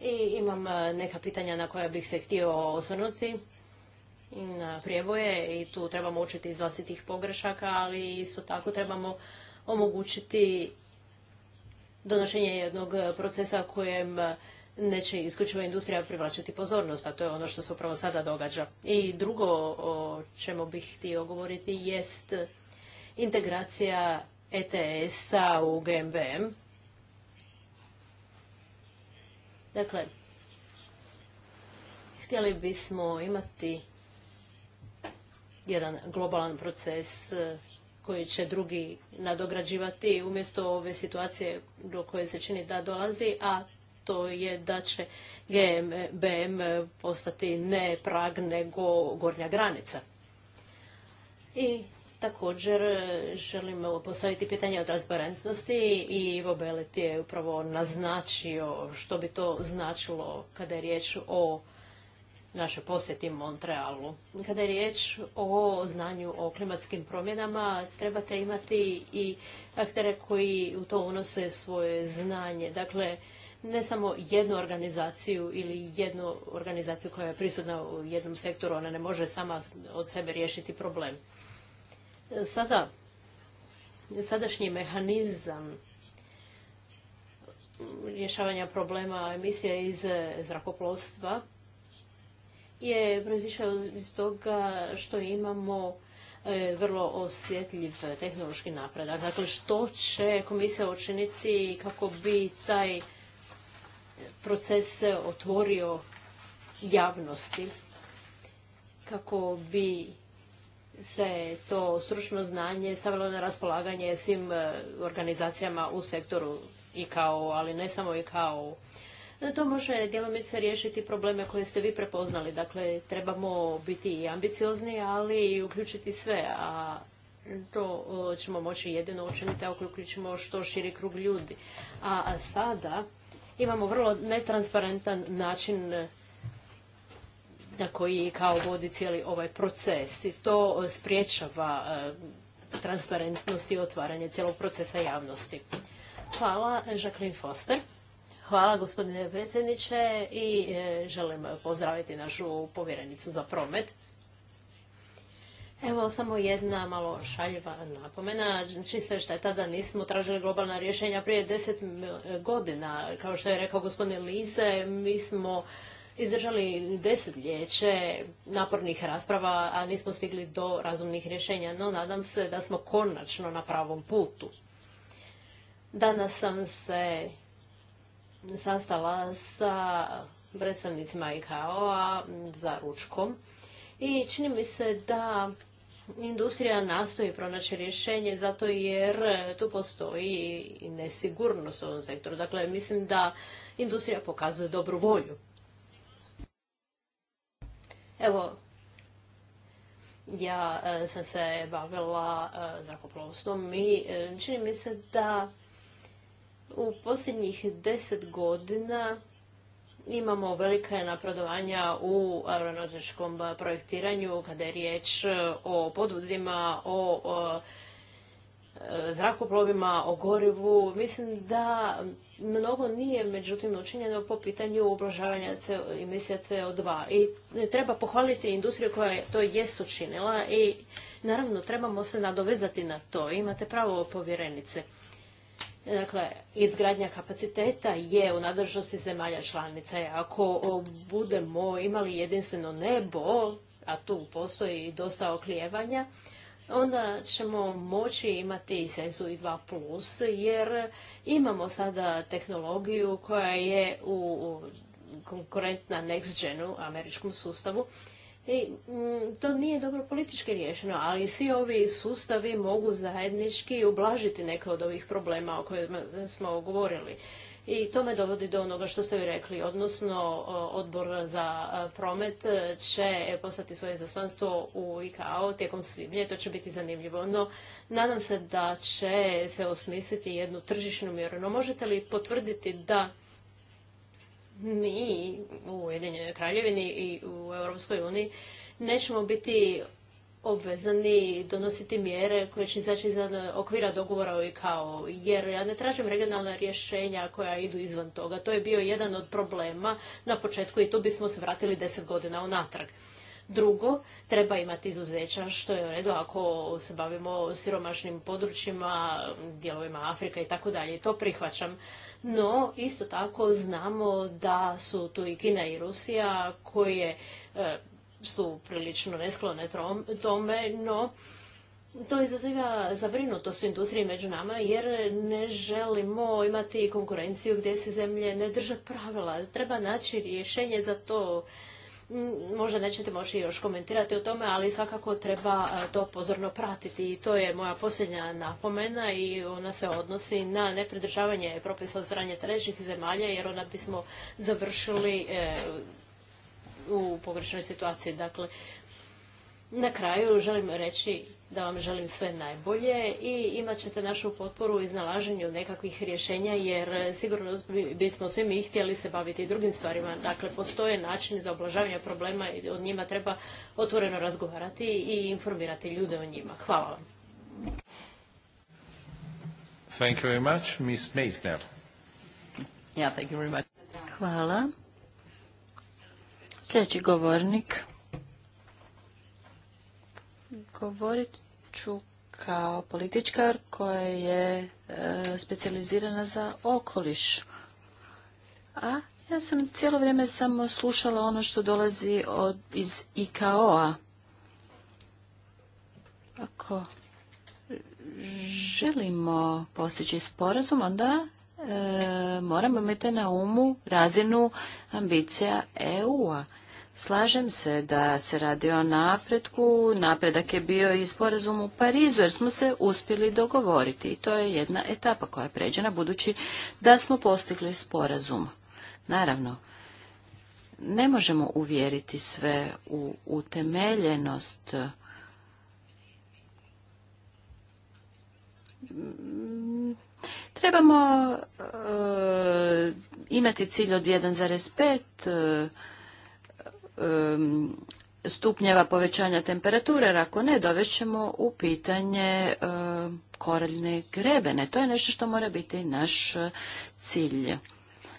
I imam e, neka pitanja na koja bih se htio osvrnuti na prijeboje i tu trebamo učiti iz vlastitih pogrešaka, ali isto tako trebamo omogućiti donošenje jednog procesa kojem neće isključiva industrija privlačiti pozornost, a to je ono što se upravo sada događa. I drugo o čemu bih htio govoriti jest integracija ETS-a u GMBM Dakle, htjeli bismo imati jedan globalan proces e, koji će drugi nadograđivati umjesto ove situacije do koje se čini da dolazi, a to je da će GMBM postati ne prag nego gornja granica. I Također e, želim postaviti pitanje o transparentnosti i Ivo Belet je upravo naznačio što bi to značilo kada je riječ o našoj posjeti Montrealu. Kada je riječ o znanju o klimatskim promjenama, trebate imati i aktere koji u to unose svoje znanje. Dakle, ne samo jednu organizaciju ili jednu organizaciju koja je prisutna u jednom sektoru, ona ne može sama od sebe riješiti problem. Sada, sadašnji mehanizam rješavanja problema emisije iz zrakoplovstva je proizišao iz toga što imamo e, vrlo osjetljiv tehnološki napredak. Dakle, što će komisija učiniti kako bi taj proces otvorio javnosti, kako bi se to stručno znanje stavilo na raspolaganje svim e, organizacijama u sektoru i kao, ali ne samo i kao. E, to može djelomice riješiti probleme koje ste vi prepoznali. Dakle, trebamo biti i ambiciozni, ali i uključiti sve. A to e, ćemo moći jedino učiniti ako uključimo što širi krug ljudi. a sada imamo vrlo netransparentan način koji kao vodi cijeli ovaj proces i to e, spriječava e, transparentnost i otvaranje cijelog procesa javnosti. Hvala, Jacqueline Foster. Hvala gospodine predsjedniče i e, želim pozdraviti našu povjerenicu za promet. Evo samo jedna malo šaljiva napomena. Čisto je tada nismo tražili globalna rješenja prije deset godina. Kao što je rekao gospodin Lise, mi smo izdržali desetljeće napornih rasprava, a nismo stigli do razumnih rješenja, no nadam se da smo konačno na pravom putu. Danas sam se sastala sa predstavnicima IKO-a za ručkom i čini mi se da industrija nastoji pronaći rješenje zato jer tu postoji nesigurnost u ovom sektoru. Dakle, mislim da industrija pokazuje dobru volju. Evo, ja e, sam se bavila e, zrakoplovstvom i e, čini mi se da u posljednjih deset godina imamo velike napredovanja u aeronautičkom projektiranju kada je riječ o poduzima, o, o zrakoplovima, o gorivu. Mislim da mnogo nije međutim učinjeno po pitanju ublažavanja emisija CO2 i e, treba pohvaliti industriju koja to jest učinila i naravno trebamo se nadovezati na to. Imate pravo povjerenice. Dakle, izgradnja kapaciteta je u nadležnosti zemalja članica. Ako budemo imali jedinstveno nebo, a tu postoji dosta oklijevanja, onda ćemo moći imati Sensu i 2 plus, jer imamo sada tehnologiju koja je u konkurentna next genu američkom sustavu i mm, to nije dobro politički riješeno, ali svi ovi sustavi mogu zajednički ublažiti neke od ovih problema o kojima smo govorili. I to me dovodi do onoga što ste vi rekli, odnosno odbor za e, promet e, će poslati svoje zastanstvo u IKAO tijekom svibnja to će biti zanimljivo. No, nadam se da će se osmisliti jednu tržišnu mjeru. No, možete li potvrditi da mi u Ujedinjenoj Kraljevini i u Europskoj uniji nećemo biti obvezani donositi mjere koje će izaći iz okvira dogovora o kao Jer ja ne tražim regionalna rješenja koja idu izvan toga. To je bio jedan od problema na početku i tu bismo se vratili deset godina unatrag. Drugo, treba imati izuzeća što je u redu ako se bavimo siromašnim područjima, dijelovima Afrika i tako dalje. To prihvaćam. No, isto tako znamo da su tu i Kina i Rusija koje e, su prilično nesklone tome, no to izaziva zabrinutost u industriji među nama jer ne želimo imati konkurenciju gdje se zemlje ne drže pravila. Treba naći rješenje za to. Mm, možda nećete moći još komentirati o tome, ali svakako treba e, to pozorno pratiti. I to je moja posljednja napomena i ona se odnosi na nepridržavanje propisa od strane trećih zemalja jer onda bismo završili e, u pogrešnoj situaciji. Dakle, na kraju želim reći da vam želim sve najbolje i imat ćete našu potporu u iznalaženju nekakvih rješenja jer sigurno bismo svi mi htjeli se baviti drugim stvarima. Dakle, postoje načini za oblažavanje problema i o njima treba otvoreno razgovarati i informirati ljude o njima. Hvala vam. Thank you very much. Miss Meisner. Yeah, thank you very much. Hvala. Sljedeći govornik. Govorit ću kao političkar koja je e, specijalizirana za okoliš. A ja sam cijelo vrijeme samo slušala ono što dolazi iz IKO-a. Ako želimo postići sporazum, onda e, moramo imati na umu razinu ambicija EU-a. Slažem se da se radi o napretku, napredak je bio i sporazum u Parizu jer smo se uspjeli dogovoriti i to je jedna etapa koja je pređena budući da smo postigli sporazum. Naravno, ne možemo uvjeriti sve u utemeljenost Trebamo e, imati cilj od 1,5 stupnjeva povećanja temperature, jer ako ne, dovećemo u pitanje koraljne grebene. To je nešto što mora biti naš cilj.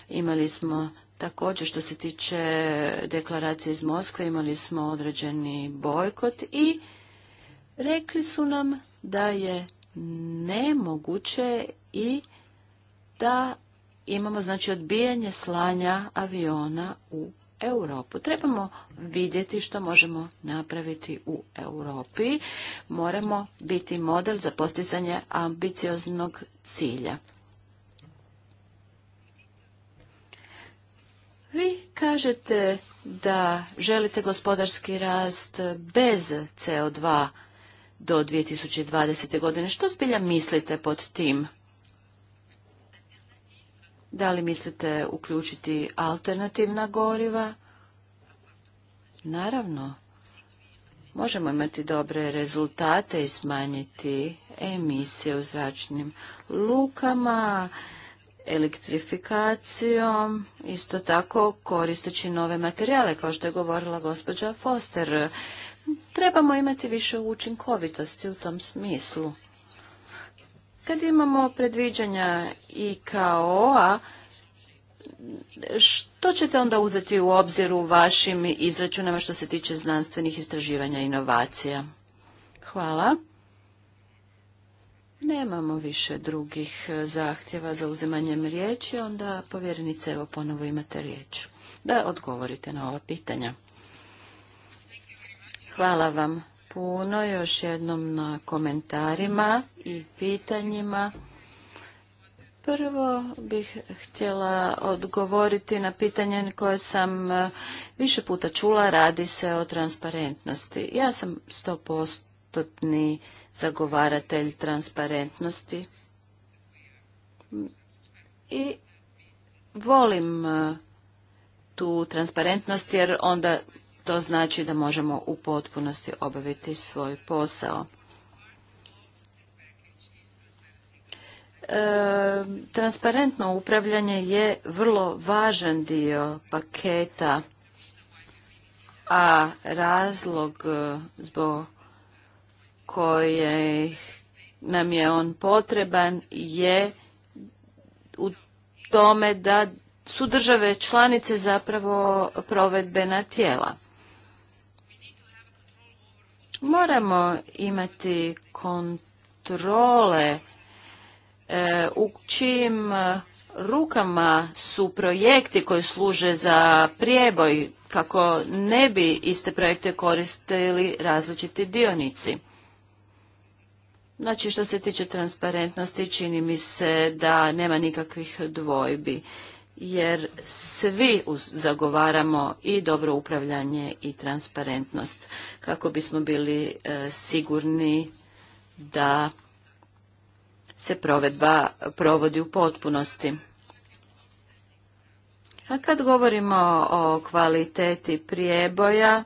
Imali smo Također što se tiče deklaracije iz Moskve imali smo određeni bojkot i rekli su nam da je nemoguće i da imamo znači odbijanje slanja aviona u Europu. Trebamo vidjeti što možemo napraviti u Europi. Moramo biti model za postizanje ambicioznog cilja. Vi kažete da želite gospodarski rast bez CO2 do 2020. godine. Što zbilja mislite pod tim? Da li mislite uključiti alternativna goriva? Naravno. Možemo imati dobre rezultate i smanjiti emisije u zračnim lukama, elektrifikacijom, isto tako koristeći nove materijale, kao što je govorila gospođa Foster. Trebamo imati više učinkovitosti u tom smislu. Kad imamo predviđanja i kao što ćete onda uzeti u obzir u vašim izračunama što se tiče znanstvenih istraživanja i inovacija? Hvala. Nemamo više drugih e, zahtjeva za uzimanjem riječi, onda povjerenice, evo ponovo imate riječ da odgovorite na ova pitanja. Hvala vam puno još jednom na komentarima i pitanjima. Prvo bih htjela odgovoriti na pitanje koje sam e, više puta čula, radi se o transparentnosti. Ja sam stopostotni zagovaratelj transparentnosti i volim e, tu transparentnost jer onda to znači da možemo u potpunosti obaviti svoj posao. E, transparentno upravljanje je vrlo važan dio paketa, a razlog e, zbog koje nam je on potreban je u tome da su države članice zapravo provedbena tijela. Moramo imati kontrole e, u čijim rukama su projekti koji služe za prijeboj kako ne bi iste projekte koristili različiti dionici. Znači što se tiče transparentnosti čini mi se da nema nikakvih dvojbi jer svi zagovaramo i dobro upravljanje i transparentnost kako bismo bili e, sigurni da se provedba provodi u potpunosti. A kad govorimo o kvaliteti prijeboja,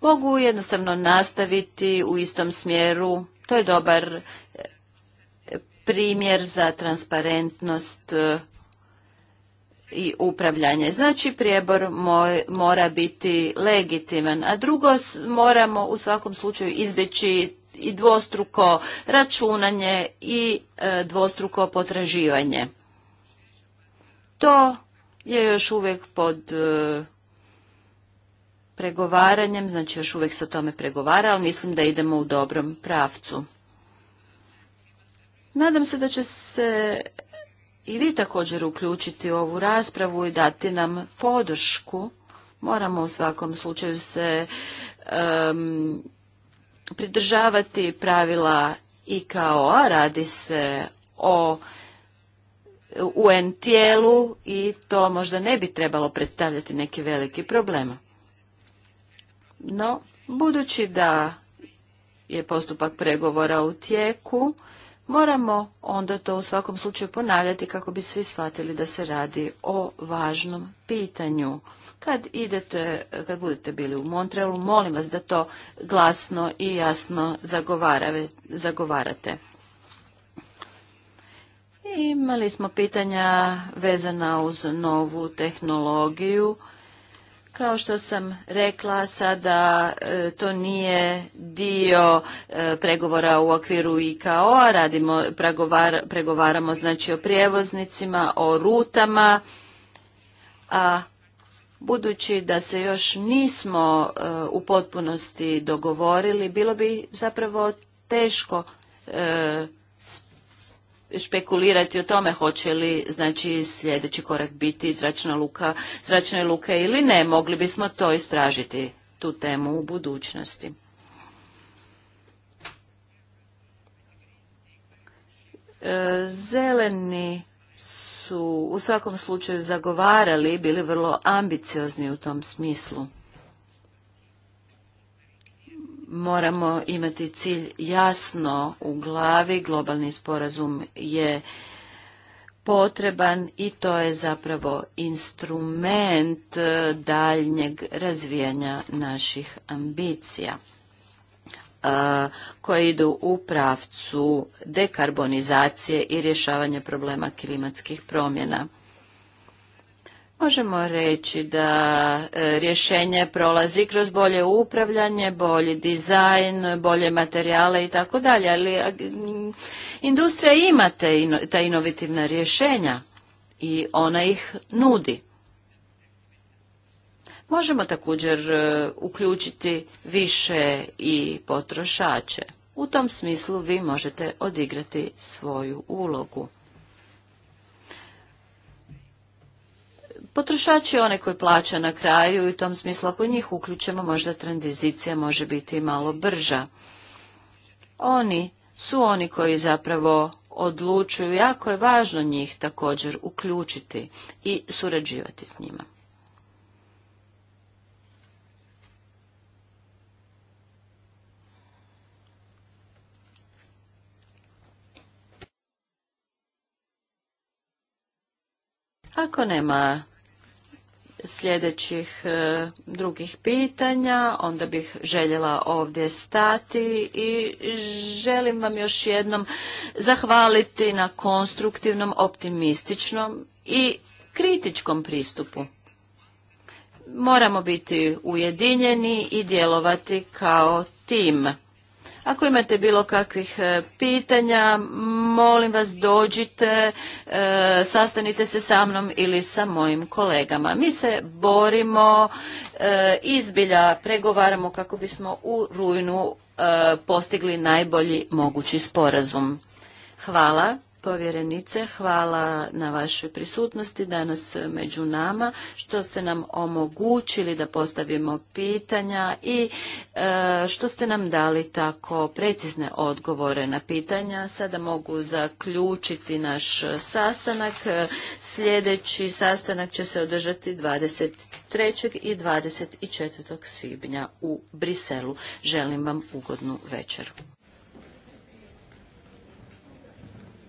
mogu jednostavno nastaviti u istom smjeru. To je dobar e, primjer za transparentnost i upravljanje. Znači prijebor mora biti legitiman, a drugo moramo u svakom slučaju izbjeći i dvostruko računanje i e, dvostruko potraživanje. To je još uvijek pod e, pregovaranjem, znači još uvijek se o tome pregovara, ali mislim da idemo u dobrom pravcu. Nadam se da će se i vi također uključiti u ovu raspravu i dati nam podršku. Moramo u svakom slučaju se pridržavati pravila IKO-a, radi se o UN tijelu i to možda ne bi trebalo predstavljati neki veliki problem. No, budući da je postupak pregovora u tijeku, moramo onda to u svakom slučaju ponavljati kako bi svi shvatili da se radi o važnom pitanju. Kad idete, kad budete bili u Montrealu, molim vas da to glasno i jasno zagovarate. Imali smo pitanja vezana uz novu tehnologiju kao što sam rekla, sada e, to nije dio e, pregovora u okviru IKO-a, radimo, pregovaramo znači o prijevoznicima, o rutama, a budući da se još nismo e, u potpunosti dogovorili, bilo bi zapravo teško špekulirati o tome hoće li znači sljedeći korak biti zračna luka, zračne luke ili ne. Mogli bismo to istražiti, tu temu u budućnosti. E, zeleni su u svakom slučaju zagovarali, bili vrlo ambiciozni u tom smislu moramo imati cilj jasno u glavi. Globalni sporazum je potreban i to je zapravo instrument e, daljnjeg razvijanja naših ambicija e, koje idu u pravcu dekarbonizacije i rješavanja problema klimatskih promjena. Možemo reći da e, rješenje prolazi kroz bolje upravljanje, bolji dizajn, bolje materijale i tako dalje, ali industrija ima ta inovativna rješenja i ona ih nudi. Možemo također e, uključiti više i potrošače. U tom smislu vi možete odigrati svoju ulogu. potrošači one koji plaća na kraju i u tom smislu ako njih uključimo možda tranzicija može biti malo brža. Oni su oni koji zapravo odlučuju, jako je važno njih također uključiti i surađivati s njima. Ako nema sljedećih e, drugih pitanja, onda bih željela ovdje stati i želim vam još jednom zahvaliti na konstruktivnom, optimističnom i kritičkom pristupu. Moramo biti ujedinjeni i djelovati kao tim. Ako imate bilo kakvih e, pitanja, molim vas dođite, e, sastanite se sa mnom ili sa mojim kolegama. Mi se borimo, e, izbilja pregovaramo kako bismo u rujnu postigli najbolji mogući sporazum. Hvala povjerenice, hvala na vašoj prisutnosti danas među nama, što ste nam omogućili da postavimo pitanja i e, što ste nam dali tako precizne odgovore na pitanja. Sada mogu zaključiti naš sastanak. Sljedeći sastanak će se održati 23. i 24. svibnja u Briselu. Želim vam ugodnu večer.